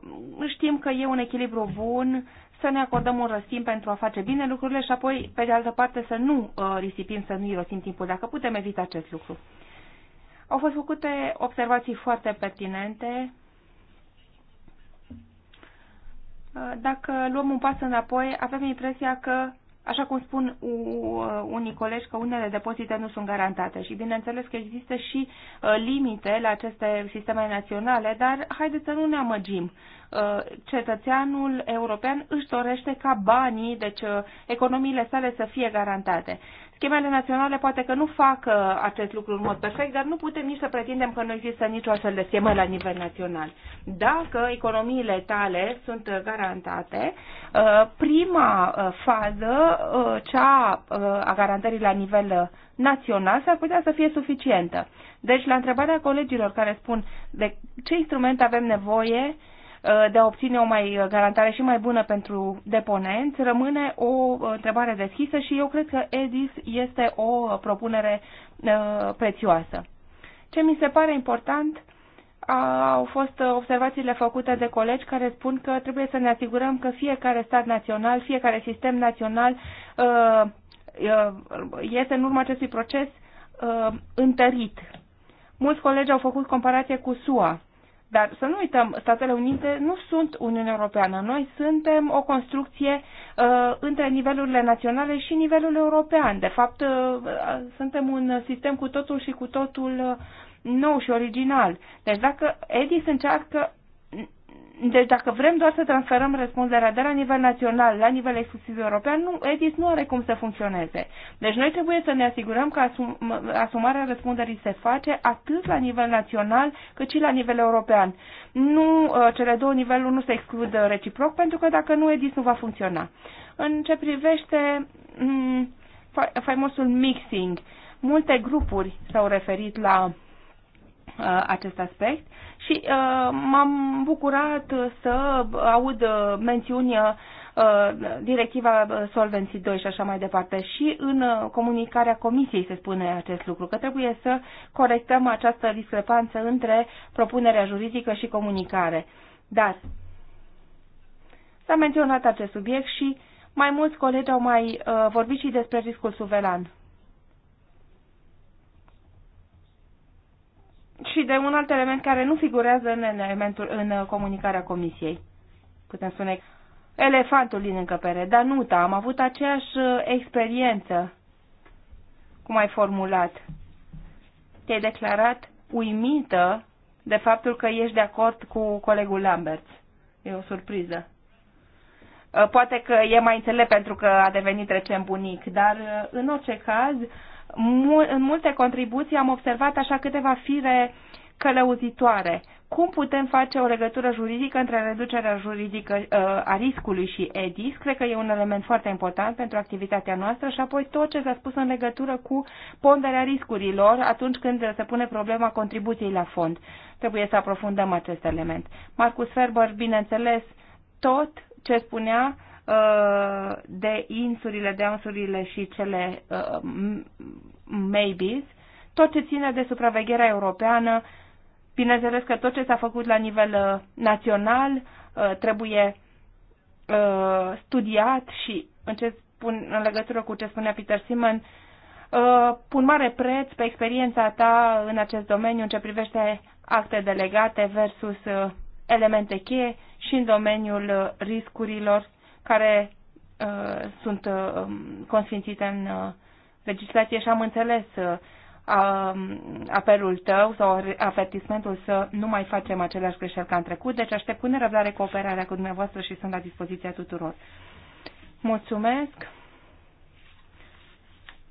mm, știm că e un echilibru bun să ne acordăm un răstim pentru a face bine lucrurile și apoi, pe de altă parte, să nu uh, risipim, să nu irosim timpul, dacă putem evita acest lucru. Au fost făcute observații foarte pertinente. Uh, dacă luăm un pas înapoi, avem impresia că Așa cum spun uh, unii colegi că unele depozite nu sunt garantate și bineînțeles că există și uh, limite la aceste sisteme naționale, dar haideți să nu ne amăgim. Uh, cetățeanul european își dorește ca banii, deci economiile sale să fie garantate. Schemele naționale poate că nu fac uh, acest lucru în mod perfect, dar nu putem nici să pretindem că nu există nicio astfel de schemă la nivel național. Dacă economiile tale sunt garantate, uh, prima uh, fază, cea a garantării la nivel național, s-ar putea să fie suficientă. Deci, la întrebarea colegilor care spun de ce instrument avem nevoie, Uh, de a obține o mai uh, garantare și mai bună pentru deponenți rămâne o uh, întrebare deschisă și eu cred că EDIS este o propunere prețioasă. Ce mi se pare important au fost observațiile făcute de colegi care spun că trebuie să ne asigurăm că fiecare stat național, fiecare sistem național este în urma acestui proces întărit. Mulți colegi au făcut comparație cu SUA dar să nu uităm, Statele Unite nu sunt Uniunea Europeană. Noi suntem o construcție uh, între nivelurile naționale și nivelul european. De fapt, uh, suntem un sistem cu totul și cu totul uh, nou și original. Deci dacă Edis încearcă deci dacă vrem doar să transferăm răspunderea de la nivel național la nivel exclusiv european, nu, EDIS nu are cum să funcționeze. Deci noi trebuie să ne asigurăm că asum, asumarea răspunderii se face atât la nivel național cât și la nivel european. Nu, ă, cele două niveluri nu se exclud reciproc pentru că dacă nu, EDIS nu va funcționa. În ce privește mm, faimosul mixing, multe grupuri s-au referit la Uh, acest aspect și uh, m-am bucurat să aud uh, mențiuni directiva Solvency 2 și așa mai departe. Și în comunicarea comisiei se spune acest lucru, că trebuie să corectăm această discrepanță între propunerea juridică și comunicare. Dar s-a menționat acest subiect și mai mulți colegi au mai uh, vorbit și despre riscul suvelan. și de un alt element care nu figurează în, elementul, în uh, comunicarea comisiei. Putem spune elefantul din încăpere, Danuta, am avut aceeași uh, experiență. Cum ai formulat? Te-ai declarat uimită de faptul că ești de acord cu colegul Lambert. E o surpriză. Uh, poate că e mai înțelept pentru că a devenit recent bunic, dar în orice caz în multe contribuții am observat așa câteva fire călăuzitoare. Cum putem face o legătură juridică între reducerea juridică uh, a riscului și EDIS? Cred că e un element foarte important pentru activitatea noastră și apoi tot ce s-a spus în legătură cu ponderea riscurilor atunci când se pune problema contribuției la fond. Trebuie să aprofundăm acest element. Marcus Ferber, bineînțeles, tot ce spunea Uh, de insurile, de ansurile și cele uh, maybes, tot ce ține de supravegherea europeană, bineînțeles că tot ce s-a făcut la nivel uh, național trebuie studiat și în, ce spun, în legătură cu ce spunea Peter Simon, pun mare preț pe experiența ta în acest domeniu în ce privește acte delegate versus elemente cheie și în domeniul riscurilor care uh, sunt uh, um, consfințite în uh, legislație și am înțeles uh, um, apelul tău sau avertismentul să nu mai facem aceleași greșeli ca în trecut, deci aștept cu nerăbdare cooperarea cu dumneavoastră și sunt la dispoziția tuturor. Mulțumesc!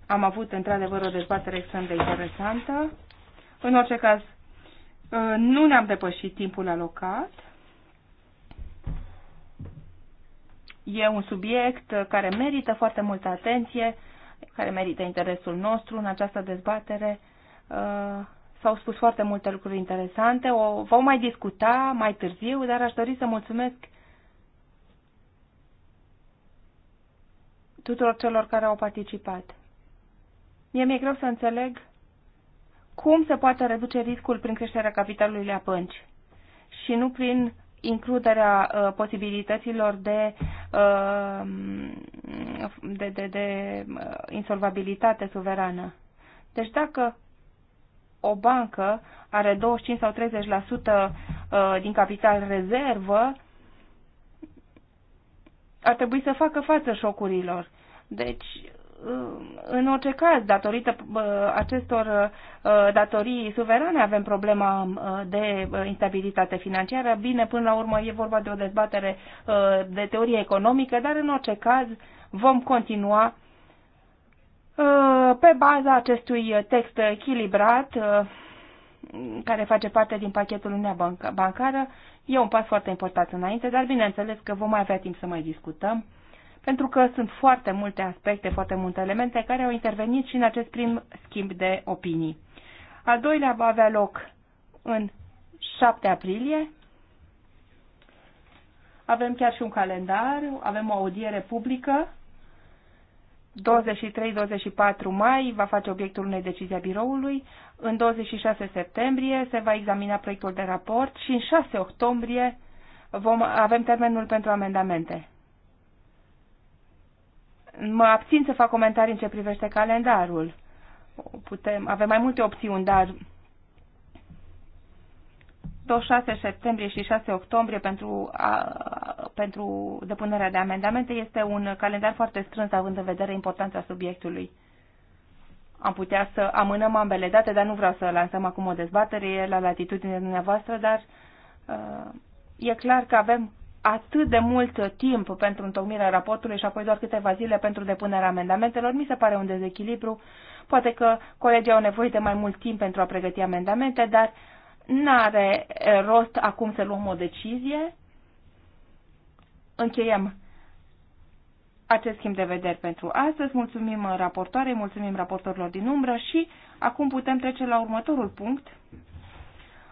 Am avut într-adevăr o dezbatere extrem de interesantă. În orice caz, uh, nu ne-am depășit timpul alocat. E un subiect care merită foarte multă atenție, care merită interesul nostru în această dezbatere. Uh, S-au spus foarte multe lucruri interesante. O vom mai discuta mai târziu, dar aș dori să mulțumesc tuturor celor care au participat. Mie mi-e greu să înțeleg cum se poate reduce riscul prin creșterea capitalului la pânci și nu prin includerea uh, posibilităților de, uh, de, de, de uh, insolvabilitate suverană. Deci dacă o bancă are 25 sau 30% uh, din capital rezervă, ar trebui să facă față șocurilor. Deci în orice caz, datorită acestor datorii suverane, avem problema de instabilitate financiară. Bine, până la urmă e vorba de o dezbatere de teorie economică, dar în orice caz vom continua pe baza acestui text echilibrat care face parte din pachetul Uniunea Bancară. E un pas foarte important înainte, dar bineînțeles că vom mai avea timp să mai discutăm pentru că sunt foarte multe aspecte, foarte multe elemente care au intervenit și în acest prim schimb de opinii. Al doilea va avea loc în 7 aprilie. Avem chiar și un calendar, avem o audiere publică. 23-24 mai va face obiectul unei decizii a biroului. În 26 septembrie se va examina proiectul de raport și în 6 octombrie vom, avem termenul pentru amendamente mă abțin să fac comentarii în ce privește calendarul. Putem, avem mai multe opțiuni, dar 26 septembrie și 6 octombrie pentru, a, pentru depunerea de amendamente este un calendar foarte strâns având în vedere importanța subiectului. Am putea să amânăm ambele date, dar nu vreau să lansăm acum o dezbatere la latitudinea dumneavoastră, dar uh, e clar că avem atât de mult timp pentru întocmirea raportului și apoi doar câteva zile pentru depunerea amendamentelor, mi se pare un dezechilibru. Poate că colegii au nevoie de mai mult timp pentru a pregăti amendamente, dar nu are eh, rost acum să luăm o decizie. Încheiem acest schimb de vederi pentru astăzi. Mulțumim eh, raportoare, mulțumim raportorilor din umbră și acum putem trece la următorul punct.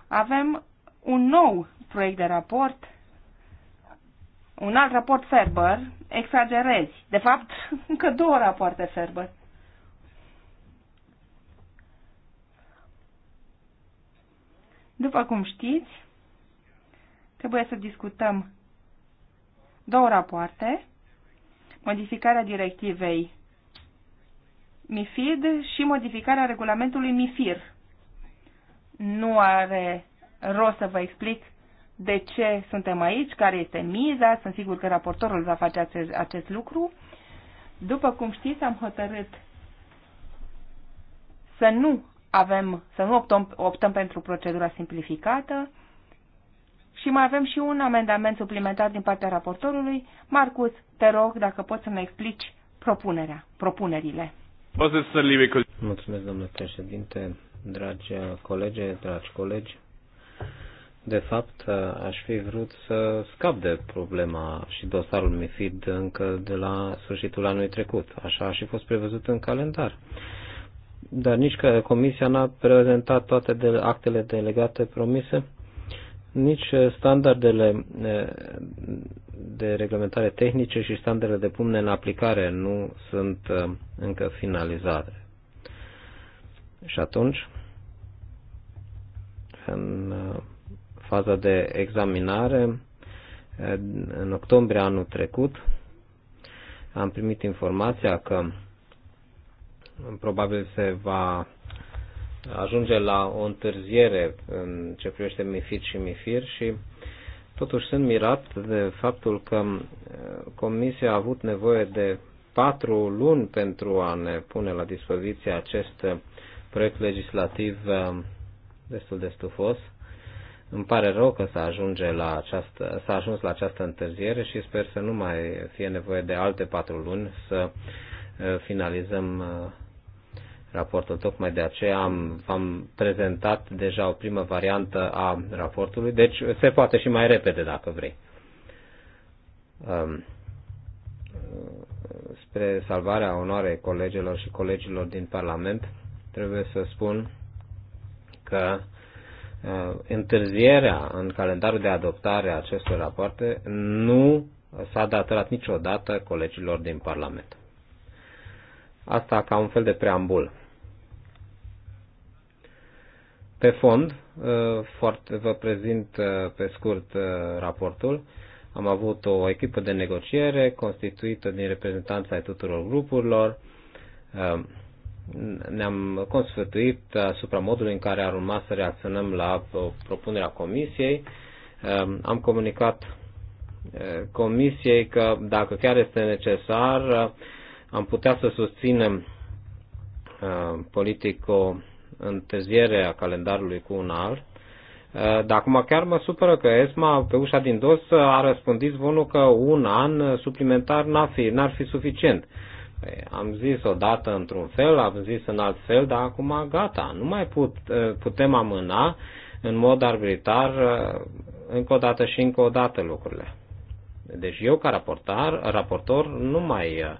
Avem un nou proiect de raport un alt raport Ferber, exagerezi. De fapt, încă două rapoarte Ferber. După cum știți, trebuie să discutăm două rapoarte, modificarea directivei MIFID și modificarea regulamentului MIFIR. Nu are rost să vă explic de ce suntem aici, care este miza, sunt sigur că raportorul va face acest, acest lucru. După cum știți, am hotărât să nu avem, să nu optăm, optăm pentru procedura simplificată și mai avem și un amendament suplimentar din partea raportorului. Marcus, te rog dacă poți să ne explici propunerea, propunerile. Mulțumesc, domnule președinte, dragi colegi, dragi colegi. De fapt, aș fi vrut să scap de problema și dosarul MIFID încă de la sfârșitul anului trecut. Așa a și fost prevăzut în calendar. Dar nici că Comisia n-a prezentat toate de actele delegate promise, nici standardele de reglementare tehnice și standardele de pumne în aplicare nu sunt încă finalizate. Și atunci, în faza de examinare eh, în octombrie anul trecut. Am primit informația că probabil se va ajunge la o întârziere în ce privește MIFIR și MIFIR și totuși sunt mirat de faptul că eh, Comisia a avut nevoie de patru luni pentru a ne pune la dispoziție acest eh, proiect legislativ destul de stufos îmi pare rău că s-a, ajunge la această, s-a ajuns la această întârziere și sper să nu mai fie nevoie de alte patru luni să uh, finalizăm uh, raportul. Tocmai de aceea am, am prezentat deja o primă variantă a raportului, deci se poate și mai repede dacă vrei. Um, spre salvarea onoarei colegilor și colegilor din Parlament, trebuie să spun că Uh, întârzierea în calendarul de adoptare a acestor rapoarte nu s-a datorat niciodată colegilor din Parlament. Asta ca un fel de preambul. Pe fond, uh, foarte, vă prezint uh, pe scurt raportul. Am avut o echipă de negociere constituită din reprezentanța ai tuturor grupurilor, ne-am consfătuit asupra modului în care ar urma să reacționăm la propunerea comisiei. Ehm, am comunicat eh, comisiei că dacă chiar este necesar, am putea să susținem ehm, politic o întârziere a calendarului cu un alt. Eh, dar acum chiar mă supără că ESMA pe ușa din dos a răspândit zvonul că un an suplimentar n-ar fi, n-ar fi suficient. Uh, Păi, am zis odată într-un fel, am zis în alt fel, dar acum gata. Nu mai put, ă, putem amâna în mod arbitrar ă, încă o dată și încă o dată lucrurile. Deci eu ca raportar, raportor nu mai ă,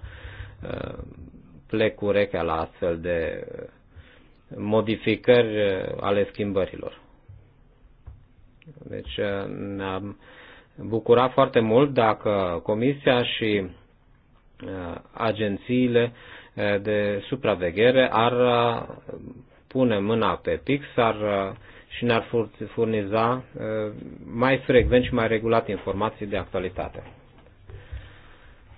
plec cu urechea la astfel de modificări ale schimbărilor. Deci ne-am bucurat foarte mult dacă Comisia și Uh, agențiile uh, de supraveghere ar uh, pune mâna pe pix ar, și ne-ar furniza mai frecvent și mai regulat informații de actualitate.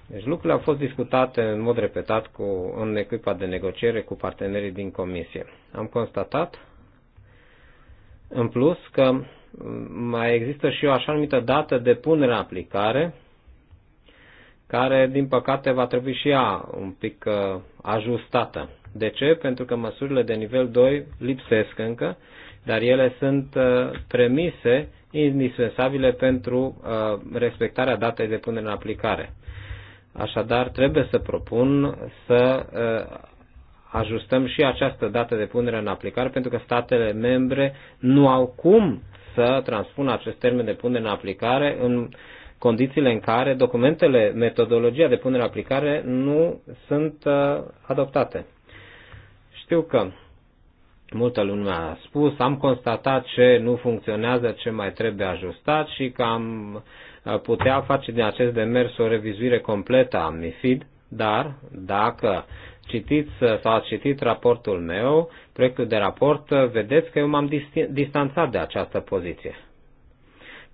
Deci lucrurile au fost discutate în mod repetat cu, în echipa de negociere cu partenerii din comisie. Am constatat, în plus, că mm, mai există și o așa numită dată de punere în aplicare care, din păcate, va trebui și ea un pic uh, ajustată. De ce? Pentru că măsurile de nivel 2 lipsesc încă, dar ele sunt uh, premise indispensabile pentru uh, respectarea datei de punere în aplicare. Așadar, trebuie să propun să ajustăm și această dată de punere în aplicare, pentru că statele membre nu au cum să transpună acest termen de punere în aplicare în condițiile în care documentele, metodologia de punere aplicare nu sunt uh, adoptate. Știu că multă lume a spus, am constatat ce nu funcționează, ce mai trebuie ajustat și că am uh, putea face din acest demers o revizuire completă a MIFID, dar dacă citiți uh, sau ați citit raportul meu, proiectul de raport, vedeți că eu m-am distanțat de această poziție.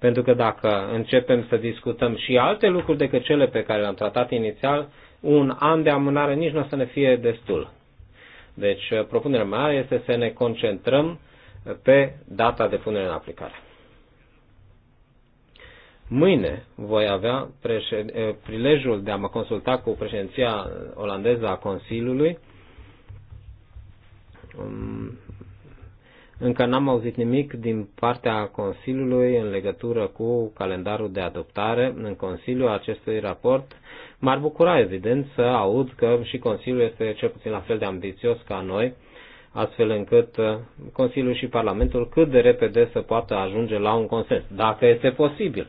Pentru că dacă începem să discutăm și alte lucruri decât cele pe care le-am tratat inițial, un an de amânare nici nu o să ne fie destul. Deci, uh, propunerea mea este să ne concentrăm pe data de punere în aplicare. Mâine voi avea eh, prilejul de a mă consulta cu președinția olandeză a Consiliului um, încă n-am auzit nimic din partea Consiliului în legătură cu calendarul de adoptare în Consiliu acestui raport. M-ar bucura, evident, să aud că și Consiliul este cel puțin la fel de ambițios ca noi, astfel încât uh, Consiliul și Parlamentul cât de repede să poată ajunge la un consens, dacă este posibil.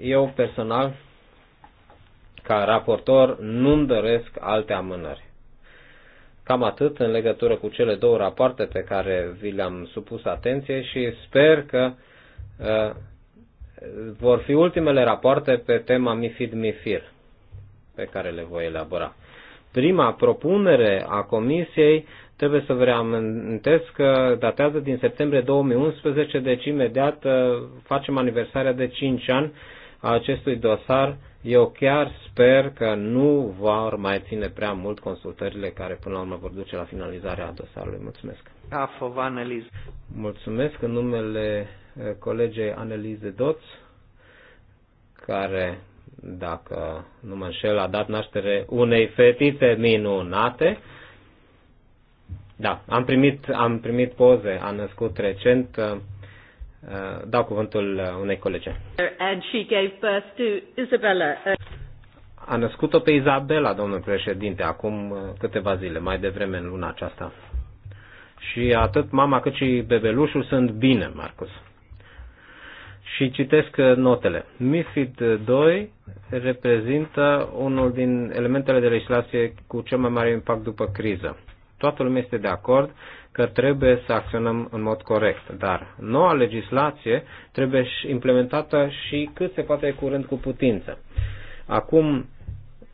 Eu personal, ca raportor, nu-mi doresc alte amânări Cam atât în legătură cu cele două rapoarte pe care vi le-am supus atenție și sper că uh, vor fi ultimele rapoarte pe tema MIFID-MIFIR pe care le voi elabora. Prima propunere a Comisiei trebuie să vă reamintesc că datează din septembrie 2011, deci imediat uh, facem aniversarea de 5 ani a acestui dosar eu chiar sper că nu vor mai ține prea mult consultările care până la urmă vor duce la finalizarea dosarului. Mulțumesc. Afov, da, Aneliz. Mulțumesc în numele eh, colegei Anelize Doț, care, dacă nu mă înșel, a dat naștere unei fetițe minunate. Da, am primit, am primit poze, a născut recent eh, Uh, dau cuvântul uh, unei colege. And she gave birth to Isabella. A născut-o pe Izabela, domnul președinte, acum uh, câteva zile, mai devreme în luna aceasta. Și atât mama cât și bebelușul sunt bine, Marcus. Și citesc notele. MIFID 2 reprezintă unul din elementele de legislație cu cel mai mare impact după criză. Toată lumea este de acord că trebuie să acționăm în mod corect, dar noua legislație trebuie și implementată și cât se poate curând cu putință. Acum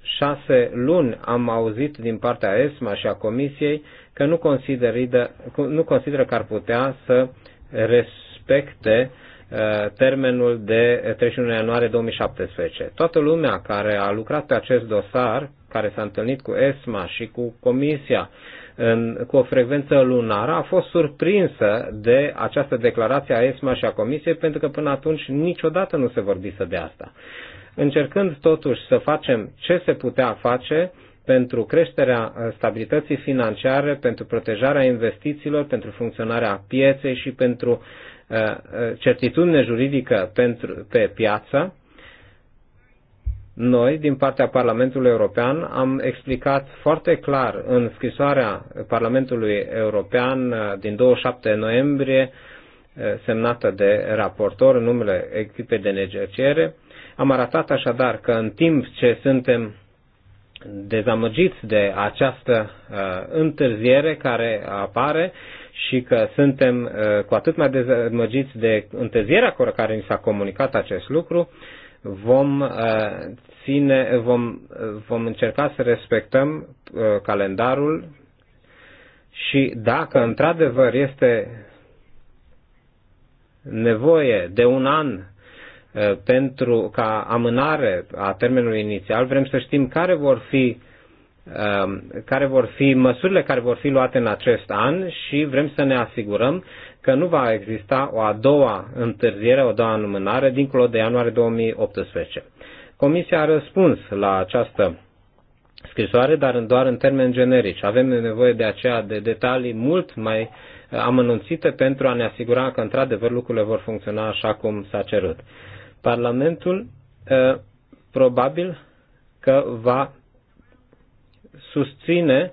șase luni am auzit din partea ESMA și a Comisiei că nu consideră, nu consideră că ar putea să respecte uh, termenul de 31 ianuarie 2017. Toată lumea care a lucrat pe acest dosar, care s-a întâlnit cu ESMA și cu Comisia în, cu o frecvență lunară a fost surprinsă de această declarație a ESMA și a Comisiei, pentru că până atunci niciodată nu se vorbise de asta. Încercând totuși să facem ce se putea face, pentru creșterea stabilității financiare, pentru protejarea investițiilor, pentru funcționarea pieței și pentru uh, uh, certitudine juridică pentru, pe piață, noi, din partea Parlamentului European, am explicat foarte clar în scrisoarea Parlamentului European uh, din 27 noiembrie, uh, semnată de raportor în numele echipei de negociere, am arătat așadar că în timp ce suntem dezamăgiți de această uh, întârziere care apare și că suntem uh, cu atât mai dezamăgiți de întârzierea cu care ni s-a comunicat acest lucru, vom uh, ține, vom, vom încerca să respectăm uh, calendarul și dacă într-adevăr este nevoie de un an uh, pentru ca amânare a termenului inițial, vrem să știm care vor fi um, care vor fi măsurile care vor fi luate în acest an și vrem să ne asigurăm că nu va exista o a doua întârziere, o a doua înmânare dincolo de ianuarie 2018. Comisia a răspuns la această scrisoare, dar în doar în termeni generici. Avem nevoie de aceea de detalii mult mai uh, amănunțite pentru a ne asigura că într-adevăr lucrurile vor funcționa așa cum s-a cerut. Parlamentul uh, probabil că va susține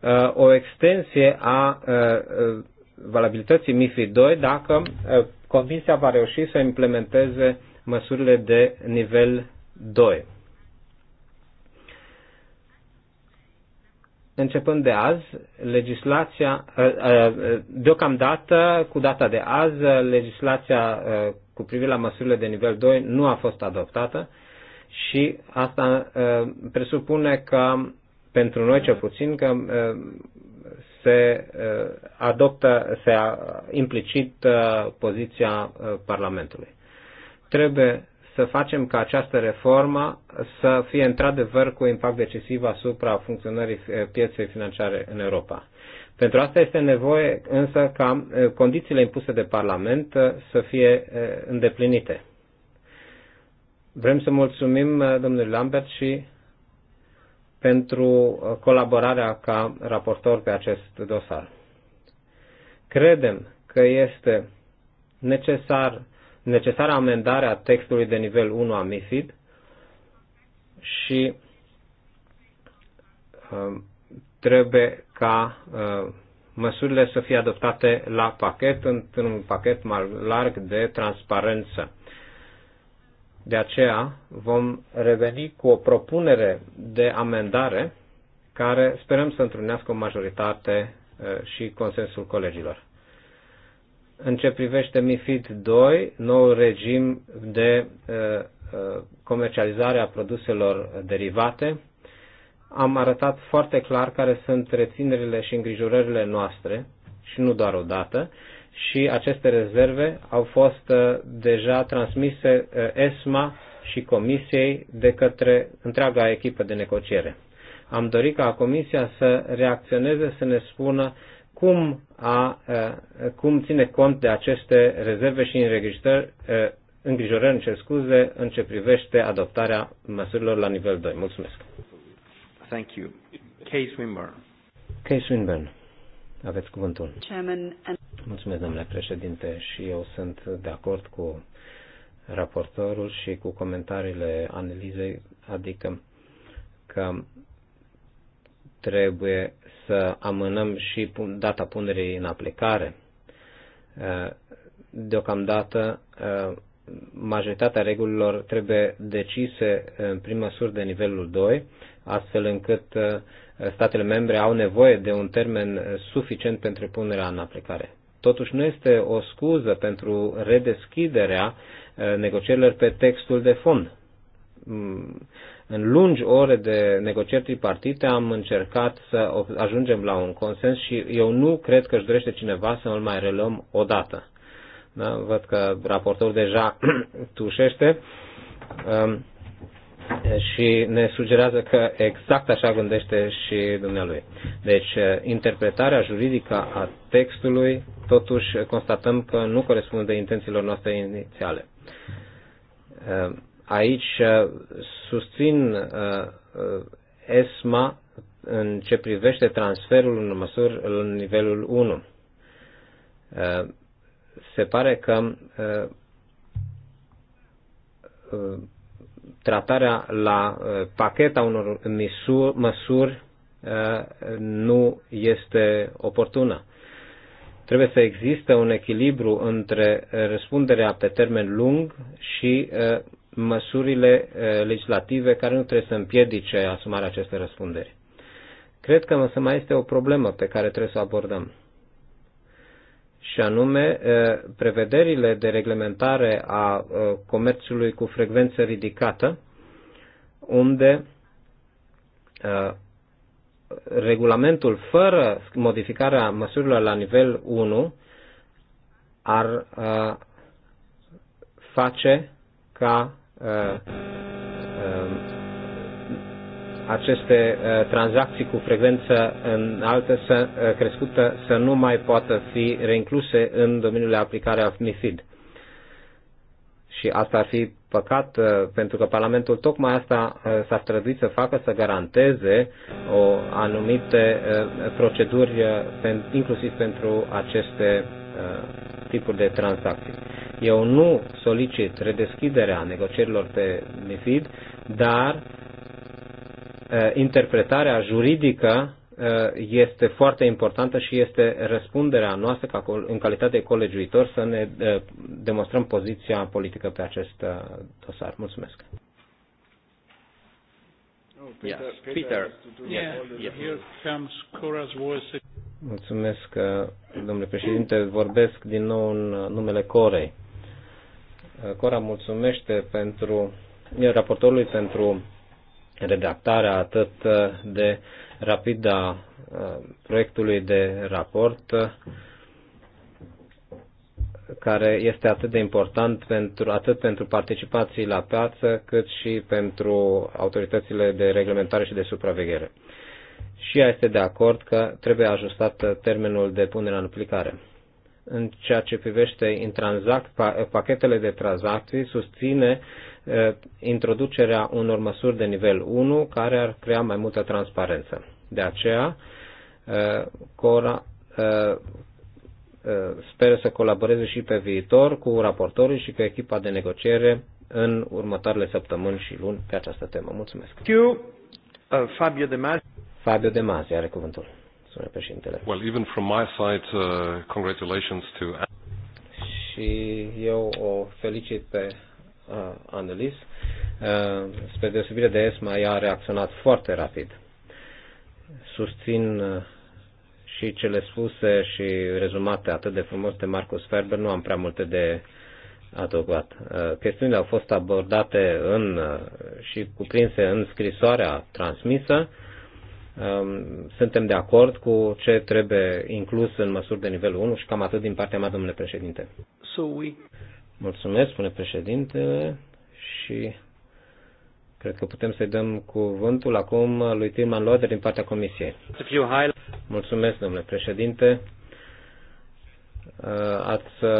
uh, o extensie a valabilității MIFID 2 dacă Comisia va reuși să implementeze măsurile de nivel 2. Începând de azi, legislația, deocamdată, cu data de azi, legislația cu privire la măsurile de nivel 2 nu a fost adoptată și asta presupune că, pentru noi cel puțin, că se eh, adoptă, se implicit eh, poziția eh, Parlamentului. Trebuie să facem ca această reformă să fie într-adevăr cu impact decisiv asupra funcționării pieței financiare în Europa. Pentru asta este nevoie însă ca condițiile impuse de Parlament să fie îndeplinite. Vrem să mulțumim domnului Lambert și pentru uh, colaborarea ca raportor pe acest dosar. Credem că este necesar, necesară amendarea textului de nivel 1 a MIFID și uh, trebuie ca uh, măsurile să fie adoptate la pachet, într-un pachet mai larg de transparență. De aceea vom reveni cu o propunere de amendare care sperăm să întrunească o majoritate uh, și consensul colegilor. În ce privește MIFID 2, nou regim de uh, uh, comercializare a produselor derivate, am arătat foarte clar care sunt reținerile și îngrijorările noastre și nu doar o dată, și aceste rezerve au fost uh, deja transmise uh, ESMA și Comisiei de către întreaga echipă de negociere. Am dorit ca Comisia să reacționeze, să ne spună cum, a, uh, cum ține cont de aceste rezerve și înregistrări, îngrijorări, în cer scuze, în ce privește adoptarea măsurilor la nivel 2. Mulțumesc. Thank you. Case Winburn. Case Winburn. Aveți cuvântul. Mulțumesc, domnule președinte, și eu sunt de acord cu raportorul și cu comentariile analizei, adică că trebuie să amânăm și data punerii în aplicare. Deocamdată, majoritatea regulilor trebuie decise în prim măsuri de nivelul 2, astfel încât statele membre au nevoie de un termen suficient pentru punerea în aplicare. Totuși nu este o scuză pentru redeschiderea uh, negocierilor pe textul de fond. Mm, în lungi ore de negocieri tripartite am încercat să ajungem la un consens și eu nu cred că își dorește cineva să îl mai reluăm odată. Da? Văd că raportorul deja tușește. Um, și ne sugerează că exact așa gândește și dumnealui. Deci, eh, interpretarea juridică a textului, totuși, constatăm că nu corespunde intențiilor noastre inițiale. Eh, aici eh, susțin ESMA în ce privește transferul în măsuri în nivelul 1. Se pare că tratarea la uh, pacheta unor măsuri uh, nu este oportună. Trebuie să existe un echilibru între uh, răspunderea pe termen lung și măsurile legislative care nu trebuie să împiedice asumarea acestei răspunderi. Cred că însă mai este o problemă pe care trebuie să o abordăm și anume prevederile de reglementare a comerțului cu frecvență ridicată, unde regulamentul fără modificarea măsurilor la nivel 1 ar face ca aceste uh, tranzacții cu frecvență înaltă să, uh, crescută să nu mai poată fi reincluse în domeniul de aplicare a MIFID. Și asta ar fi păcat uh, pentru că Parlamentul tocmai asta s-a străduit să facă, să garanteze o anumite proceduri inclusiv pentru aceste tipuri de tranzacții. Eu nu solicit redeschiderea negocierilor pe MIFID, dar Eh, interpretarea juridică eh, este foarte importantă și este răspunderea noastră ca în calitate de colegiuitor să ne eh, demonstrăm poziția politică pe acest dosar. Mulțumesc. Oh, Peter, yes, Peter. Peter. Yeah. Yeah. Mulțumesc, domnule președinte. Vorbesc din nou în numele Corei. Cora mulțumește pentru raportorului pentru redactarea atât de rapidă a proiectului de raport care este atât de important pentru, atât pentru participații la piață, cât și pentru autoritățile de reglementare și de supraveghere. Și ea este de acord că trebuie ajustat termenul de punere în aplicare în ceea ce privește pachetele de tranzacții, susține introducerea unor măsuri de nivel 1 care ar crea mai multă transparență. De aceea, Cora speră să colaboreze și pe viitor cu raportorii și cu echipa de negociere în următoarele săptămâni și luni pe această temă. Mulțumesc! Uh, Fabio De Masi. Fabio are cuvântul domnule președintele. Well, even from my side, uh, congratulations to... Și eu o felicit pe uh, Annelies. Uh, spre deosebire de ESMA, ea a reacționat foarte rapid. Susțin uh, și cele spuse și rezumate atât de frumos de Marcus Ferber, nu am prea multe de adăugat. Uh, chestiunile au fost abordate în, uh, și cuprinse în scrisoarea transmisă Um, suntem de acord cu ce trebuie inclus în măsuri de nivelul 1 și cam atât din partea mea, domnule președinte. So we... Mulțumesc, spune președintele, și cred că putem să-i dăm cuvântul acum lui Tilman Loader din partea Comisiei. Mulțumesc, domnule președinte. Uh, ați uh,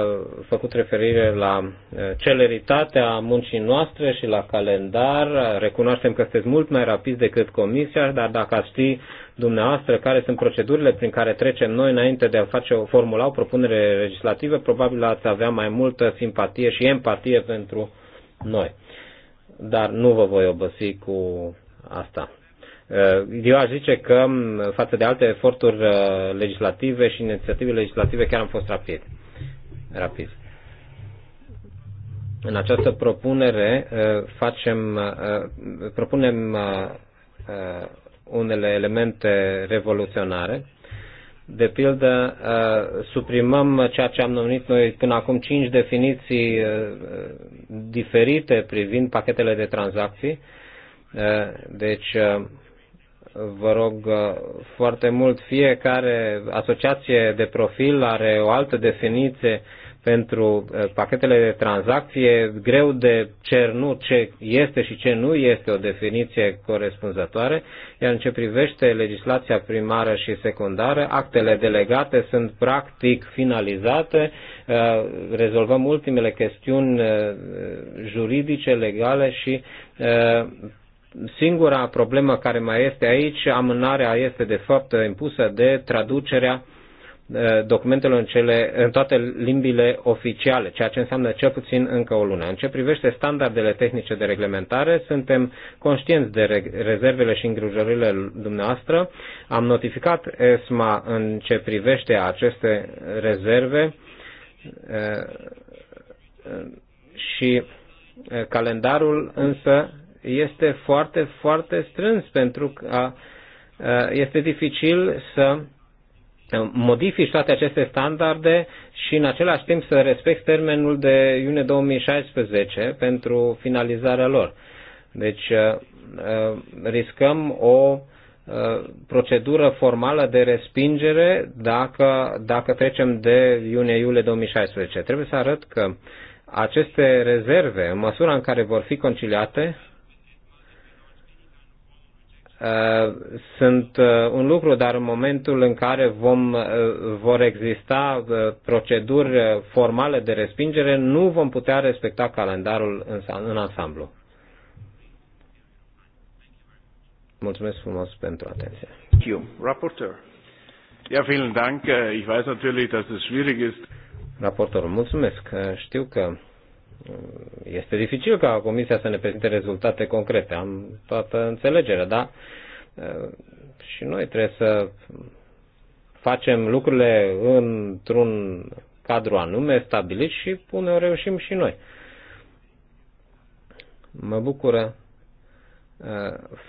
făcut referire la uh, celeritatea muncii noastre și la calendar. Recunoaștem că sunteți mult mai rapid decât Comisia, dar dacă ați ști dumneavoastră care sunt procedurile prin care trecem noi înainte de a face o formula, o propunere legislativă, probabil ați avea mai multă simpatie și empatie pentru noi. Dar nu vă voi obosi cu asta. Uh, eu aș zice că față de alte eforturi uh, legislative și inițiative legislative chiar am fost rapid. rapid. În această propunere uh, facem, propunem unele elemente revoluționare. De pildă, suprimăm ceea ce am numit noi până acum cinci definiții diferite privind pachetele de tranzacții. Deci, vă rog uh, foarte mult, fiecare asociație de profil are o altă definiție pentru uh, pachetele de tranzacție, greu de cernut ce este și ce nu este o definiție corespunzătoare, iar în ce privește legislația primară și secundară, actele delegate sunt practic finalizate, uh, rezolvăm ultimele chestiuni juridice, legale și Singura problemă care mai este aici, amânarea este de fapt impusă de traducerea uh, documentelor în, cele, în toate limbile oficiale, ceea ce înseamnă cel puțin încă o lună. În ce privește standardele tehnice de reglementare, suntem conștienți de rezervele și îngrijorările dumneavoastră. Am notificat ESMA în ce privește aceste rezerve uh, uh, și calendarul însă este foarte, foarte strâns pentru că este dificil să modifici toate aceste standarde și în același timp să respecti termenul de iunie 2016 pentru finalizarea lor. Deci riscăm o procedură formală de respingere dacă, dacă trecem de iunie-iulie 2016. Trebuie să arăt că aceste rezerve, în măsura în care vor fi conciliate, Uh, sunt uh, un lucru, dar în momentul în care vom, uh, vor exista proceduri formale de respingere, nu vom putea respecta calendarul în, în ansamblu. Mulțumesc frumos pentru atenție. Thank Ja, vielen Dank. Ich weiß natürlich, dass es schwierig ist. Raportorul, mulțumesc. Știu că este dificil ca Comisia să ne prezinte rezultate concrete, am toată înțelegerea, dar și noi trebuie să facem lucrurile într-un cadru anume stabilit și pune reușim și noi. Mă bucură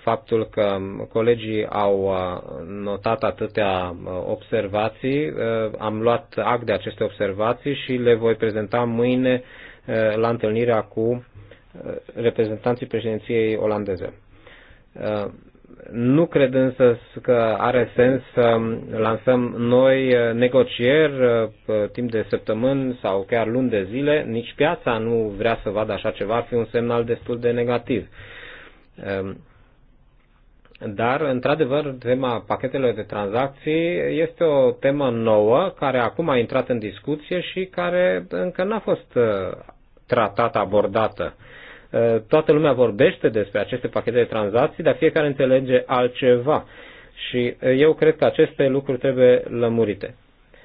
faptul că colegii au notat atâtea observații. Am luat act de aceste observații și le voi prezenta mâine Eh, la întâlnirea cu eh, reprezentanții președinției olandeze. Eh, nu cred însă că are sens să lansăm noi negocieri timp de săptămâni sau chiar luni de zile. Nici piața nu vrea să vadă așa ceva, ar fi un semnal destul de negativ. Dar, într-adevăr, tema pachetelor de tranzacții este o temă nouă care acum a intrat în discuție și care încă n-a fost tratat abordată. Toată lumea vorbește despre aceste pachete de tranzacții, dar fiecare înțelege altceva. Și eu cred că aceste lucruri trebuie lămurite.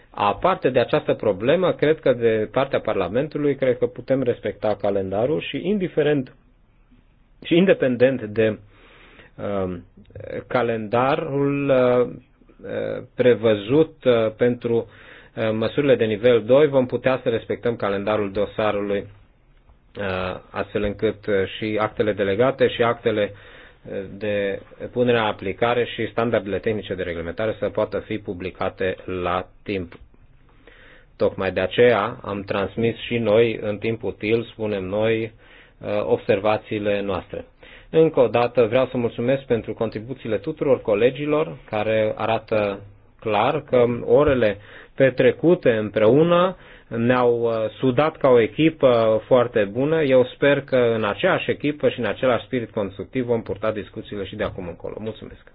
Aparte de această problemă, cred că de partea Parlamentului, cred că putem respecta calendarul și indiferent și independent de uh, calendarul uh, prevăzut uh, pentru măsurile de nivel 2, vom putea să respectăm calendarul dosarului Uh, astfel încât uh, și actele delegate și actele uh, de punere în aplicare și standardele tehnice de reglementare să poată fi publicate la timp. Tocmai de aceea am transmis și noi în timp util, spunem noi, observațiile noastre. Încă o dată vreau să mulțumesc pentru contribuțiile tuturor colegilor care arată clar că orele petrecute împreună ne-au uh, sudat ca o echipă foarte bună. Eu sper că în aceeași echipă și în același spirit constructiv vom purta discuțiile și de acum încolo. Mulțumesc!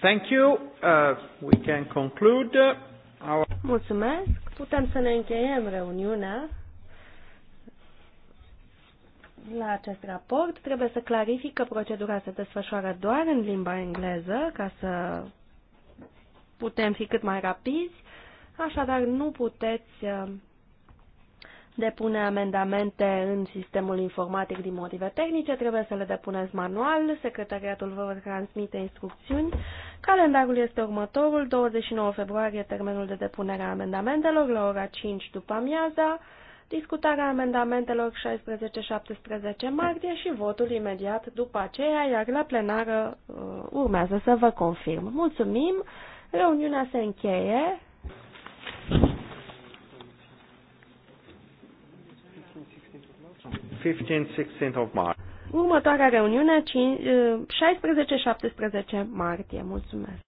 Thank you. Uh, we can conclude our... Mulțumesc. Putem să ne încheiem reuniunea la acest raport. Trebuie să clarific că procedura se desfășoară doar în limba engleză ca să putem fi cât mai rapizi Așadar, nu puteți uh, depune amendamente în sistemul informatic din motive tehnice, trebuie să le depuneți manual, secretariatul vă transmite instrucțiuni. Calendarul este următorul, 29 februarie termenul de depunere a amendamentelor, la ora 5 după amiaza, discutarea amendamentelor 16-17 martie și votul imediat după aceea, iar la plenară uh, urmează să vă confirm. Mulțumim, reuniunea se încheie, Următoarea reuniune, 16-17 eh, martie. Mulțumesc!